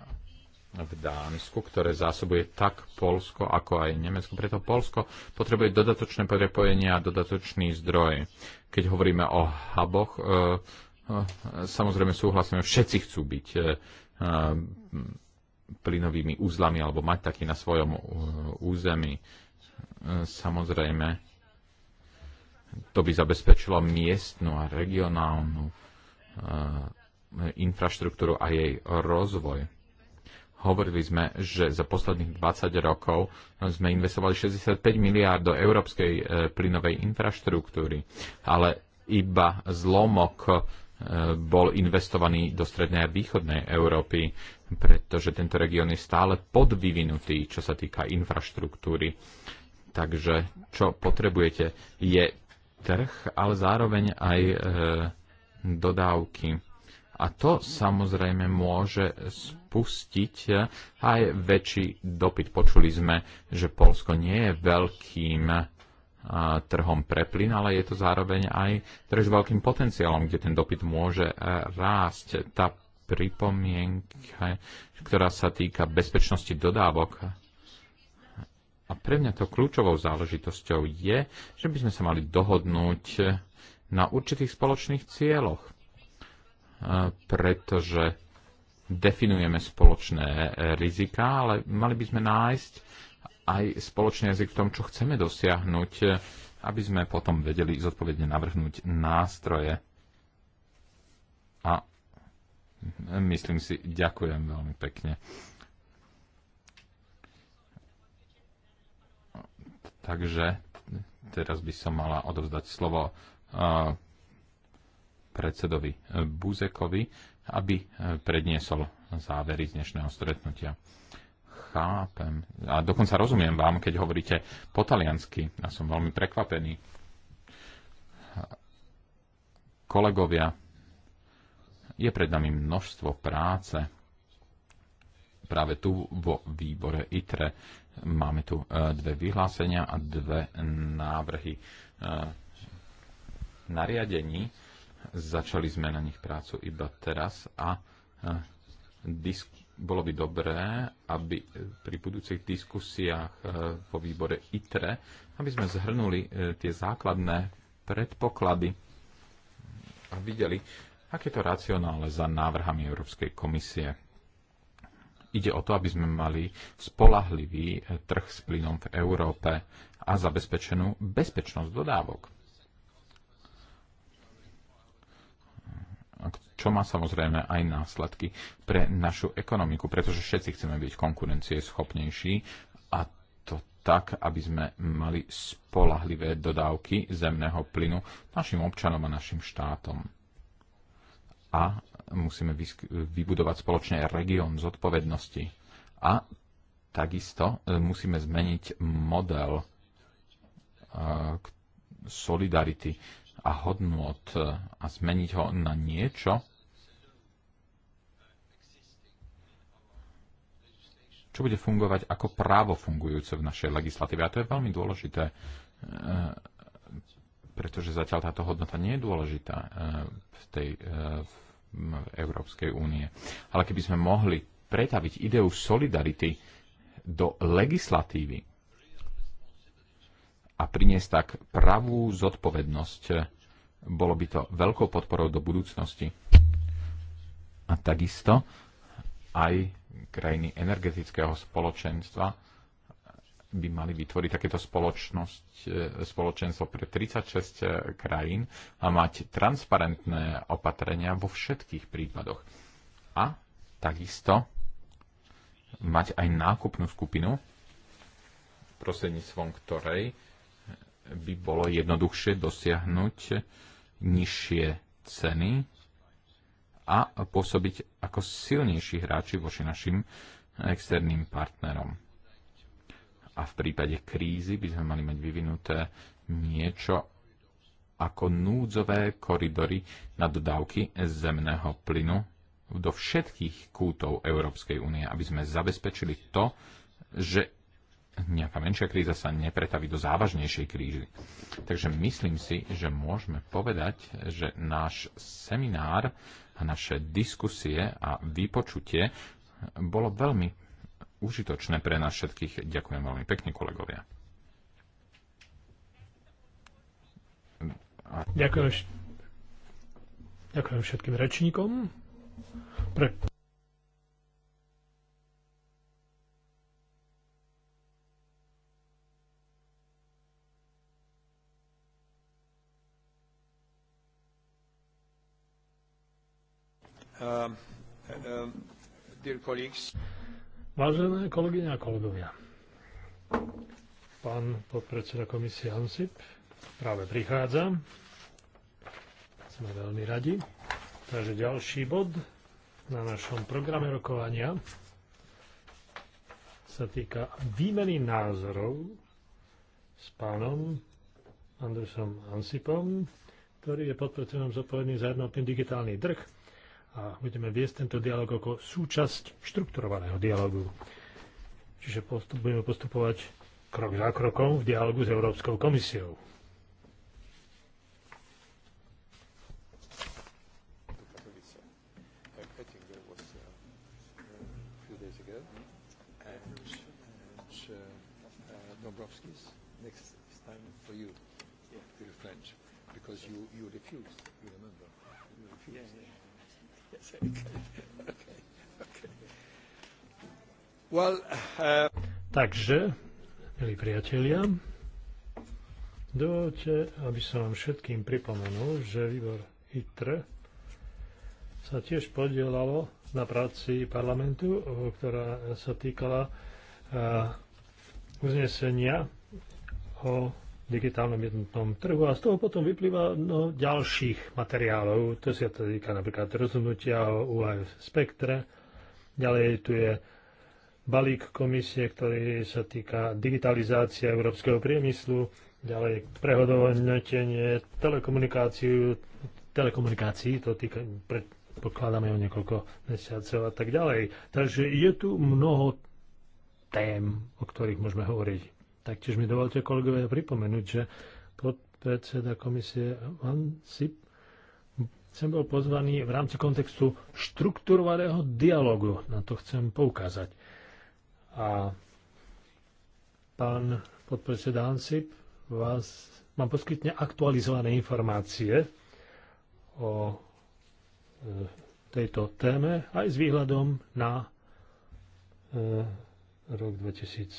v Dánsku, ktoré zásobuje tak Polsko, ako aj Nemecko. Preto Polsko potrebuje dodatočné prepojenie a dodatočný zdroj. Keď hovoríme o huboch, eh, eh, samozrejme súhlasíme, všetci chcú byť plynovými úzlami alebo mať taký na svojom území. Samozrejme, to by zabezpečilo miestnu a regionálnu eh, infraštruktúru a jej rozvoj. Hovorili sme, že za posledných 20 rokov sme investovali 65 miliárd do európskej eh, plynovej infraštruktúry, ale iba zlomok eh, bol investovaný do strednej a východnej Európy, pretože tento región je stále podvyvinutý, čo sa týka infraštruktúry. Takže čo potrebujete je trh, ale zároveň aj e, dodávky. A to samozrejme môže spustiť e, aj väčší dopyt. Počuli sme, že Polsko nie je veľkým e, trhom pre plyn, ale je to zároveň aj trh s veľkým potenciálom, kde ten dopyt môže rásť. Tá pripomienka, ktorá sa týka bezpečnosti dodávok a pre mňa to kľúčovou záležitosťou je, že by sme sa mali dohodnúť na určitých spoločných cieľoch. E, pretože definujeme spoločné rizika, ale mali by sme nájsť aj spoločný jazyk v tom, čo chceme dosiahnuť, aby sme potom vedeli zodpovedne navrhnúť nástroje. A e, myslím si, ďakujem veľmi pekne. Takže teraz by som mala odovzdať slovo e, predsedovi e, Buzekovi, aby e, predniesol závery z dnešného stretnutia. Chápem. A dokonca rozumiem vám, keď hovoríte po taliansky. Ja som veľmi prekvapený. Kolegovia, je pred nami množstvo práce práve tu vo výbore ITRE. Máme tu e, dve vyhlásenia a dve návrhy e, nariadení. Začali sme na nich prácu iba teraz a e, bolo by dobré, aby pri budúcich diskusiách vo výbore ITRE, aby sme zhrnuli tie základné predpoklady a videli, aké to racionále za návrhami Európskej komisie ide o to, aby sme mali spolahlivý eh, trh s plynom v Európe a zabezpečenú bezpečnosť dodávok. čo má samozrejme aj následky pre našu ekonomiku, pretože všetci chceme byť konkurencie schopnejší a to tak, aby sme mali spolahlivé dodávky zemného plynu našim občanom a našim štátom. A musíme vybudovať spoločne región zodpovednosti a takisto e, musíme zmeniť model e, solidarity a hodnot e, a zmeniť ho na niečo, čo bude fungovať ako právo fungujúce v našej legislatíve. A to je veľmi dôležité, pretože zatiaľ táto hodnota nie je dôležitá v tej v Európskej únie. Ale keby sme mohli pretaviť ideu solidarity do legislatívy a priniesť tak pravú zodpovednosť, bolo by to veľkou podporou do budúcnosti. A takisto aj krajiny energetického spoločenstva by mali vytvoriť takéto spoločnosť, e, spoločenstvo pre 36 e, krajín a mať transparentné opatrenia vo všetkých prípadoch. A takisto mať aj nákupnú skupinu, prostredníctvom ktorej by bolo jednoduchšie dosiahnuť nižšie ceny a pôsobiť ako silnejší hráči voči našim externým partnerom a v prípade krízy by sme mali mať vyvinuté niečo ako núdzové koridory na dodávky zemného plynu do všetkých kútov Európskej únie, aby sme zabezpečili to, že nejaká menšia kríza sa nepretaví do závažnejšej krízy. Takže myslím si, že môžeme povedať, že náš seminár a naše diskusie a vypočutie bolo veľmi užitočné pre nás všetkých. Ďakujem veľmi pekne, kolegovia. A... Ďakujem, ďakujem všetkým rečníkom. Pre... Uh, uh, dear colleagues. Vážené kolegyne a kolegovia, pán podpredseda komisie Hansip práve prichádza. Sme veľmi radi. Takže ďalší bod na našom programe rokovania sa týka výmeny názorov s pánom Andrusom Ansipom, ktorý je podpredsedom zodpovedný za jednotný digitálny trh a budeme viesť tento dialog ako súčasť štrukturovaného dialogu. Čiže postup, budeme postupovať krok za krokom v dialogu s Európskou komisiou. Uh, Takže, milí priatelia, dovolte, aby som vám všetkým pripomenul, že výbor ITR sa tiež podielalo na práci parlamentu, ktorá sa týkala uh, uznesenia o digitálnom jednotnom trhu a z toho potom vyplýva no, ďalších materiálov. To sa týka napríklad rozhodnutia o UAF spektre. Ďalej tu je balík komisie, ktorý sa týka digitalizácie európskeho priemyslu, ďalej prehodovanie telekomunikáciu, telekomunikácií, to týka, predpokladáme o niekoľko mesiacov a tak ďalej. Takže je tu mnoho tém, o ktorých môžeme hovoriť. Taktiež mi dovolte kolegovia pripomenúť, že podpredseda komisie Sip sem bol pozvaný v rámci kontextu štruktúrovaného dialogu. Na to chcem poukázať. A pán podpredseda Ansip vás vám poskytne aktualizované informácie o e, tejto téme aj s výhľadom na e, rok 2017.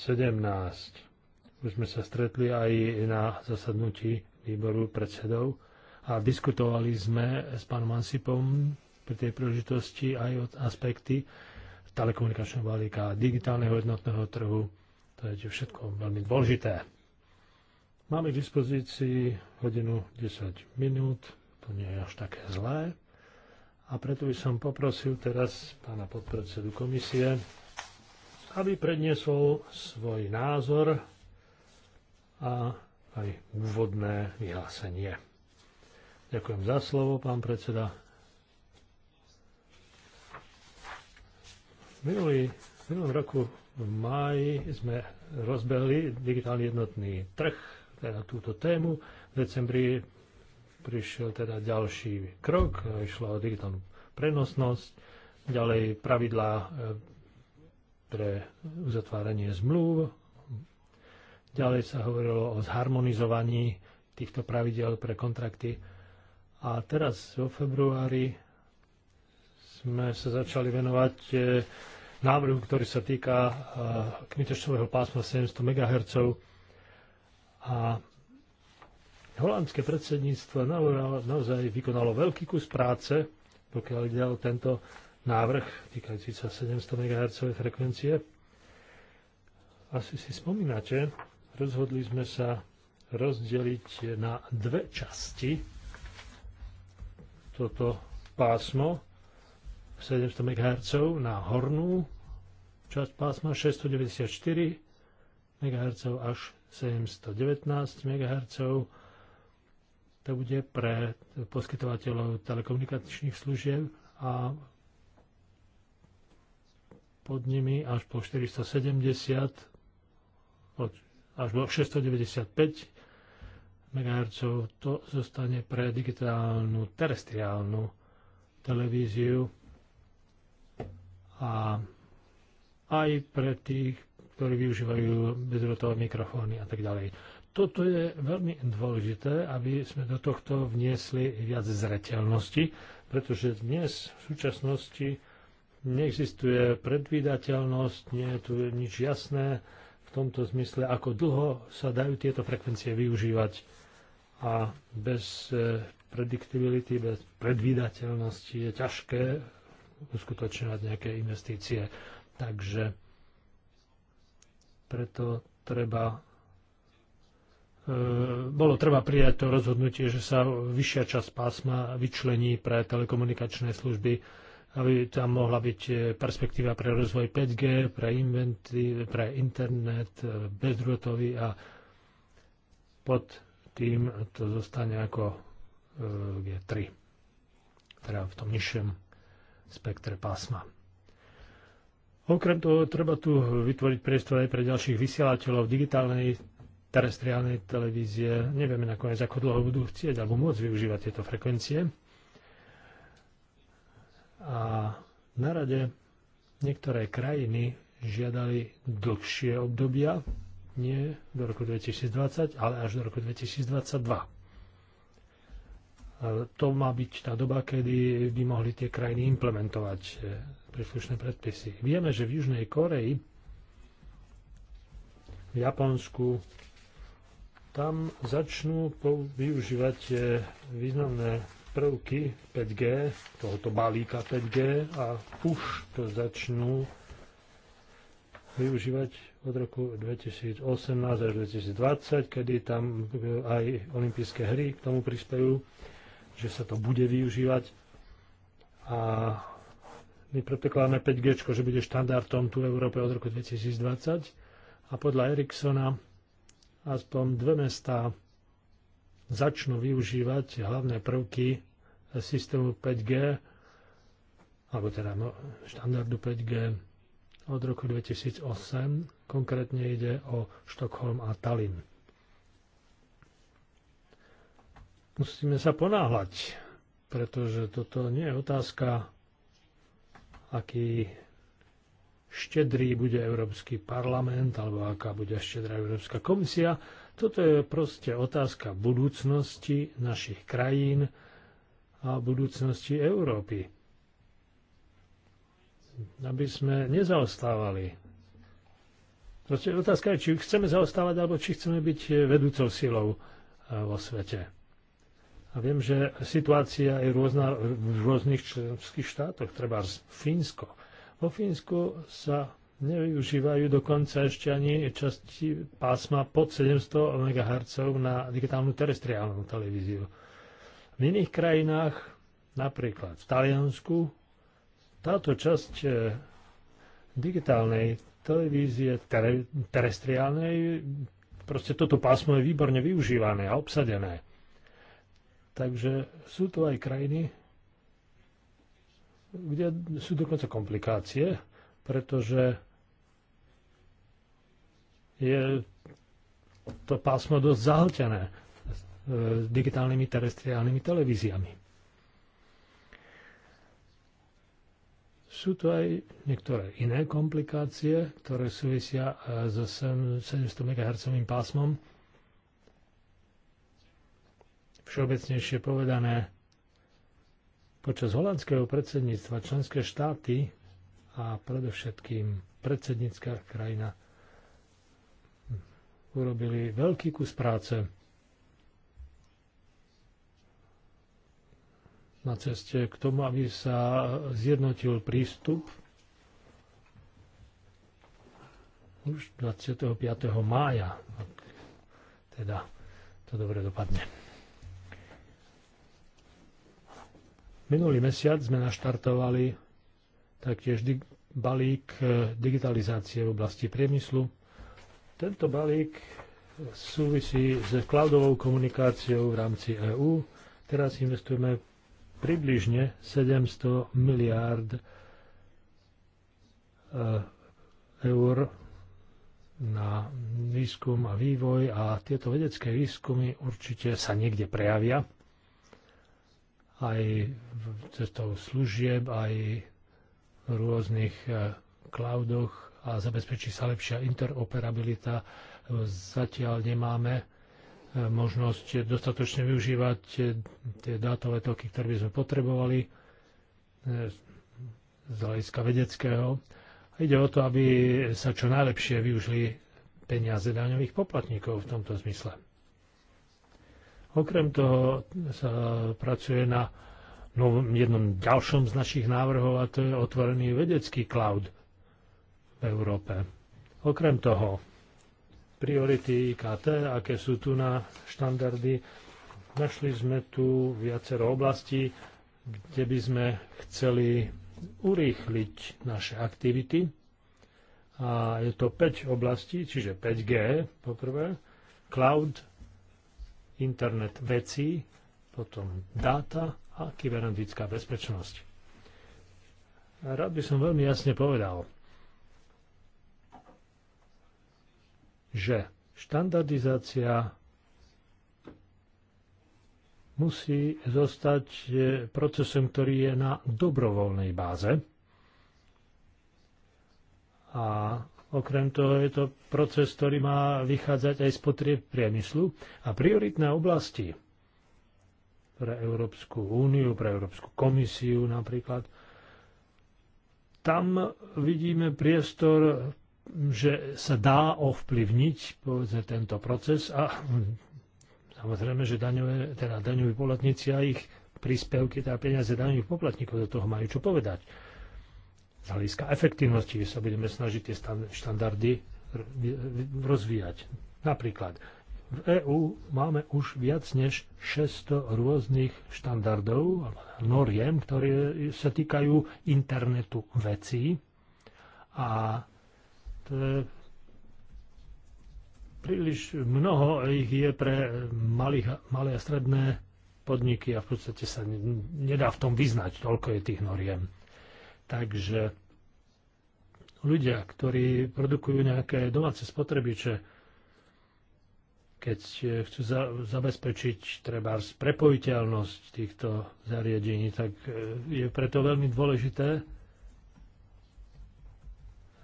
Už sme sa stretli aj na zasadnutí výboru predsedov a diskutovali sme s pánom Ansipom pri tej príležitosti aj od aspekty telekomunikačného balíka, digitálneho jednotného trhu. To je všetko veľmi dôležité. Máme k dispozícii hodinu 10 minút, to nie je až také zlé. A preto by som poprosil teraz pána podpredsedu komisie, aby predniesol svoj názor a aj úvodné vyhlásenie. Ďakujem za slovo, pán predseda. Minulý, minulom roku v máji sme rozbehli digitálny jednotný trh, teda túto tému. V decembri prišiel teda ďalší krok, išlo o digitálnu prenosnosť, ďalej pravidlá eh, pre uzatváranie zmluv Ďalej sa hovorilo o zharmonizovaní týchto pravidel pre kontrakty. A teraz vo februári sme sa začali venovať e, návrhu, ktorý sa týka e, kmitočtového pásma 700 MHz. A holandské predsedníctvo naozaj vykonalo veľký kus práce, pokiaľ ide o tento návrh týkajúci sa 700 MHz frekvencie. Asi si spomínate, rozhodli sme sa rozdeliť na dve časti toto pásmo 700 MHz na hornú časť pásma 694 MHz až 719 MHz. To bude pre poskytovateľov telekomunikačných služieb a pod nimi až po 470 od až do 695 MHz to zostane pre digitálnu terestriálnu televíziu a aj pre tých, ktorí využívajú bezrotové mikrofóny a tak ďalej. Toto je veľmi dôležité, aby sme do tohto vniesli viac zretelnosti, pretože dnes v súčasnosti neexistuje predvídateľnosť, nie je tu nič jasné, tomto zmysle, ako dlho sa dajú tieto frekvencie využívať a bez e, prediktibility, bez predvídateľnosti je ťažké uskutočňovať nejaké investície. Takže preto treba e, bolo treba prijať to rozhodnutie, že sa vyššia časť pásma vyčlení pre telekomunikačné služby aby tam mohla byť e, perspektíva pre rozvoj 5G, pre, inventy, pre internet e, bezdrôtový a pod tým to zostane ako e, G3, teda v tom nižšom spektre pásma. Okrem toho treba tu vytvoriť priestor aj pre ďalších vysielateľov digitálnej terestriálnej televízie. Nevieme nakoniec, ako dlho budú chcieť alebo môcť využívať tieto frekvencie a na rade niektoré krajiny žiadali dlhšie obdobia, nie do roku 2020, ale až do roku 2022. To má byť tá doba, kedy by mohli tie krajiny implementovať e, príslušné predpisy. Vieme, že v Južnej Koreji, v Japonsku, tam začnú využívať e, významné prvky 5G, tohoto balíka 5G a už to začnú využívať od roku 2018 až 2020, kedy tam aj olympijské hry k tomu prispejú, že sa to bude využívať. A my predpokladáme 5G, že bude štandardom tu v Európe od roku 2020 a podľa Ericssona aspoň dve mesta začnú využívať hlavné prvky systému 5G, alebo teda no, štandardu 5G od roku 2008. Konkrétne ide o Štokholm a Tallinn. Musíme sa ponáhľať, pretože toto nie je otázka, aký štedrý bude Európsky parlament alebo aká bude štedrá Európska komisia, toto je proste otázka budúcnosti našich krajín a budúcnosti Európy. Aby sme nezaostávali. Proste otázka je, či chceme zaostávať, alebo či chceme byť vedúcou silou e, vo svete. A viem, že situácia je rôzna v rôznych členských štátoch, treba Fínsko. Vo Fínsku sa nevyužívajú dokonca ešte ani časti pásma pod 700 MHz na digitálnu terestriálnu televíziu. V iných krajinách, napríklad v Taliansku, táto časť e, digitálnej televízie ter- terestriálnej, proste toto pásmo je výborne využívané a obsadené. Takže sú tu aj krajiny, kde sú dokonca komplikácie, pretože je to pásmo dosť zahltené s e, digitálnymi terestriálnymi televíziami. Sú tu aj niektoré iné komplikácie, ktoré súvisia e, so 700 MHz pásmom. Všeobecnejšie povedané, počas holandského predsedníctva členské štáty a predovšetkým predsednícká krajina urobili veľký kus práce na ceste k tomu, aby sa zjednotil prístup už 25. mája, ak teda to dobre dopadne. Minulý mesiac sme naštartovali taktiež balík eh, digitalizácie v oblasti priemyslu tento balík súvisí s cloudovou komunikáciou v rámci EÚ. Teraz investujeme približne 700 miliárd eh, eur na výskum a vývoj a tieto vedecké výskumy určite sa niekde prejavia aj cestou služieb, aj v rôznych eh, cloudoch a zabezpečí sa lepšia interoperabilita. Zatiaľ nemáme e, možnosť dostatočne využívať e, tie dátové toky, ktoré by sme potrebovali e, z hľadiska vedeckého. Ide o to, aby sa čo najlepšie využili peniaze daňových poplatníkov v tomto zmysle. Okrem toho sa pracuje na novom, jednom ďalšom z našich návrhov a to je otvorený vedecký cloud Európe. Okrem toho, priority IKT, aké sú tu na štandardy, našli sme tu viacero oblastí, kde by sme chceli urýchliť naše aktivity. A je to 5 oblastí, čiže 5G poprvé, cloud, internet vecí, potom dáta a kybernetická bezpečnosť. Rád by som veľmi jasne povedal, že štandardizácia musí zostať e, procesom, ktorý je na dobrovoľnej báze. A okrem toho je to proces, ktorý má vychádzať aj z potrieb priemyslu a prioritné oblasti pre Európsku úniu, pre Európsku komisiu napríklad. Tam vidíme priestor že sa dá ovplyvniť povedzme, tento proces a samozrejme, že daňové, teda daňoví poplatníci a ich príspevky, teda peniaze daňových poplatníkov do toho majú čo povedať. Z hľadiska efektívnosti sa budeme snažiť tie štandardy rozvíjať. Napríklad v EÚ máme už viac než 600 rôznych štandardov, noriem, ktoré sa týkajú internetu vecí a to je príliš mnoho ich je pre malých, malé a stredné podniky a v podstate sa nedá v tom vyznať, toľko je tých noriem. Takže ľudia, ktorí produkujú nejaké domáce spotrebiče, keď chcú za, zabezpečiť treba prepojiteľnosť týchto zariadení, tak e, je preto veľmi dôležité,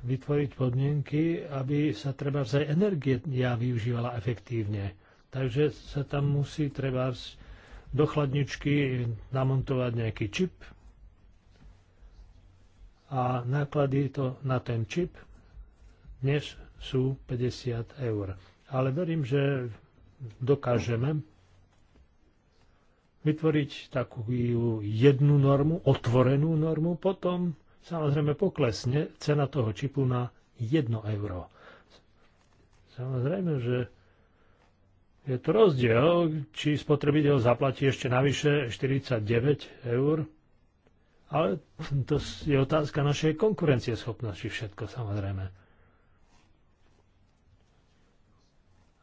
vytvoriť podmienky, aby sa treba aj energie využívala efektívne. Takže sa tam musí treba do chladničky namontovať nejaký čip a náklady to na ten čip dnes sú 50 eur. Ale verím, že dokážeme vytvoriť takú jednu normu, otvorenú normu, potom samozrejme poklesne cena toho čipu na 1 euro. Samozrejme, že je to rozdiel, či spotrebiteľ zaplatí ešte navyše 49 eur, ale to je otázka našej konkurencieschopnosti všetko samozrejme.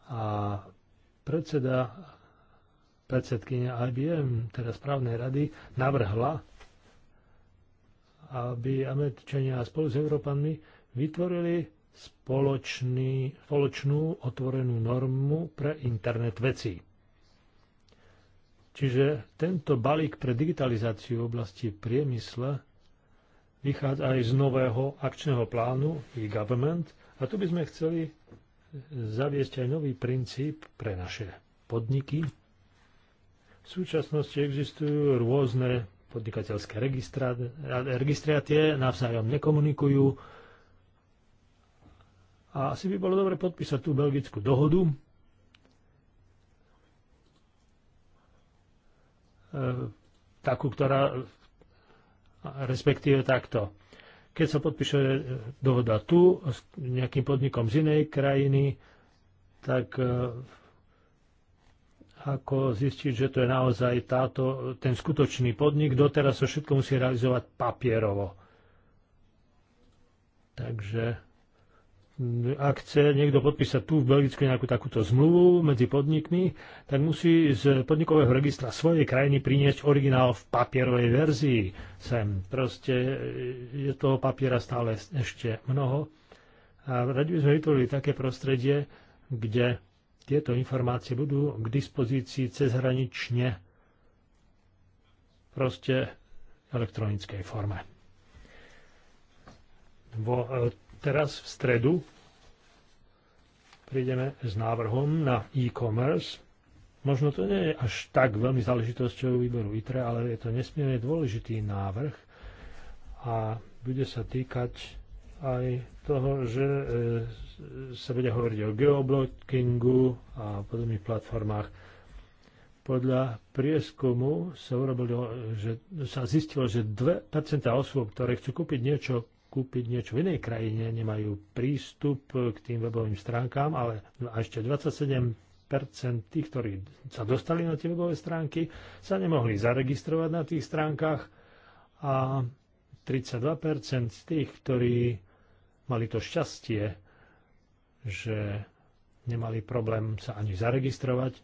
A predseda, predsedkynia IBM, teda správnej rady, navrhla aby Američania spolu s Európanmi vytvorili spoločný, spoločnú otvorenú normu pre internet vecí. Čiže tento balík pre digitalizáciu v oblasti priemysle vychádza aj z nového akčného plánu e-government a tu by sme chceli zaviesť aj nový princíp pre naše podniky. V súčasnosti existujú rôzne podnikateľské registrácie tie navzájom nekomunikujú. A asi by bolo dobre podpísať tú belgickú dohodu. E, takú, ktorá respektíve takto. Keď sa podpíše dohoda tu s nejakým podnikom z inej krajiny, tak e, ako zistiť, že to je naozaj táto, ten skutočný podnik. Doteraz sa všetko musí realizovať papierovo. Takže mm, ak chce niekto podpísať tu v Belgicku nejakú takúto zmluvu medzi podnikmi, tak musí z podnikového registra svojej krajiny priniesť originál v papierovej verzii sem. Proste e, je toho papiera stále ešte mnoho. A radi by sme vytvorili také prostredie, kde tieto informácie budú k dispozícii cezhranične proste elektronickej forme. Vo, e, teraz v stredu prídeme s návrhom na e-commerce. Možno to nie je až tak veľmi záležitosťou výboru ITRE, ale je to nesmierne dôležitý návrh a bude sa týkať aj toho, že e, sa bude hovoriť o geoblockingu a podobných platformách. Podľa prieskumu sa, urobilo, že, sa zistilo, že 2% osôb, ktoré chcú kúpiť niečo, kúpiť niečo v inej krajine, nemajú prístup k tým webovým stránkám, ale no a ešte 27% tých, ktorí sa dostali na tie webové stránky, sa nemohli zaregistrovať na tých stránkach a 32% z tých, ktorí mali to šťastie, že nemali problém sa ani zaregistrovať,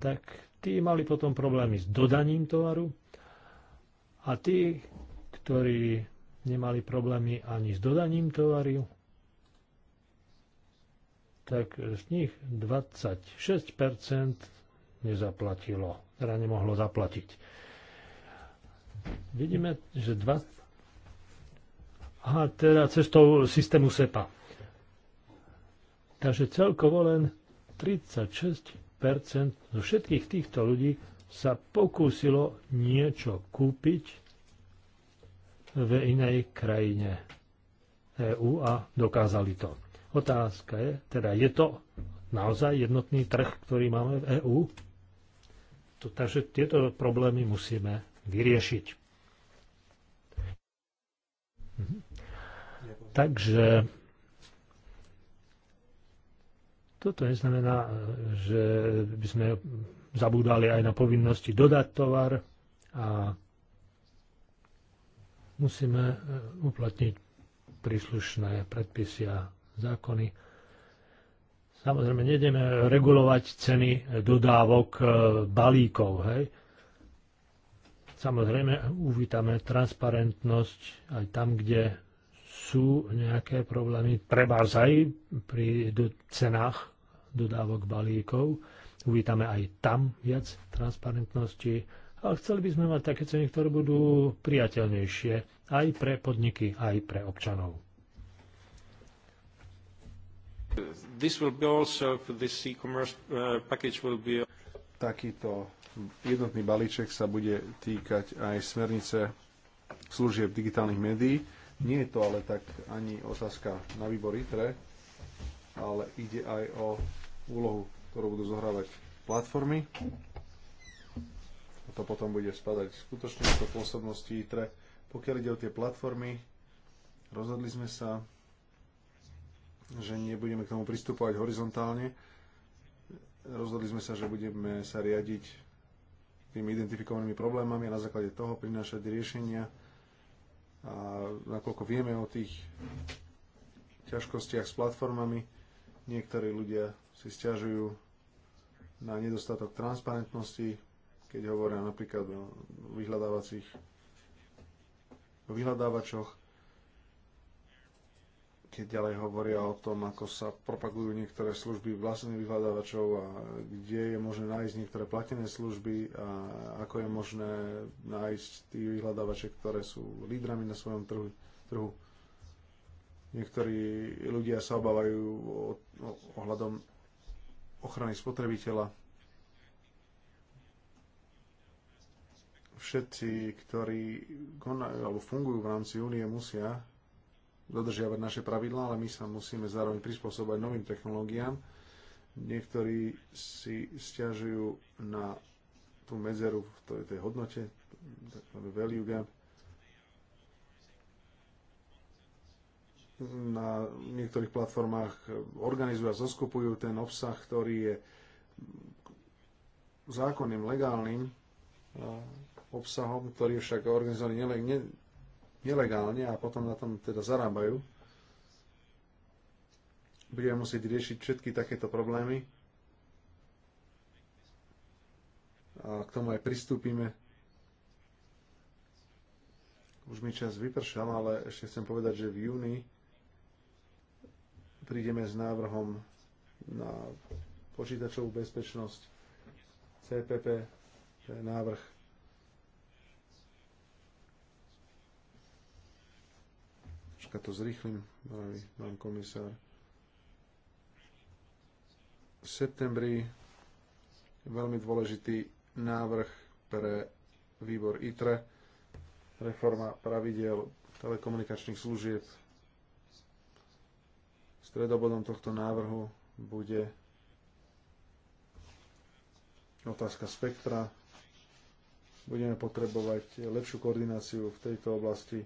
tak tí mali potom problémy s dodaním tovaru a tí, ktorí nemali problémy ani s dodaním tovaru, tak z nich 26% nezaplatilo, teda nemohlo zaplatiť. Vidíme, že 20 a teda cestou systému SEPA. Takže celkovo len 36% zo všetkých týchto ľudí sa pokúsilo niečo kúpiť v inej krajine EÚ a dokázali to. Otázka je, teda je to naozaj jednotný trh, ktorý máme v EÚ? Takže tieto problémy musíme vyriešiť. Takže toto neznamená, že by sme zabúdali aj na povinnosti dodať tovar a musíme e, uplatniť príslušné predpisy a zákony. Samozrejme, nejdeme regulovať ceny dodávok e, balíkov. Hej? Samozrejme, uvítame transparentnosť aj tam, kde sú nejaké problémy, trebárs aj pri cenách dodávok balíkov. Uvítame aj tam viac transparentnosti, ale chceli by sme mať také ceny, ktoré budú priateľnejšie aj pre podniky, aj pre občanov. This will be also for this e-commerce uh, package will be... Takýto jednotný balíček sa bude týkať aj smernice služieb digitálnych médií nie je to ale tak ani otázka na výbor ITRE, ale ide aj o úlohu, ktorú budú zohrávať platformy. A to potom bude spadať skutočne do pôsobnosti ITRE. Pokiaľ ide o tie platformy, rozhodli sme sa, že nebudeme k tomu pristupovať horizontálne. Rozhodli sme sa, že budeme sa riadiť tými identifikovanými problémami a na základe toho prinášať riešenia, a nakoľko vieme o tých ťažkostiach s platformami, niektorí ľudia si stiažujú na nedostatok transparentnosti, keď hovoria napríklad o vyhľadávacích vyhľadávačoch keď ďalej hovoria o tom, ako sa propagujú niektoré služby vlastných vyhľadávačov a kde je možné nájsť niektoré platené služby a ako je možné nájsť tie vyhľadávače, ktoré sú lídrami na svojom trhu. trhu. Niektorí ľudia sa obávajú o, o, ohľadom ochrany spotrebiteľa. Všetci, ktorí konajú alebo fungujú v rámci únie, musia dodržiavať naše pravidlá, ale my sa musíme zároveň prispôsobať novým technológiám. Niektorí si stiažujú na tú medzeru v tej, tej hodnote, value gap, na niektorých platformách organizujú a zoskupujú ten obsah, ktorý je zákonným, legálnym eh, obsahom, ktorý je však organizovaný nelegálne a potom na tom teda zarábajú. Budeme musieť riešiť všetky takéto problémy a k tomu aj pristúpime. Už mi čas vypršal, ale ešte chcem povedať, že v júni prídeme s návrhom na počítačovú bezpečnosť CPP, to je návrh troška to zrýchlim, vraví pán komisár. V septembri veľmi dôležitý návrh pre výbor ITRE, reforma pravidel telekomunikačných služieb. Stredobodom tohto návrhu bude otázka spektra. Budeme potrebovať lepšiu koordináciu v tejto oblasti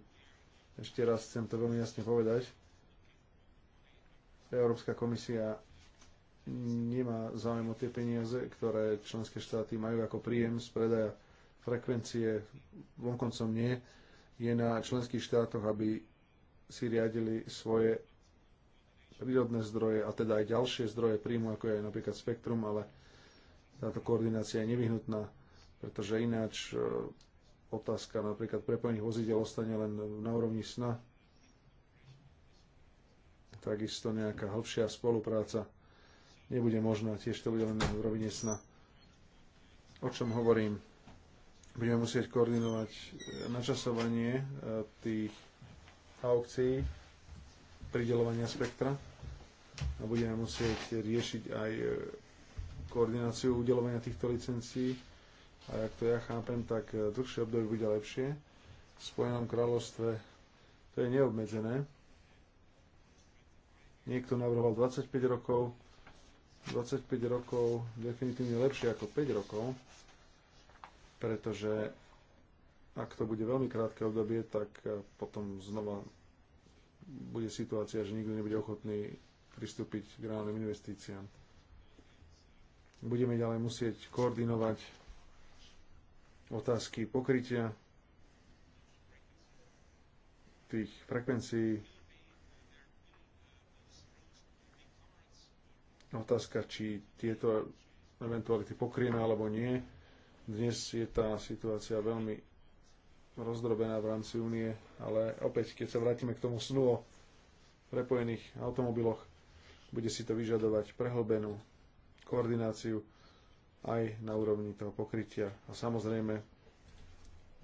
ešte raz chcem to veľmi jasne povedať. Európska komisia nemá záujem o tie peniaze, ktoré členské štáty majú ako príjem z predaja frekvencie, vonkoncom nie. Je na členských štátoch, aby si riadili svoje prírodné zdroje a teda aj ďalšie zdroje príjmu, ako je napríklad spektrum, ale táto koordinácia je nevyhnutná, pretože ináč otázka napríklad preplných vozidel ostane len na úrovni sna. Takisto nejaká hĺbšia spolupráca nebude možná, tiež to bude len na úrovni sna. O čom hovorím? Budeme musieť koordinovať načasovanie e, tých aukcií, pridelovania spektra a budeme musieť riešiť aj e, koordináciu udelovania týchto licencií a ak to ja chápem, tak e, dlhšie obdobie bude lepšie. V Spojenom kráľovstve to je neobmedzené. Niekto navrhoval 25 rokov, 25 rokov definitívne lepšie ako 5 rokov, pretože ak to bude veľmi krátke obdobie, tak e, potom znova bude situácia, že nikto nebude ochotný pristúpiť k reálnym investíciám. Budeme ďalej musieť koordinovať otázky pokrytia tých frekvencií, otázka, či tieto eventuality pokryjeme alebo nie. Dnes je tá situácia veľmi rozdrobená v rámci únie, ale opäť, keď sa vrátime k tomu snu o prepojených automobiloch, bude si to vyžadovať prehlbenú koordináciu aj na úrovni toho pokrytia. A samozrejme,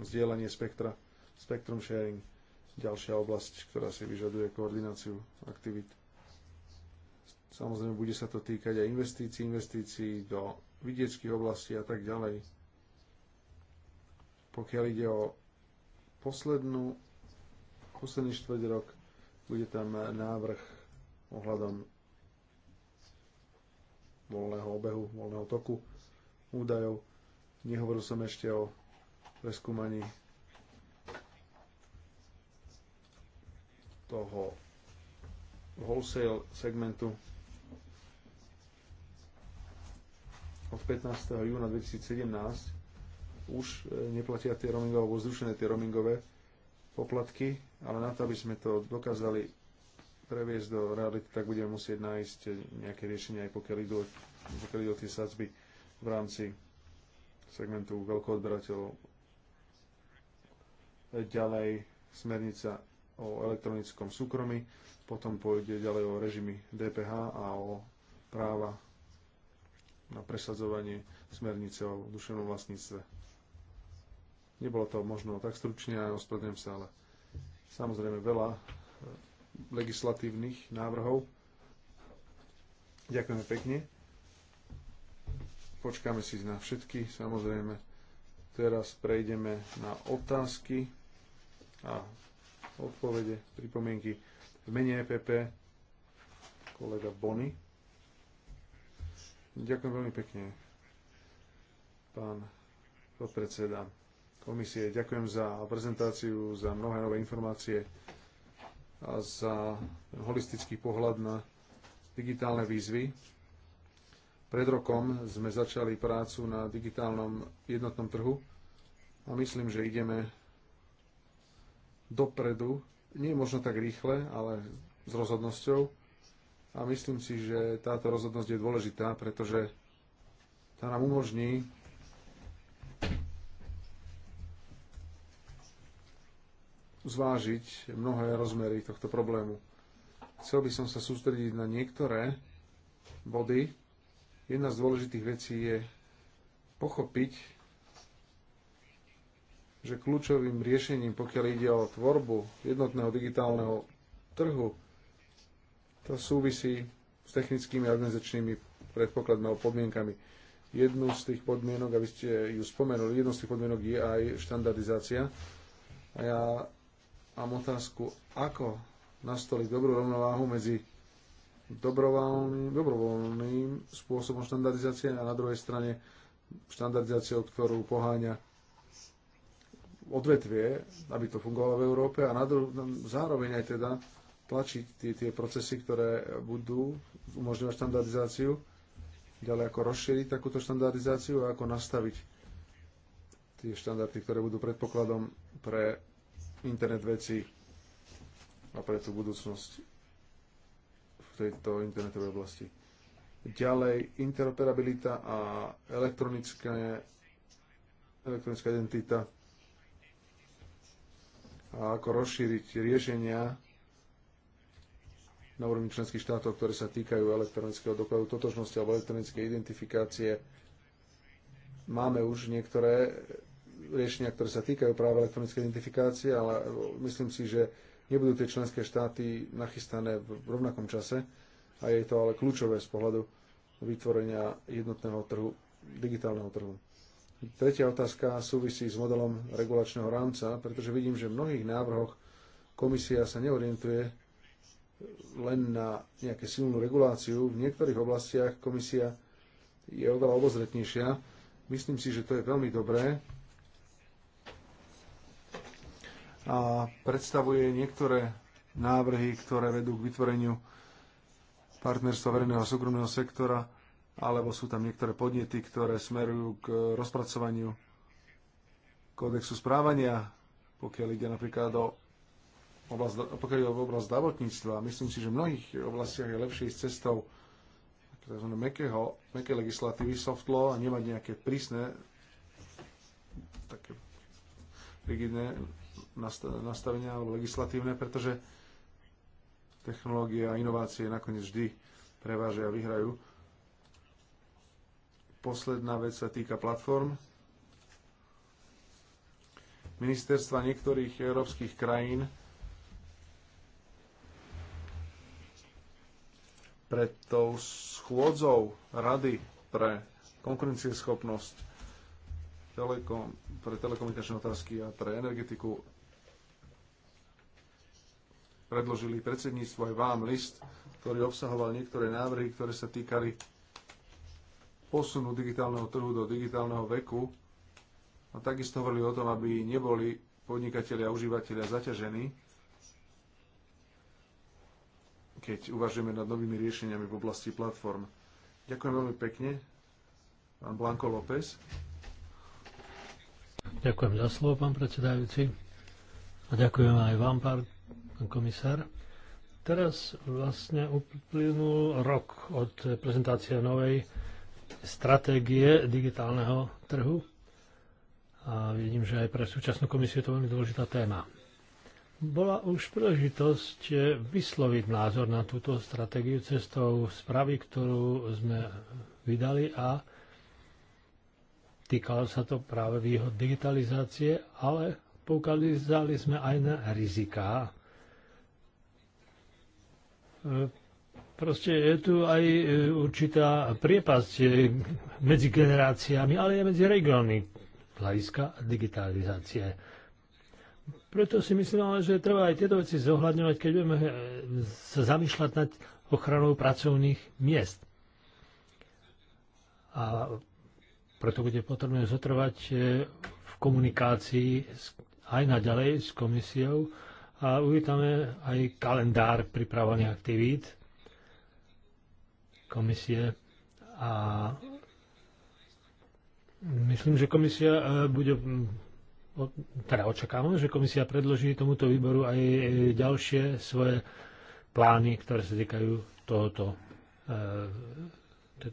zdieľanie spektra, spektrum sharing, ďalšia oblasť, ktorá si vyžaduje koordináciu aktivít. Samozrejme, bude sa to týkať aj investícií, investícií do vidieckých oblastí a tak ďalej. Pokiaľ ide o poslednú, posledný štvrť rok, bude tam návrh ohľadom voľného obehu, voľného toku údajov. Nehovoril som ešte o preskúmaní toho wholesale segmentu od 15. júna 2017 už e, neplatia tie roamingové, alebo zrušené tie roamingové poplatky, ale na to, aby sme to dokázali previesť do reality, tak budeme musieť nájsť nejaké riešenie, aj pokiaľ idú, pokiaľ idú tie sadzby v rámci segmentu veľkoodberateľov. Ďalej smernica o elektronickom súkromí, potom pôjde ďalej o režimy DPH a o práva na presadzovanie smernice o duševnom vlastníctve. Nebolo to možno tak stručne, aj ospravedlňujem sa, ale samozrejme veľa e, legislatívnych návrhov. Ďakujeme pekne. Počkáme si na všetky, samozrejme. Teraz prejdeme na otázky a odpovede, pripomienky. V mene EPP kolega Bony. Ďakujem veľmi pekne, pán podpredseda komisie. Ďakujem za prezentáciu, za mnohé nové informácie a za holistický pohľad na digitálne výzvy. Pred rokom sme začali prácu na digitálnom jednotnom trhu a myslím, že ideme dopredu, nie možno tak rýchle, ale s rozhodnosťou. A myslím si, že táto rozhodnosť je dôležitá, pretože tá nám umožní zvážiť mnohé rozmery tohto problému. Chcel by som sa sústrediť na niektoré body, Jedna z dôležitých vecí je pochopiť, že kľúčovým riešením, pokiaľ ide o tvorbu jednotného digitálneho trhu, to súvisí s technickými a organizačnými predpokladmi a podmienkami. Jednu z tých podmienok, aby ste ju spomenuli, jednou z tých podmienok je aj štandardizácia. A ja mám otázku, ako nastoliť dobrú rovnováhu medzi dobrovoľným, dobrovoľným spôsobom štandardizácie a na druhej strane štandardizáciou, ktorú poháňa odvetvie, aby to fungovalo v Európe a na dru- zároveň aj teda tlačiť tie, tie procesy, ktoré budú umožňovať štandardizáciu, ďalej ako rozšíriť takúto štandardizáciu a ako nastaviť tie štandardy, ktoré budú predpokladom pre internet veci a pre tú budúcnosť tejto internetovej oblasti. Ďalej interoperabilita a elektronická, elektronická identita a ako rozšíriť riešenia na úrovni členských štátov, ktoré sa týkajú elektronického dokladu totožnosti alebo elektronickej identifikácie. Máme už niektoré riešenia, ktoré sa týkajú práve elektronickej identifikácie, ale myslím si, že nebudú tie členské štáty nachystané v rovnakom čase a je to ale kľúčové z pohľadu vytvorenia jednotného trhu, digitálneho trhu. Tretia otázka súvisí s modelom regulačného rámca, pretože vidím, že v mnohých návrhoch komisia sa neorientuje len na nejakú silnú reguláciu. V niektorých oblastiach komisia je oveľa obozretnejšia. Myslím si, že to je veľmi dobré, a predstavuje niektoré návrhy, ktoré vedú k vytvoreniu partnerstva verejného a súkromného sektora, alebo sú tam niektoré podnety, ktoré smerujú k rozpracovaniu kódexu správania, pokiaľ ide napríklad o oblasť, pokiaľ ide o oblasť zdravotníctva. Myslím si, že v mnohých oblastiach je lepšie ísť cestou tzv. mekého, meké legislatívy, soft law a nemať nejaké prísne, také rigidné nastavenia alebo legislatívne, pretože technológie a inovácie nakoniec vždy prevážia a vyhrajú. Posledná vec sa týka platform. Ministerstva niektorých európskych krajín pred tou schôdzou Rady pre konkurencieschopnosť telekom, pre telekomunikačné otázky a pre energetiku predložili predsedníctvo aj vám list, ktorý obsahoval niektoré návrhy, ktoré sa týkali posunu digitálneho trhu do digitálneho veku a takisto hovorili o tom, aby neboli podnikatelia a užívateľia zaťažení, keď uvažujeme nad novými riešeniami v oblasti platform. Ďakujem veľmi pekne. Pán Blanko López. Ďakujem za slovo, pán predsedajúci. A ďakujem aj vám, pán pán komisár. Teraz vlastne uplynul rok od prezentácie novej stratégie digitálneho trhu a vidím, že aj pre súčasnú komisiu je to veľmi dôležitá téma. Bola už príležitosť vysloviť názor na túto stratégiu cestou správy, ktorú sme vydali a týkalo sa to práve výhod digitalizácie, ale poukázali sme aj na rizika proste je tu aj e, určitá priepasť e, medzi generáciami, ale aj medzi regiónmi hľadiska digitalizácie. Preto si myslím, ale, že treba aj tieto veci zohľadňovať, keď budeme e, sa zamýšľať nad ochranou pracovných miest. A preto bude potrebné zotrvať v komunikácii aj naďalej s komisiou, a uvítame aj kalendár pripravovaných aktivít komisie a myslím, že komisia e, bude teda očakávame, že komisia predloží tomuto výboru aj e, ďalšie svoje plány, ktoré sa týkajú tohoto e,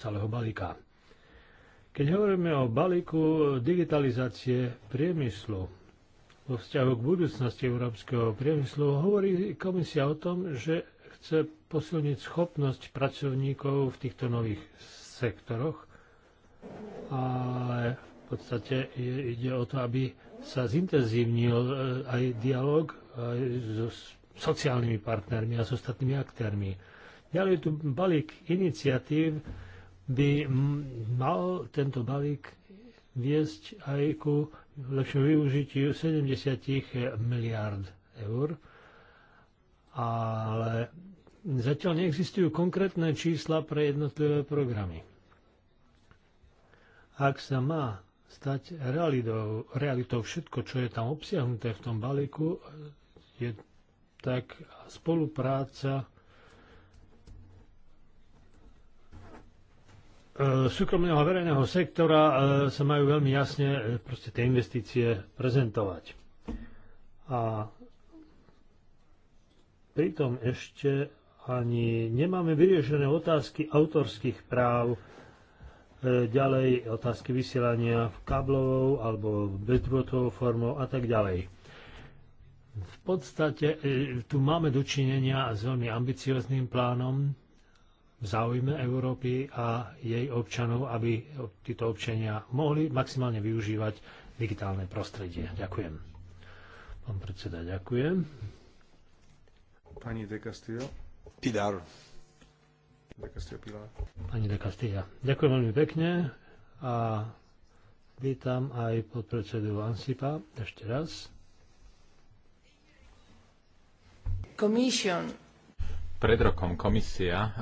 celého balíka. Keď hovoríme o balíku digitalizácie priemyslu, vo vzťahu k budúcnosti európskeho priemyslu hovorí komisia o tom, že chce posilniť schopnosť pracovníkov v týchto nových sektoroch, ale v podstate ide o to, aby sa zintenzívnil e, aj dialog aj so sociálnymi partnermi a s so ostatnými aktérmi. Ďalej tu balík iniciatív by mal tento balík viesť aj ku lepšom využití 70 miliard eur, ale zatiaľ neexistujú konkrétne čísla pre jednotlivé programy. Ak sa má stať realitou, realitou všetko, čo je tam obsiahnuté v tom balíku, je tak spolupráca E, súkromného a verejného sektora e, sa majú veľmi jasne e, proste tie investície prezentovať. A pritom ešte ani nemáme vyriešené otázky autorských práv, ďalej otázky vysielania v káblovou alebo bezdrôtovou formou a tak ďalej. V podstate tu máme dočinenia s veľmi ambiciozným plánom, záujme Európy a jej občanov, aby títo občania mohli maximálne využívať digitálne prostredie. Ďakujem. Pán predseda, ďakujem. Pani de Castillo. Pilar. De Castillo Pilar. Pani de Castillo. Ďakujem veľmi pekne a vítam aj podpredsedu Ansipa ešte raz. Commission pred rokom komisia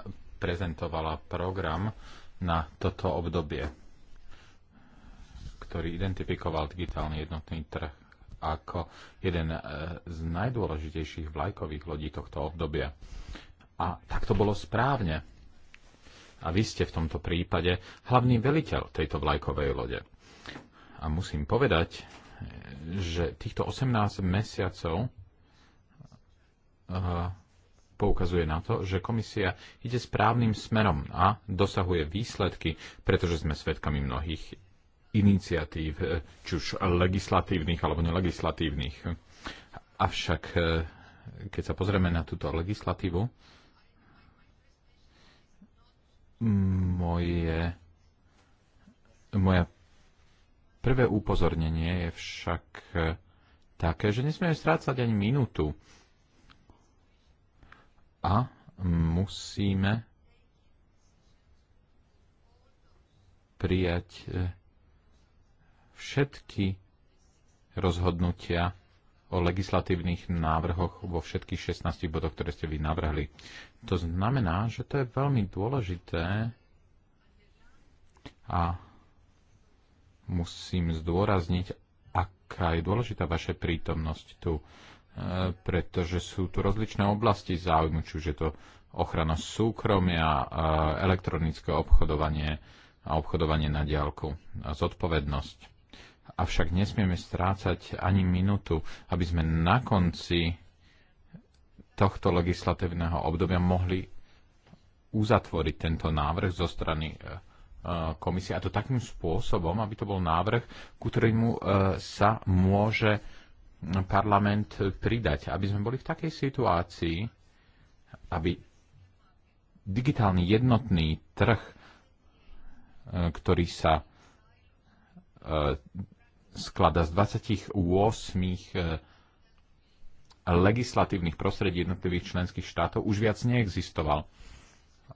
prezentovala program na toto obdobie, ktorý identifikoval digitálny jednotný trh ako jeden e, z najdôležitejších vlajkových lodí tohto obdobia. A tak to bolo správne. A vy ste v tomto prípade hlavný veliteľ tejto vlajkovej lode. A musím povedať, e, že týchto 18 mesiacov e, poukazuje na to, že komisia ide správnym smerom a dosahuje výsledky, pretože sme svedkami mnohých iniciatív, či už legislatívnych alebo nelegislatívnych. Avšak, eh, keď sa pozrieme na túto legislatívu, moje, moje prvé upozornenie je však eh, také, že nesmieme strácať ani minútu a musíme prijať e, všetky rozhodnutia o legislatívnych návrhoch vo všetkých 16 bodoch, ktoré ste vy navrhli. To znamená, že to je veľmi dôležité a musím zdôrazniť, aká je dôležitá vaša prítomnosť tu pretože sú tu rozličné oblasti záujmu, či už je to ochrana súkromia, elektronické obchodovanie a obchodovanie na diálku a zodpovednosť. Avšak nesmieme strácať ani minútu, aby sme na konci tohto legislatívneho obdobia mohli uzatvoriť tento návrh zo strany e, e, komisie. A to takým spôsobom, aby to bol návrh, ku ktorému e, sa môže parlament pridať, aby sme boli v takej situácii, aby digitálny jednotný trh, e, ktorý sa e, sklada z 28 e, legislatívnych prostredí jednotlivých členských štátov, už viac neexistoval,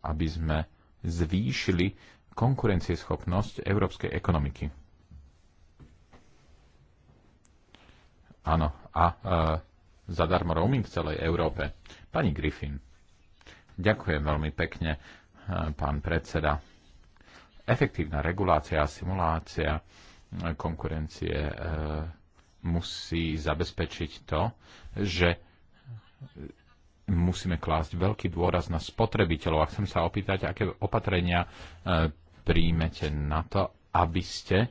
aby sme zvýšili konkurencieschopnosť európskej ekonomiky. Áno, a e, zadarmo roaming v celej Európe. Pani Griffin, ďakujem veľmi pekne, e, pán predseda. Efektívna regulácia a simulácia e, konkurencie e, musí zabezpečiť to, že musíme klásť veľký dôraz na spotrebiteľov. A chcem sa opýtať, aké opatrenia e, príjmete na to, aby ste e,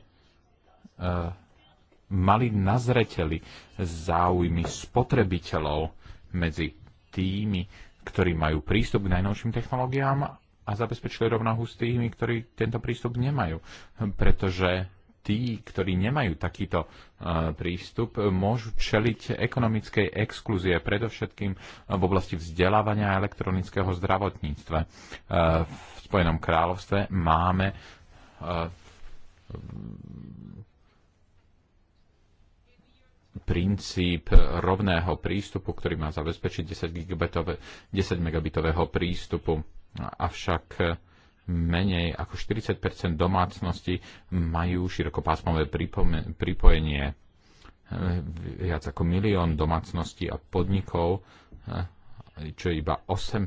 mali nazreteli záujmy spotrebiteľov medzi tými, ktorí majú prístup k najnovším technológiám a zabezpečili rovnahu s tými, ktorí tento prístup nemajú. Pretože tí, ktorí nemajú takýto e, prístup, môžu čeliť ekonomickej exkluzie, predovšetkým v oblasti vzdelávania elektronického zdravotníctva. E, v Spojenom kráľovstve máme e, princíp rovného prístupu, ktorý má zabezpečiť 10, gigabitové, 10 megabitového prístupu. Avšak menej ako 40 domácností majú širokopásmové pripojenie. Viac ako milión domácností a podnikov, čo je iba 8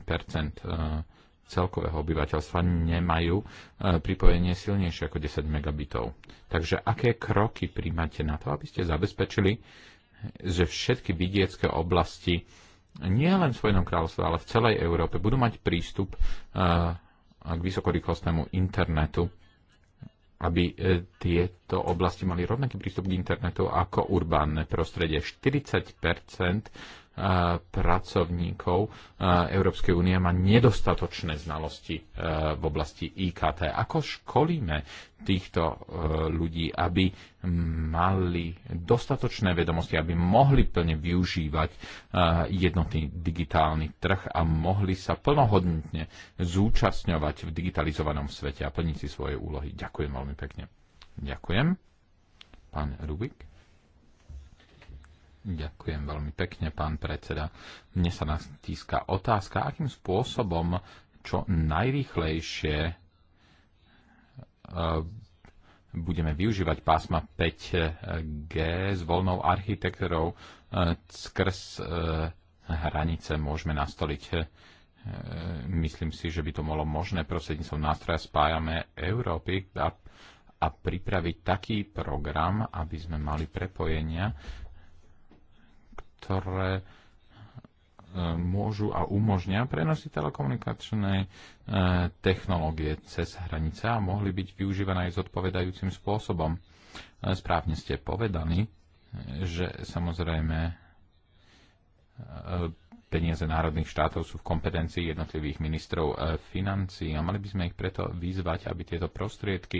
celkového obyvateľstva nemajú e, pripojenie silnejšie ako 10 megabitov. Takže aké kroky príjmate na to, aby ste zabezpečili, že všetky vidiecké oblasti nie len v Spojenom kráľovstve, ale v celej Európe budú mať prístup e, k vysokorýchlostnému internetu, aby e, tieto oblasti mali rovnaký prístup k internetu ako urbánne prostredie. 40 pracovníkov Európskej únie má nedostatočné znalosti e, v oblasti IKT. Ako školíme týchto e, ľudí, aby mali dostatočné vedomosti, aby mohli plne využívať e, jednotný digitálny trh a mohli sa plnohodnotne zúčastňovať v digitalizovanom svete a plniť si svoje úlohy. Ďakujem veľmi pekne. Ďakujem. Pán Rubik. Ďakujem veľmi pekne, pán predseda. Mne sa nastíska otázka, akým spôsobom čo najrýchlejšie e, budeme využívať pásma 5G s voľnou architektúrou e, skrz e, hranice môžeme nastoliť. Myslím si, že by to bolo možné prostredníctvom nástroja Spájame Európy a, a pripraviť taký program, aby sme mali prepojenia ktoré e, môžu a umožňa prenosiť telekomunikačné e, technológie cez hranice a mohli byť využívané aj zodpovedajúcim spôsobom. E, správne ste povedali, že samozrejme peniaze národných štátov sú v kompetencii jednotlivých ministrov financí a mali by sme ich preto vyzvať, aby tieto prostriedky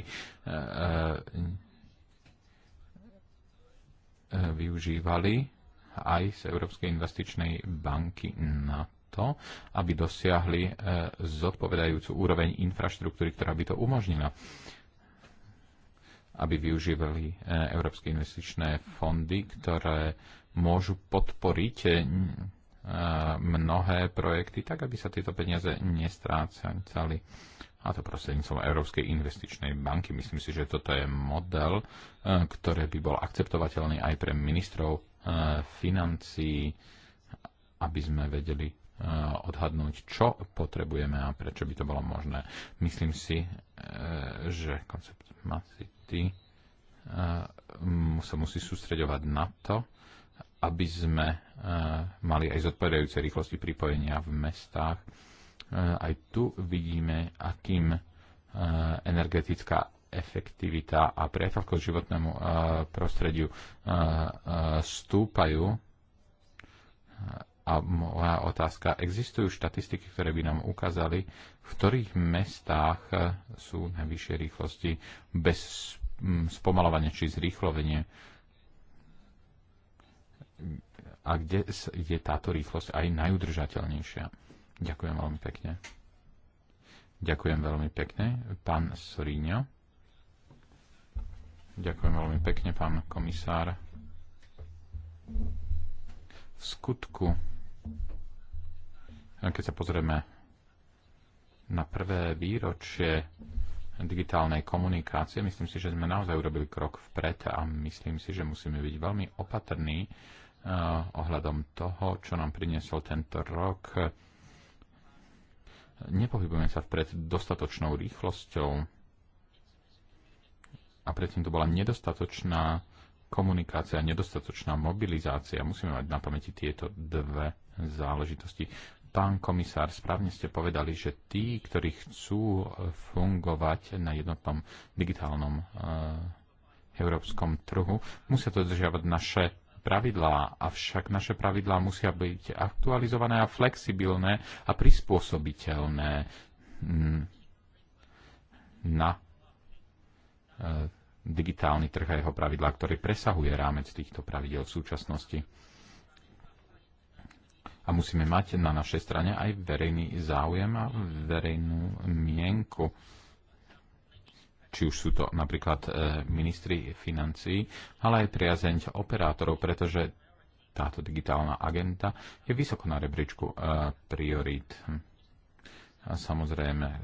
využívali aj z Európskej investičnej banky na to, aby dosiahli e, zodpovedajúcu úroveň infraštruktúry, ktorá by to umožnila aby využívali e, európske investičné fondy, ktoré môžu podporiť e, mnohé projekty, tak aby sa tieto peniaze nestrácali. A to prostredníctvom Európskej investičnej banky. Myslím si, že toto je model, ktorý by bol akceptovateľný aj pre ministrov E, financií, aby sme vedeli e, odhadnúť, čo potrebujeme a prečo by to bolo možné. Myslím si, e, že koncept Masity sa musí sústreďovať na to, aby sme mali aj zodpovedajúce rýchlosti pripojenia v mestách. Aj tu vidíme, akým energetická efektivita a priateľko životnému eh, prostrediu eh, eh, stúpajú. A moja otázka, existujú štatistiky, ktoré by nám ukázali, v ktorých mestách sú najvyššie rýchlosti bez hm, spomalovania či zrýchlovenie a kde je táto rýchlosť aj najudržateľnejšia. Ďakujem veľmi pekne. Ďakujem veľmi pekne, pán Soríňo. Ďakujem veľmi pekne, pán komisár. V skutku, keď sa pozrieme na prvé výročie digitálnej komunikácie, myslím si, že sme naozaj urobili krok vpred a myslím si, že musíme byť veľmi opatrní eh, ohľadom toho, čo nám priniesol tento rok. Nepohybujeme sa vpred dostatočnou rýchlosťou a predtým to bola nedostatočná komunikácia, nedostatočná mobilizácia. Musíme mať na pamäti tieto dve záležitosti. Pán komisár, správne ste povedali, že tí, ktorí chcú eh, fungovať na jednotnom digitálnom e, európskom trhu, musia to dodržiavať naše pravidlá, avšak naše pravidlá musia byť aktualizované a flexibilné a prispôsobiteľné hm, na eh, digitálny trh a jeho pravidlá, ktorý presahuje rámec týchto pravidel v súčasnosti. A musíme mať na našej strane aj verejný záujem a verejnú mienku. Či už sú to napríklad e, ministri financí, ale aj priazeň operátorov, pretože táto digitálna agenda je vysoko na rebríčku e, priorít. A samozrejme, e,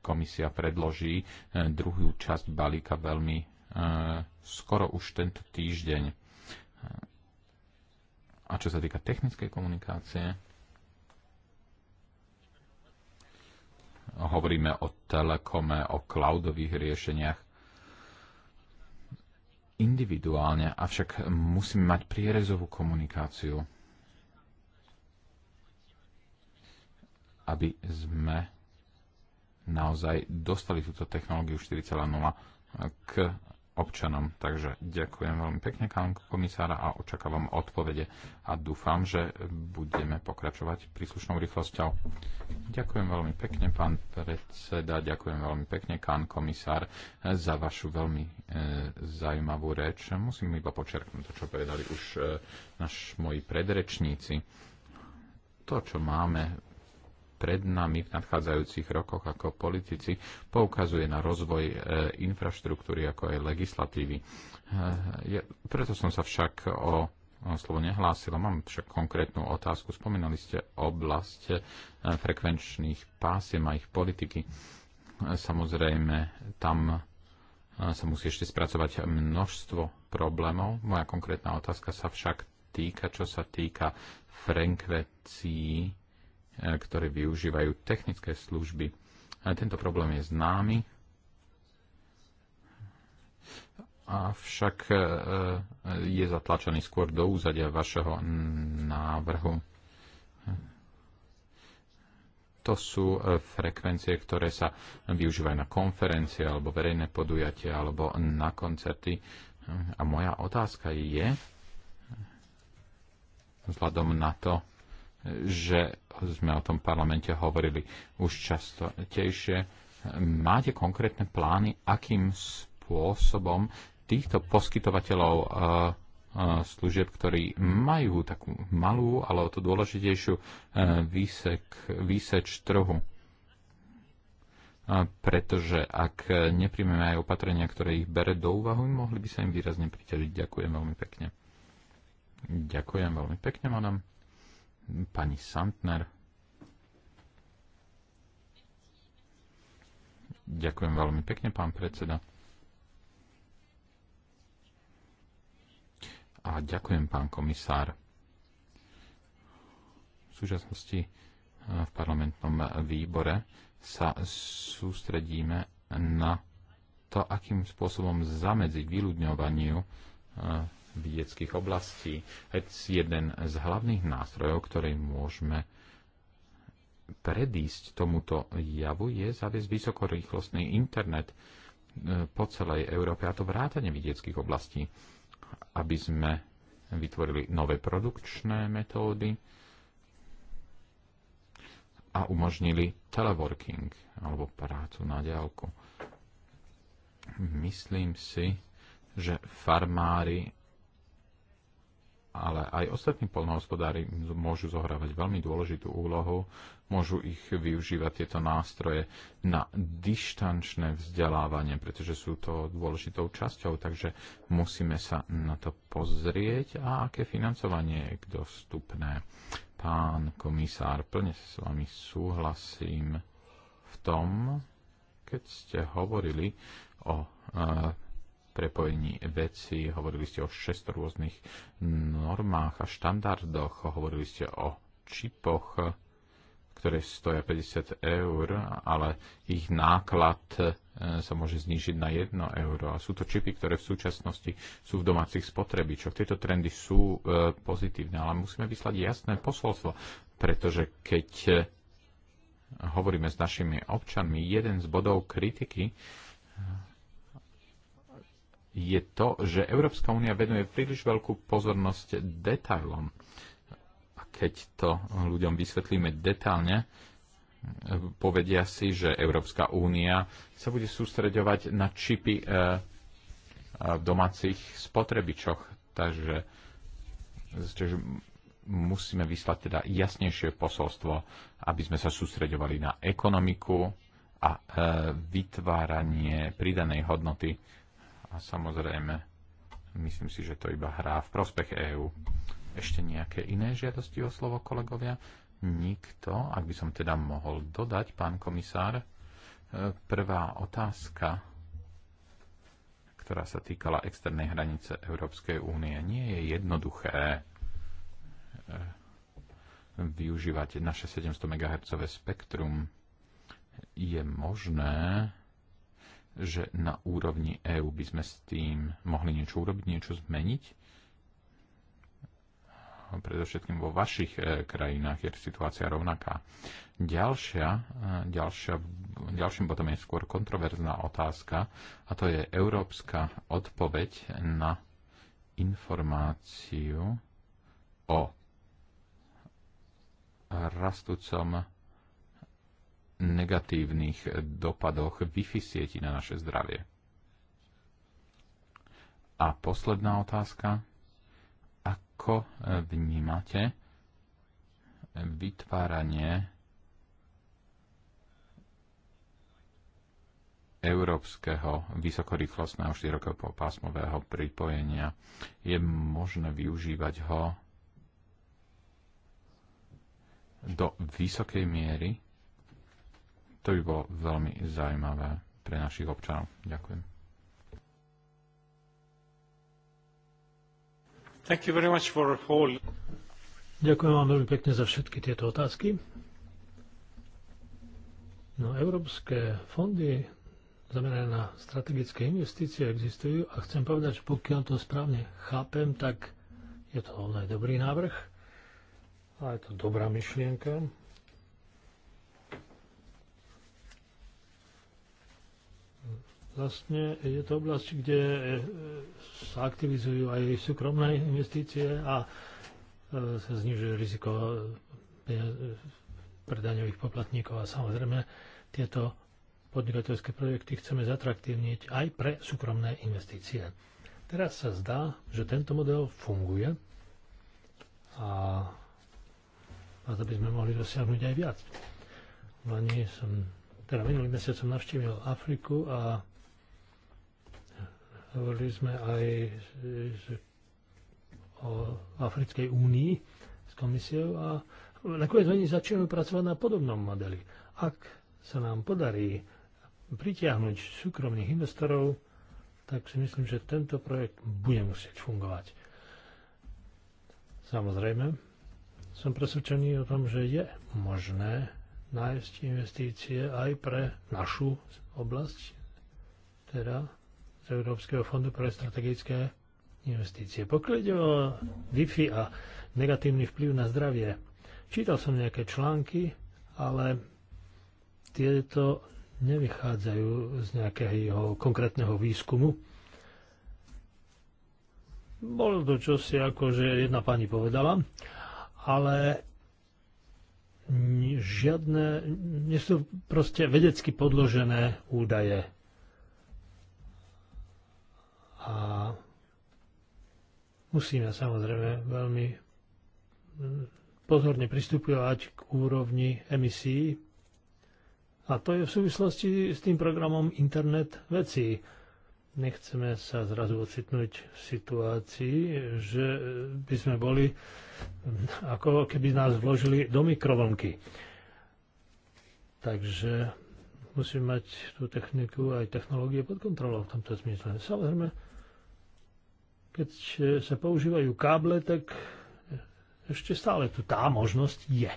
komisia predloží eh, druhú časť balíka veľmi eh, skoro už tento týždeň. Eh, a čo sa týka technickej komunikácie, hovoríme o telekome, o cloudových riešeniach. Individuálne, avšak musíme mať prierezovú komunikáciu, aby sme naozaj dostali túto technológiu 4.0 k občanom. Takže ďakujem veľmi pekne, pán komisára, a očakávam odpovede a dúfam, že budeme pokračovať príslušnou rýchlosťou. Ďakujem veľmi pekne, pán predseda, ďakujem veľmi pekne, pán komisár, za vašu veľmi e, zaujímavú reč. Musím iba počerknúť to, čo povedali už e, naš, moji predrečníci. To, čo máme pred nami v nadchádzajúcich rokoch ako politici poukazuje na rozvoj e, infraštruktúry ako aj legislatívy. E, preto som sa však o slovo nehlásila. Mám však konkrétnu otázku. Spomínali ste oblasť e, frekvenčných pásiem a ich politiky. Samozrejme, tam sa musí ešte spracovať množstvo problémov. Moja konkrétna otázka sa však týka, čo sa týka frekvencií Eh, ktoré využívajú technické služby. A tento problém je známy, avšak eh, je zatlačený skôr do úzadia vašeho návrhu. To sú eh, frekvencie, ktoré sa využívajú na konferencie alebo verejné podujatia alebo na koncerty. A moja otázka je, vzhľadom na to, že sme o tom parlamente hovorili už často tejšie. Máte konkrétne plány, akým spôsobom týchto poskytovateľov eh, eh, služieb, ktorí majú takú malú, ale o to dôležitejšiu eh, výsek, výseč trhu. Pretože ak nepríjmeme aj opatrenia, ktoré ich bere do úvahu, mohli by sa im výrazne priťažiť. Ďakujem veľmi pekne. Ďakujem veľmi pekne, madam pani Santner. Ďakujem veľmi pekne, pán predseda. A ďakujem, pán komisár. V súčasnosti eh, v parlamentnom výbore sa sústredíme na to, akým spôsobom zamedziť vyľudňovaniu eh, vidieckých oblastí. Jeden z hlavných nástrojov, ktorý môžeme predísť tomuto javu, je zaviesť vysokorýchlostný internet e, po celej Európe, a to vrátane vidieckých oblastí, aby sme vytvorili nové produkčné metódy a umožnili teleworking alebo prácu na diálku. Myslím si, že farmári ale aj ostatní polnohospodári môžu zohrávať veľmi dôležitú úlohu, môžu ich využívať tieto nástroje na dištančné vzdelávanie, pretože sú to dôležitou časťou, takže musíme sa na to pozrieť a aké financovanie je dostupné. Pán komisár, plne s vami súhlasím v tom, keď ste hovorili o e, prepojení veci, hovorili ste o 600 rôznych normách a štandardoch, hovorili ste o čipoch, ktoré stoja 50 eur, ale ich náklad e, sa môže znížiť na 1 euro. A sú to čipy, ktoré v súčasnosti sú v domácich spotrebičoch. Tieto trendy sú e, pozitívne, ale musíme vyslať jasné posolstvo, pretože keď e, hovoríme s našimi občanmi, jeden z bodov kritiky je to, že Európska únia venuje príliš veľkú pozornosť detailom. A keď to ľuďom vysvetlíme detailne, povedia si, že Európska únia sa bude sústreďovať na čipy v e, e, domácich spotrebičoch. Takže, musíme vyslať teda jasnejšie posolstvo, aby sme sa sústreďovali na ekonomiku a e, vytváranie pridanej hodnoty a samozrejme, myslím si, že to iba hrá v prospech EÚ. Ešte nejaké iné žiadosti o slovo, kolegovia? Nikto, ak by som teda mohol dodať, pán komisár, e, prvá otázka, ktorá sa týkala externej hranice Európskej únie, nie je jednoduché e, využívať naše 700 MHz spektrum. Je možné že na úrovni EÚ by sme s tým mohli niečo urobiť, niečo zmeniť? Predovšetkým vo vašich e, krajinách je situácia rovnaká. Ďalšia, e, ďalšia, ďalším potom je skôr kontroverzná otázka a to je európska odpoveď na informáciu o rastúcom negatívnych dopadoch Wi-Fi sieti na naše zdravie. A posledná otázka. Ako vnímate vytváranie európskeho vysokorýchlostného širokopásmového pripojenia. Je možné využívať ho do vysokej miery to by bolo veľmi zaujímavé pre našich občanov. Ďakujem. Thank you very much for all... Ďakujem vám veľmi pekne za všetky tieto otázky. No, európske fondy zamerané na strategické investície existujú a chcem povedať, že pokiaľ to správne chápem, tak je to naozaj dobrý návrh a je to dobrá myšlienka vlastne je to oblasť, kde e, sa aktivizujú aj súkromné investície a e, sa znižuje riziko e, predaňových poplatníkov a samozrejme tieto podnikateľské projekty chceme zatraktívniť aj pre súkromné investície. Teraz sa zdá, že tento model funguje a aby to by sme mohli dosiahnuť aj viac. Lani som, teda minulý mesiac som navštívil Afriku a Hovorili sme aj o Africkej únii s komisiou a nakoniec oni začínajú pracovať na podobnom modeli. Ak sa nám podarí pritiahnuť súkromných investorov, tak si myslím, že tento projekt bude musieť fungovať. Samozrejme, som presvedčený o tom, že je možné nájsť investície aj pre našu oblasť, teda z Európskeho fondu pre strategické investície. Pokiaľ ide o Wi-Fi a negatívny vplyv na zdravie, čítal som nejaké články, ale tieto nevychádzajú z nejakého konkrétneho výskumu. Bolo to čosi, ako že jedna pani povedala, ale žiadne, nie sú proste vedecky podložené údaje a musíme samozrejme veľmi pozorne pristupovať k úrovni emisí. A to je v súvislosti s tým programom Internet vecí. Nechceme sa zrazu ocitnúť v situácii, že by sme boli ako keby nás vložili do mikrovlnky. Takže musíme mať tú techniku aj technológie pod kontrolou v tomto zmysle. Samozrejme, keď sa používajú káble, tak ešte stále tu tá možnosť je.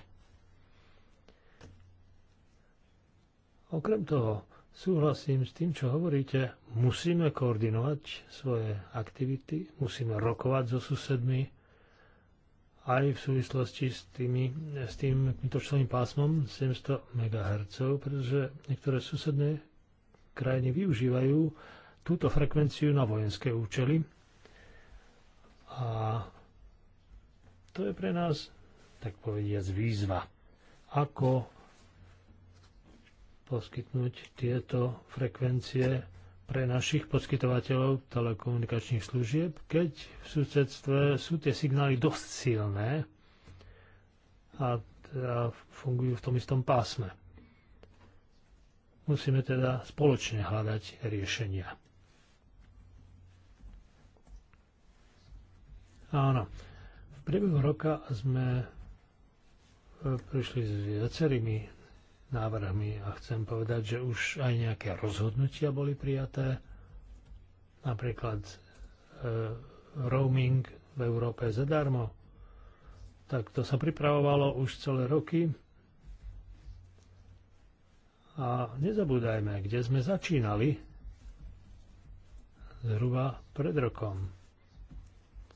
Okrem toho, súhlasím s tým, čo hovoríte, musíme koordinovať svoje aktivity, musíme rokovať so susedmi, aj v súvislosti s, tými, s tým kmitočným pásmom 700 MHz, pretože niektoré susedné krajiny využívajú túto frekvenciu na vojenské účely a to je pre nás, tak povediac, výzva. Ako poskytnúť tieto frekvencie pre našich poskytovateľov telekomunikačných služieb, keď v susedstve sú tie signály dosť silné a teda fungujú v tom istom pásme. Musíme teda spoločne hľadať riešenia. Áno, v priebehu roka sme e, prišli s viacerými návrhmi a chcem povedať, že už aj nejaké rozhodnutia boli prijaté. Napríklad e, roaming v Európe zadarmo. Tak to sa pripravovalo už celé roky. A nezabúdajme, kde sme začínali zhruba pred rokom.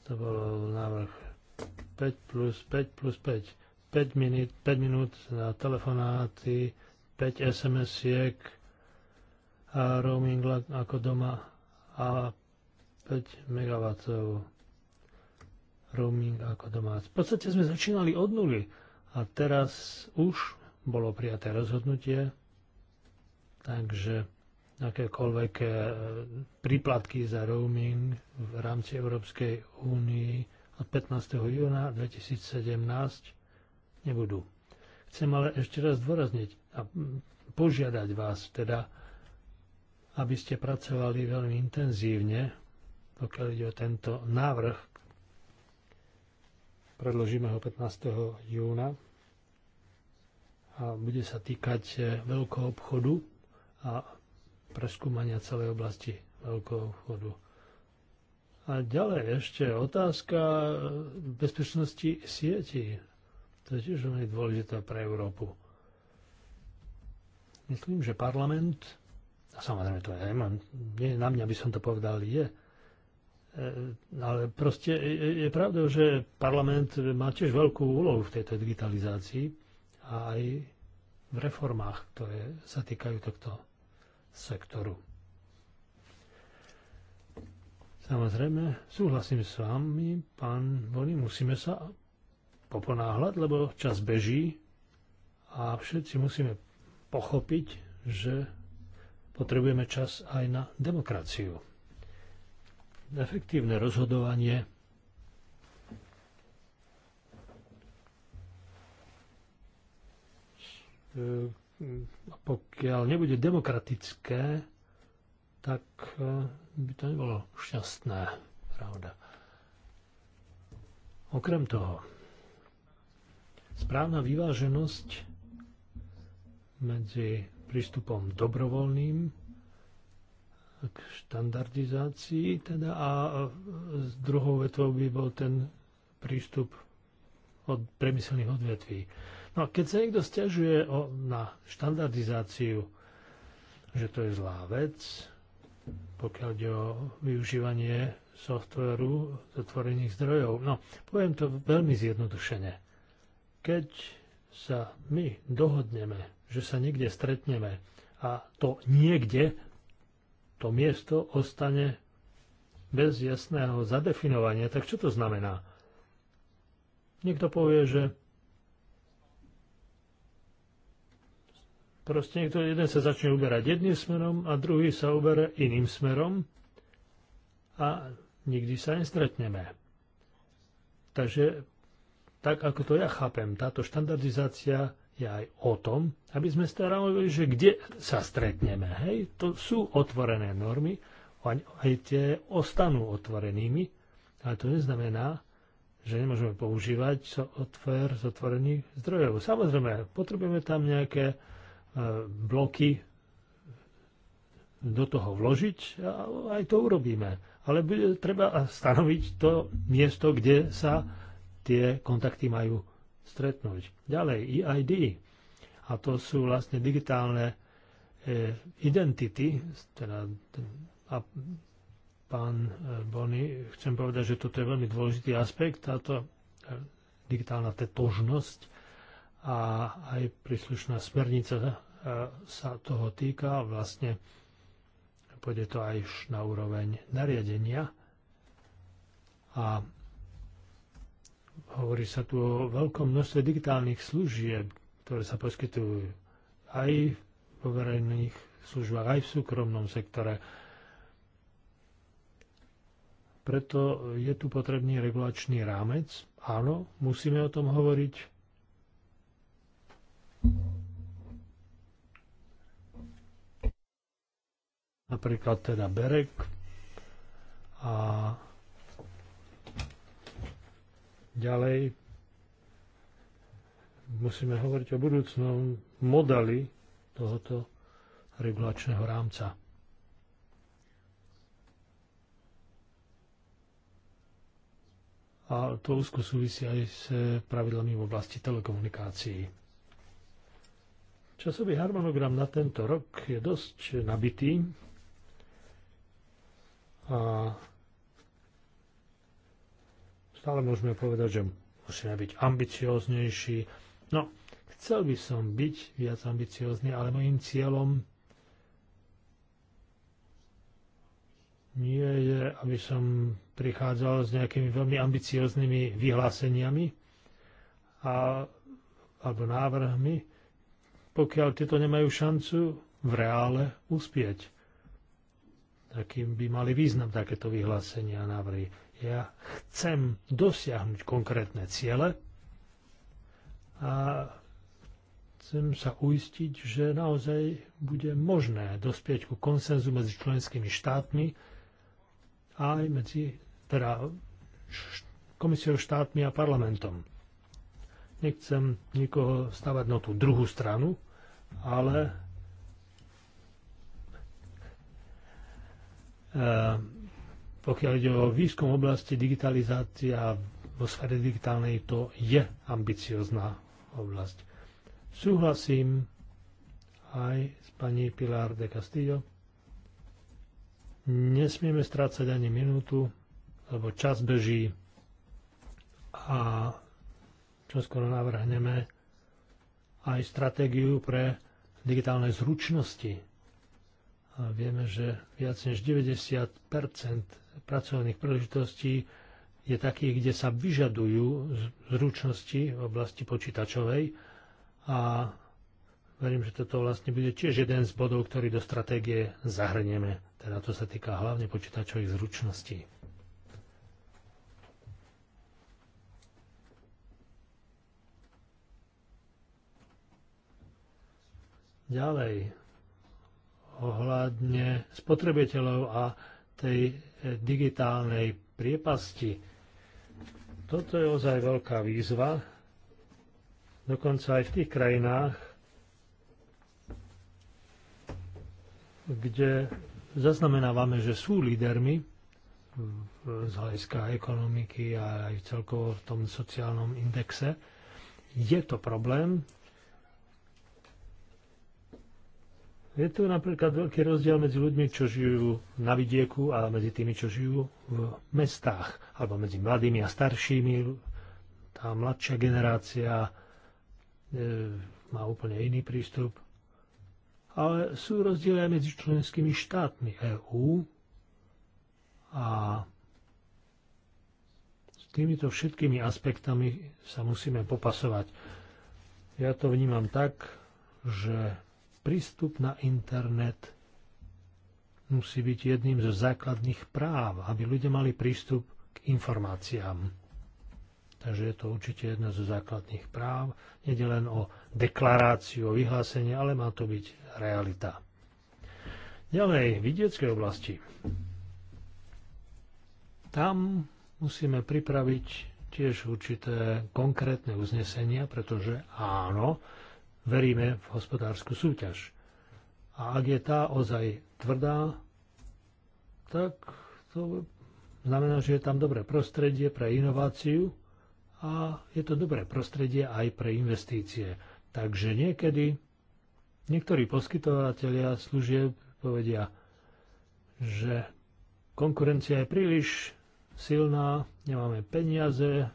To bol návrh 5 plus 5 plus 5. 5 minút, 5 minút na telefonáty, 5 SMS-iek a roaming ako doma a 5 MW roaming ako doma. V podstate sme začínali od nuly a teraz už bolo prijaté rozhodnutie, takže akékoľvek e, príplatky za roaming v rámci Európskej únii od 15. júna 2017 nebudú. Chcem ale ešte raz dôrazniť a požiadať vás teda, aby ste pracovali veľmi intenzívne, pokiaľ ide o tento návrh. Predložíme ho 15. júna a bude sa týkať e, veľkého obchodu a preskúmania celej oblasti veľkého obchodu. A ďalej ešte otázka bezpečnosti sieti. To je tiež veľmi dôležité pre Európu. Myslím, že parlament, a samozrejme to je, nie na mňa by som to povedal, je, e, ale proste je, je pravda, že parlament má tiež veľkú úlohu v tejto digitalizácii a aj v reformách, ktoré sa týkajú tohto sektoru. Samozrejme, súhlasím s vami, pán Bony, musíme sa poponáhľať, lebo čas beží a všetci musíme pochopiť, že potrebujeme čas aj na demokraciu. Efektívne rozhodovanie pokiaľ nebude demokratické, tak e, by to nebolo šťastné, pravda. Okrem toho, správna vyváženosť medzi prístupom dobrovoľným k štandardizácii teda a e, s druhou vetvou by bol ten prístup od premyselných odvetví. No a keď sa niekto stiažuje o, na štandardizáciu, že to je zlá vec, pokiaľ ide o využívanie softvéru z otvorených zdrojov. No, poviem to veľmi zjednodušene. Keď sa my dohodneme, že sa niekde stretneme a to niekde, to miesto ostane bez jasného zadefinovania, tak čo to znamená? Niekto povie, že Proste niekto, jeden sa začne uberať jedným smerom a druhý sa uberá iným smerom a nikdy sa nestretneme. Takže tak, ako to ja chápem, táto štandardizácia je aj o tom, aby sme starali, že kde sa stretneme. Hej? To sú otvorené normy, aj tie ostanú otvorenými, ale to neznamená, že nemôžeme používať otvor z otvorených zdrojov. Samozrejme, potrebujeme tam nejaké E, bloky do toho vložiť a aj to urobíme. Ale bude treba stanoviť to miesto, kde sa tie kontakty majú stretnúť. Ďalej, EID. A to sú vlastne digitálne e, identity. Teda, a pán e, Bony, chcem povedať, že toto je veľmi dôležitý aspekt, táto e, digitálna tetožnosť a aj príslušná smernica sa toho týka a vlastne pôjde to aj na úroveň nariadenia. A hovorí sa tu o veľkom množstve digitálnych služieb, ktoré sa poskytujú aj v verejných službách, aj v súkromnom sektore. Preto je tu potrebný regulačný rámec. Áno, musíme o tom hovoriť, napríklad teda Berek a ďalej musíme hovoriť o budúcnom modeli tohoto regulačného rámca. A to úzko súvisí aj s pravidlami v oblasti telekomunikácií. Časový harmonogram na tento rok je dosť nabitý, a stále môžeme povedať, že musíme byť ambicioznejší. No, chcel by som byť viac ambiciózny, ale mojim cieľom nie je, aby som prichádzal s nejakými veľmi ambicióznymi vyhláseniami a, alebo návrhmi, pokiaľ tieto nemajú šancu v reále uspieť takým by mali význam takéto vyhlásenia a návrhy. Ja chcem dosiahnuť konkrétne ciele a chcem sa uistiť, že naozaj bude možné dospieť ku konsenzu medzi členskými štátmi a aj medzi teda komisiou štátmi a parlamentom. Nechcem nikoho stavať na tú druhú stranu, ale Eh, pokiaľ ide o výskum oblasti a vo sfere digitálnej, to je ambiciozná oblasť. Súhlasím aj s pani Pilar de Castillo. Nesmieme strácať ani minútu, lebo čas beží a čo skoro navrhneme aj stratégiu pre digitálne zručnosti a vieme, že viac než 90 pracovných príležitostí je takých, kde sa vyžadujú zručnosti v oblasti počítačovej a verím, že toto vlastne bude tiež jeden z bodov, ktorý do stratégie zahrnieme. Teda to sa týka hlavne počítačových zručností. Ďalej, ohľadne spotrebiteľov a tej eh, digitálnej priepasti. Toto je ozaj veľká výzva, dokonca aj v tých krajinách, kde zaznamenávame, že sú lídermi z hľadiska ekonomiky a aj celkovo v tom sociálnom indexe. Je to problém, Je tu napríklad veľký rozdiel medzi ľuďmi, čo žijú na vidieku a medzi tými, čo žijú v mestách, alebo medzi mladými a staršími. Tá mladšia generácia e, má úplne iný prístup. Ale sú rozdiely aj medzi členskými štátmi EÚ a s týmito všetkými aspektami sa musíme popasovať. Ja to vnímam tak, že prístup na internet musí byť jedným zo základných práv, aby ľudia mali prístup k informáciám. Takže je to určite jedno zo základných práv. Nede len o deklaráciu, o vyhlásenie, ale má to byť realita. Ďalej, vidiecké oblasti. Tam musíme pripraviť tiež určité konkrétne uznesenia, pretože áno, veríme v hospodárskú súťaž. A ak je tá ozaj tvrdá, tak to znamená, že je tam dobré prostredie pre inováciu a je to dobré prostredie aj pre investície. Takže niekedy niektorí poskytovateľia služieb povedia, že konkurencia je príliš silná, nemáme peniaze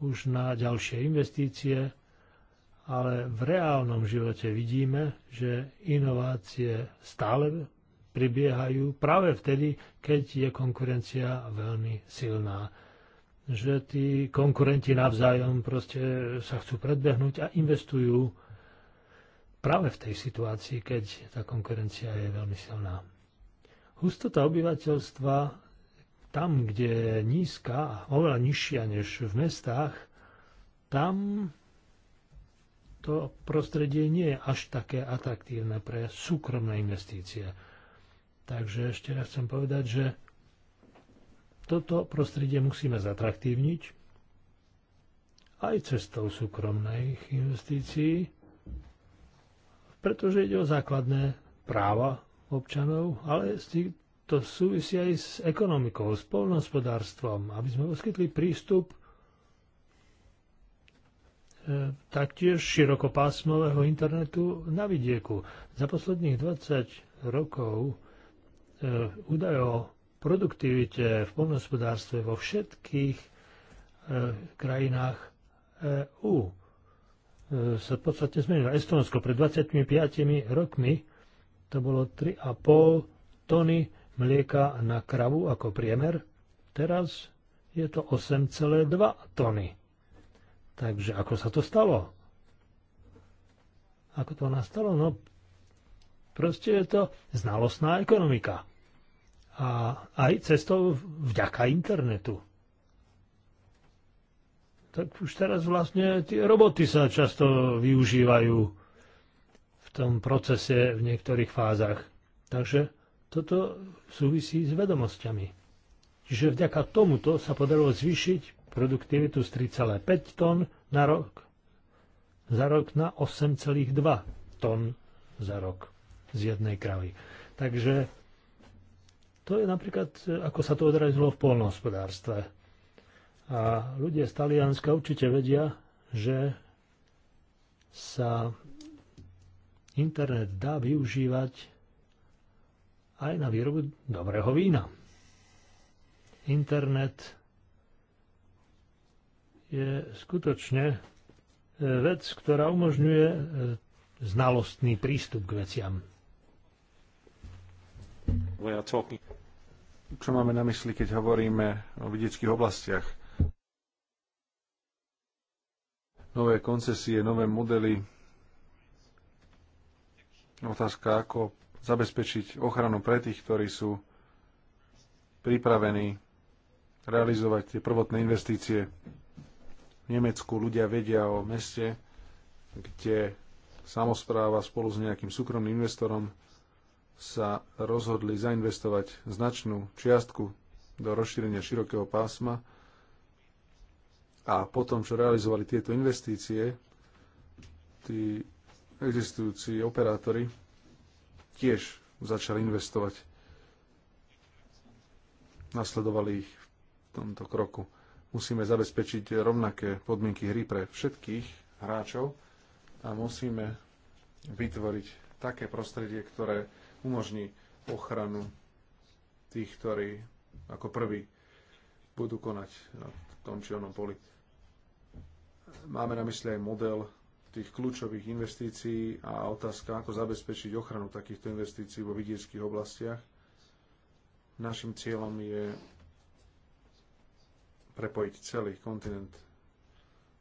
už na ďalšie investície ale v reálnom živote vidíme, že inovácie stále pribiehajú práve vtedy, keď je konkurencia veľmi silná. Že tí konkurenti navzájom proste sa chcú predbehnúť a investujú práve v tej situácii, keď tá konkurencia je veľmi silná. Hustota obyvateľstva tam, kde je nízka, oveľa nižšia než v mestách, tam to prostredie nie je až také atraktívne pre súkromné investície. Takže ešte raz chcem povedať, že toto prostredie musíme zatraktívniť aj cestou súkromných investícií, pretože ide o základné práva občanov, ale to súvisí aj s ekonomikou, s polnohospodárstvom, aby sme poskytli prístup E, taktiež širokopásmového internetu na vidieku. Za posledných 20 rokov e, údaj o produktivite v poľnohospodárstve vo všetkých e, krajinách EÚ sa podstatne zmenilo. Estonsko pred 25 rokmi to bolo 3,5 tony mlieka na kravu ako priemer. Teraz je to 8,2 tony. Takže ako sa to stalo? Ako to nastalo? No, proste je to znalostná ekonomika. A aj cestou vďaka internetu. Tak už teraz vlastne tie roboty sa často využívajú v tom procese v niektorých fázach. Takže toto súvisí s vedomosťami. Čiže vďaka tomuto sa podarilo zvýšiť produktivitu z 3,5 tón na rok za rok na 8,2 tón za rok z jednej kravy. Takže to je napríklad, ako sa to odrazilo v polnohospodárstve. A ľudia z Talianska určite vedia, že sa internet dá využívať aj na výrobu dobrého vína. Internet je skutočne e, vec, ktorá umožňuje e, znalostný prístup k veciam. Čo máme na mysli, keď hovoríme o vidieckých oblastiach? Nové koncesie, nové modely. Otázka, ako zabezpečiť ochranu pre tých, ktorí sú pripravení realizovať tie prvotné investície v Nemecku ľudia vedia o meste, kde samozpráva spolu s nejakým súkromným investorom sa rozhodli zainvestovať značnú čiastku do rozšírenia širokého pásma a potom, čo realizovali tieto investície, tí existujúci operátori tiež začali investovať. Nasledovali ich v tomto kroku musíme zabezpečiť rovnaké podmienky hry pre všetkých hráčov a musíme vytvoriť také prostredie, ktoré umožní ochranu tých, ktorí ako prví budú konať na tom či onom poli. Máme na mysli aj model tých kľúčových investícií a otázka, ako zabezpečiť ochranu takýchto investícií vo vidieckých oblastiach. Našim cieľom je prepojiť celý kontinent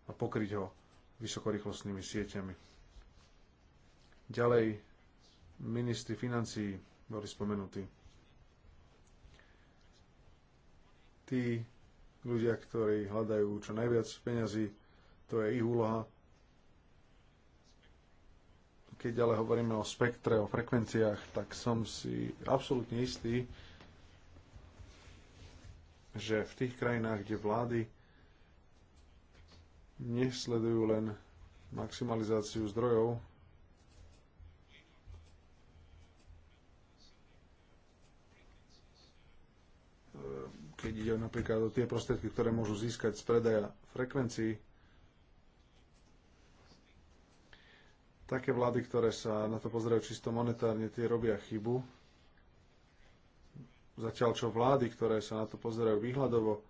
a pokryť ho vysokorýchlostnými sieťami. Ďalej, ministri financií boli spomenutí. Tí ľudia, ktorí hľadajú čo najviac peňazí, to je ich úloha. Keď ďalej hovoríme o spektre, o frekvenciách, tak som si absolútne istý, že v tých krajinách, kde vlády nesledujú len maximalizáciu zdrojov, eh, keď ide napríklad o tie prostriedky, ktoré môžu získať z predaja frekvencií, také vlády, ktoré sa na to pozerajú čisto monetárne, tie robia chybu, Zatiaľ čo vlády, ktoré sa na to pozerajú výhľadovo,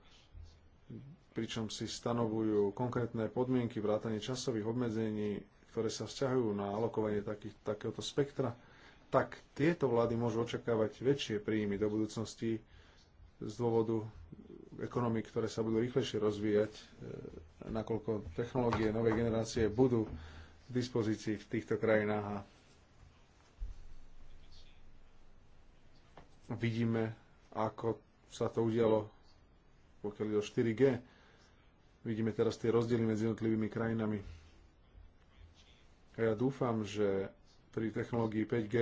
pričom si stanovujú konkrétne podmienky vrátanie časových obmedzení, ktoré sa vzťahujú na alokovanie takých, takéhoto spektra, tak tieto vlády môžu očakávať väčšie príjmy do budúcnosti z dôvodu ekonomik, ktoré sa budú rýchlejšie rozvíjať, e, nakoľko technológie novej generácie budú k dispozícii v týchto krajinách a Vidíme, ako sa to udialo, pokiaľ je o 4G. Vidíme teraz tie rozdiely medzi jednotlivými krajinami. A ja dúfam, že pri technológii 5G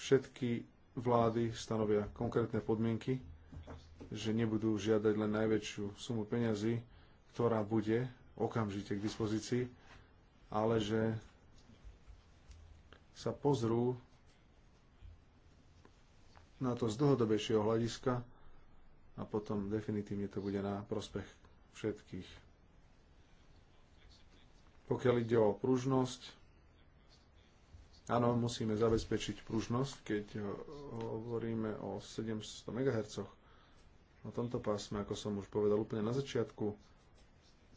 všetky vlády stanovia konkrétne podmienky, že nebudú žiadať len najväčšiu sumu peňazí, ktorá bude okamžite k dispozícii, ale že sa pozrú na no to z dlhodobejšieho hľadiska a potom definitívne to bude na prospech všetkých. Pokiaľ ide o pružnosť, áno, musíme zabezpečiť pružnosť, keď hovoríme o 700 MHz. Na tomto pásme, ako som už povedal úplne na začiatku,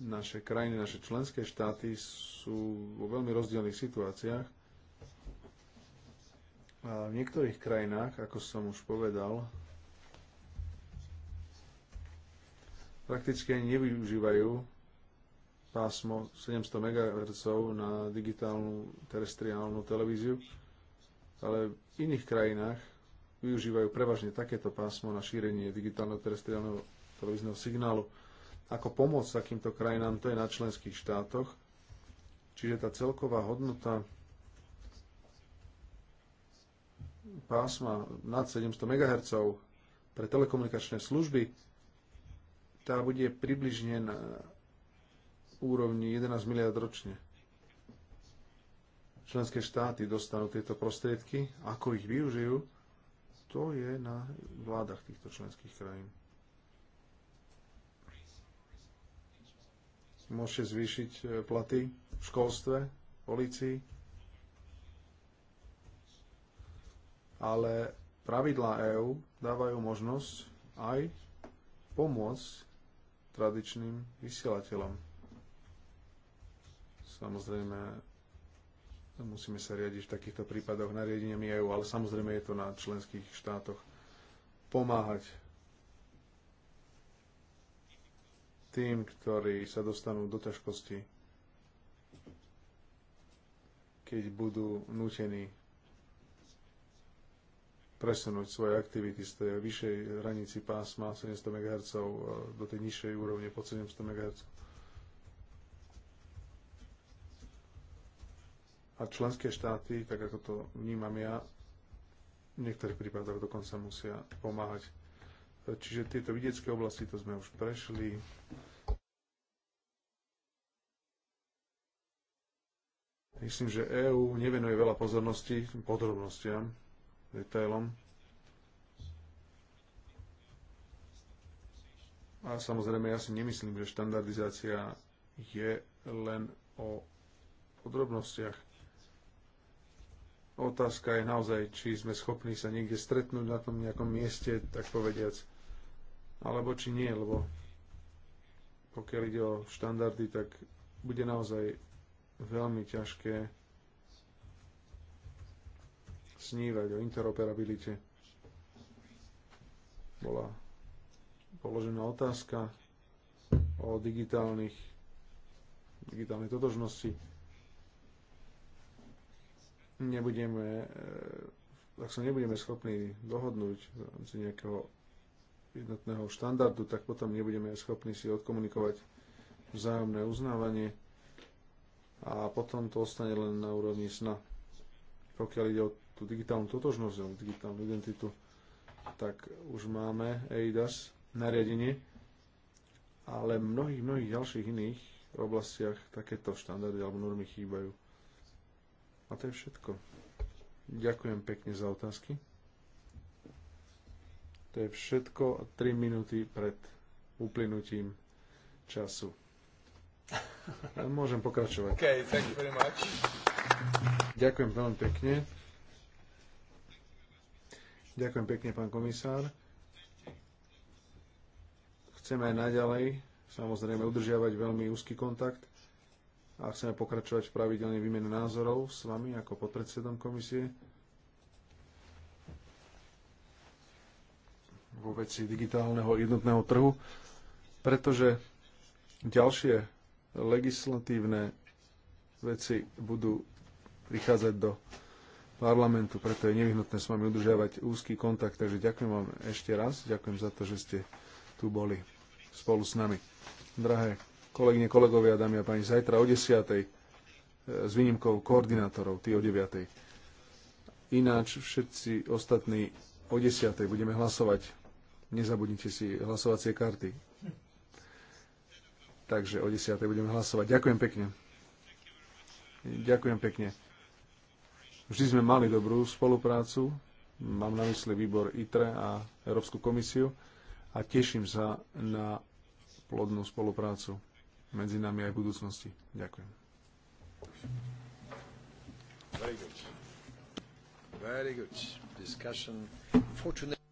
naše krajiny, naše členské štáty sú vo veľmi rozdielných situáciách v niektorých krajinách, ako som už povedal, prakticky nevyužívajú pásmo 700 MHz na digitálnu terestriálnu televíziu, ale v iných krajinách využívajú prevažne takéto pásmo na šírenie digitálneho terestriálneho televízneho signálu. Ako pomoc takýmto krajinám to je na členských štátoch, čiže tá celková hodnota pásma nad 700 MHz pre telekomunikačné služby, tá bude približne na úrovni 11 miliard ročne. Členské štáty dostanú tieto prostriedky, ako ich využijú, to je na vládach týchto členských krajín. Môžete zvýšiť eh, platy v školstve, policii, ale pravidlá EÚ dávajú možnosť aj pomôcť tradičným vysielateľom. Samozrejme, musíme sa riadiť v takýchto prípadoch nariadeniami EÚ, ale samozrejme je to na členských štátoch pomáhať tým, ktorí sa dostanú do ťažkosti, keď budú nútení presunúť svoje aktivity z tej vyššej hranici pásma 700 MHz e, do tej nižšej úrovne pod 700 MHz. A členské štáty, tak ako to vnímam ja, v niektorých prípadoch dokonca musia pomáhať. E, čiže tieto vidiecké oblasti, to sme už prešli. Myslím, že EÚ nevenuje veľa pozornosti podrobnostiam detailom. A samozrejme, ja si nemyslím, že štandardizácia je len o podrobnostiach. Otázka je naozaj, či sme schopní sa niekde stretnúť na tom nejakom mieste, tak povediac, alebo či nie, lebo pokiaľ ide o štandardy, tak bude naozaj veľmi ťažké snívať, o interoperabilite. Bola položená otázka o digitálnych, digitálnej totožnosti. Nebudeme, eh, ak sa nebudeme schopní dohodnúť v rámci nejakého jednotného štandardu, tak potom nebudeme schopní si odkomunikovať vzájomné uznávanie a potom to ostane len na úrovni sna. Pokiaľ ide o tú digitálnu totožnosť alebo digitálnu identitu, tak už máme EIDAS nariadenie, ale v mnohých, mnohých ďalších iných oblastiach takéto štandardy alebo normy chýbajú. A to je všetko. Ďakujem pekne za otázky. To je všetko 3 minúty pred uplynutím času. Môžem pokračovať. Okay, thank you very much. Ďakujem veľmi pekne. Ďakujem pekne, pán komisár. Chceme aj naďalej samozrejme udržiavať veľmi úzky kontakt a chceme pokračovať v pravidelnej výmene názorov s vami ako podpredsedom komisie vo veci digitálneho jednotného trhu, pretože ďalšie legislatívne veci budú prichádzať do parlamentu, preto je nevyhnutné s vami udržiavať úzky kontakt. Takže ďakujem vám ešte raz, ďakujem za to, že ste tu boli spolu s nami. Drahé kolegyne, kolegovia, dámy a páni, zajtra o 10. E, s výnimkou koordinátorov, tí o 9. Ináč všetci ostatní o 10. budeme hlasovať. Nezabudnite si hlasovacie karty. Takže o 10. budeme hlasovať. Ďakujem pekne. Ďakujem pekne. Vždy sme mali dobrú spoluprácu, mám na mysli výbor ITRE a Európsku komisiu a teším sa na plodnú spoluprácu medzi nami aj v budúcnosti. Ďakujem. Very good. Very good. Discussion. Fortunately...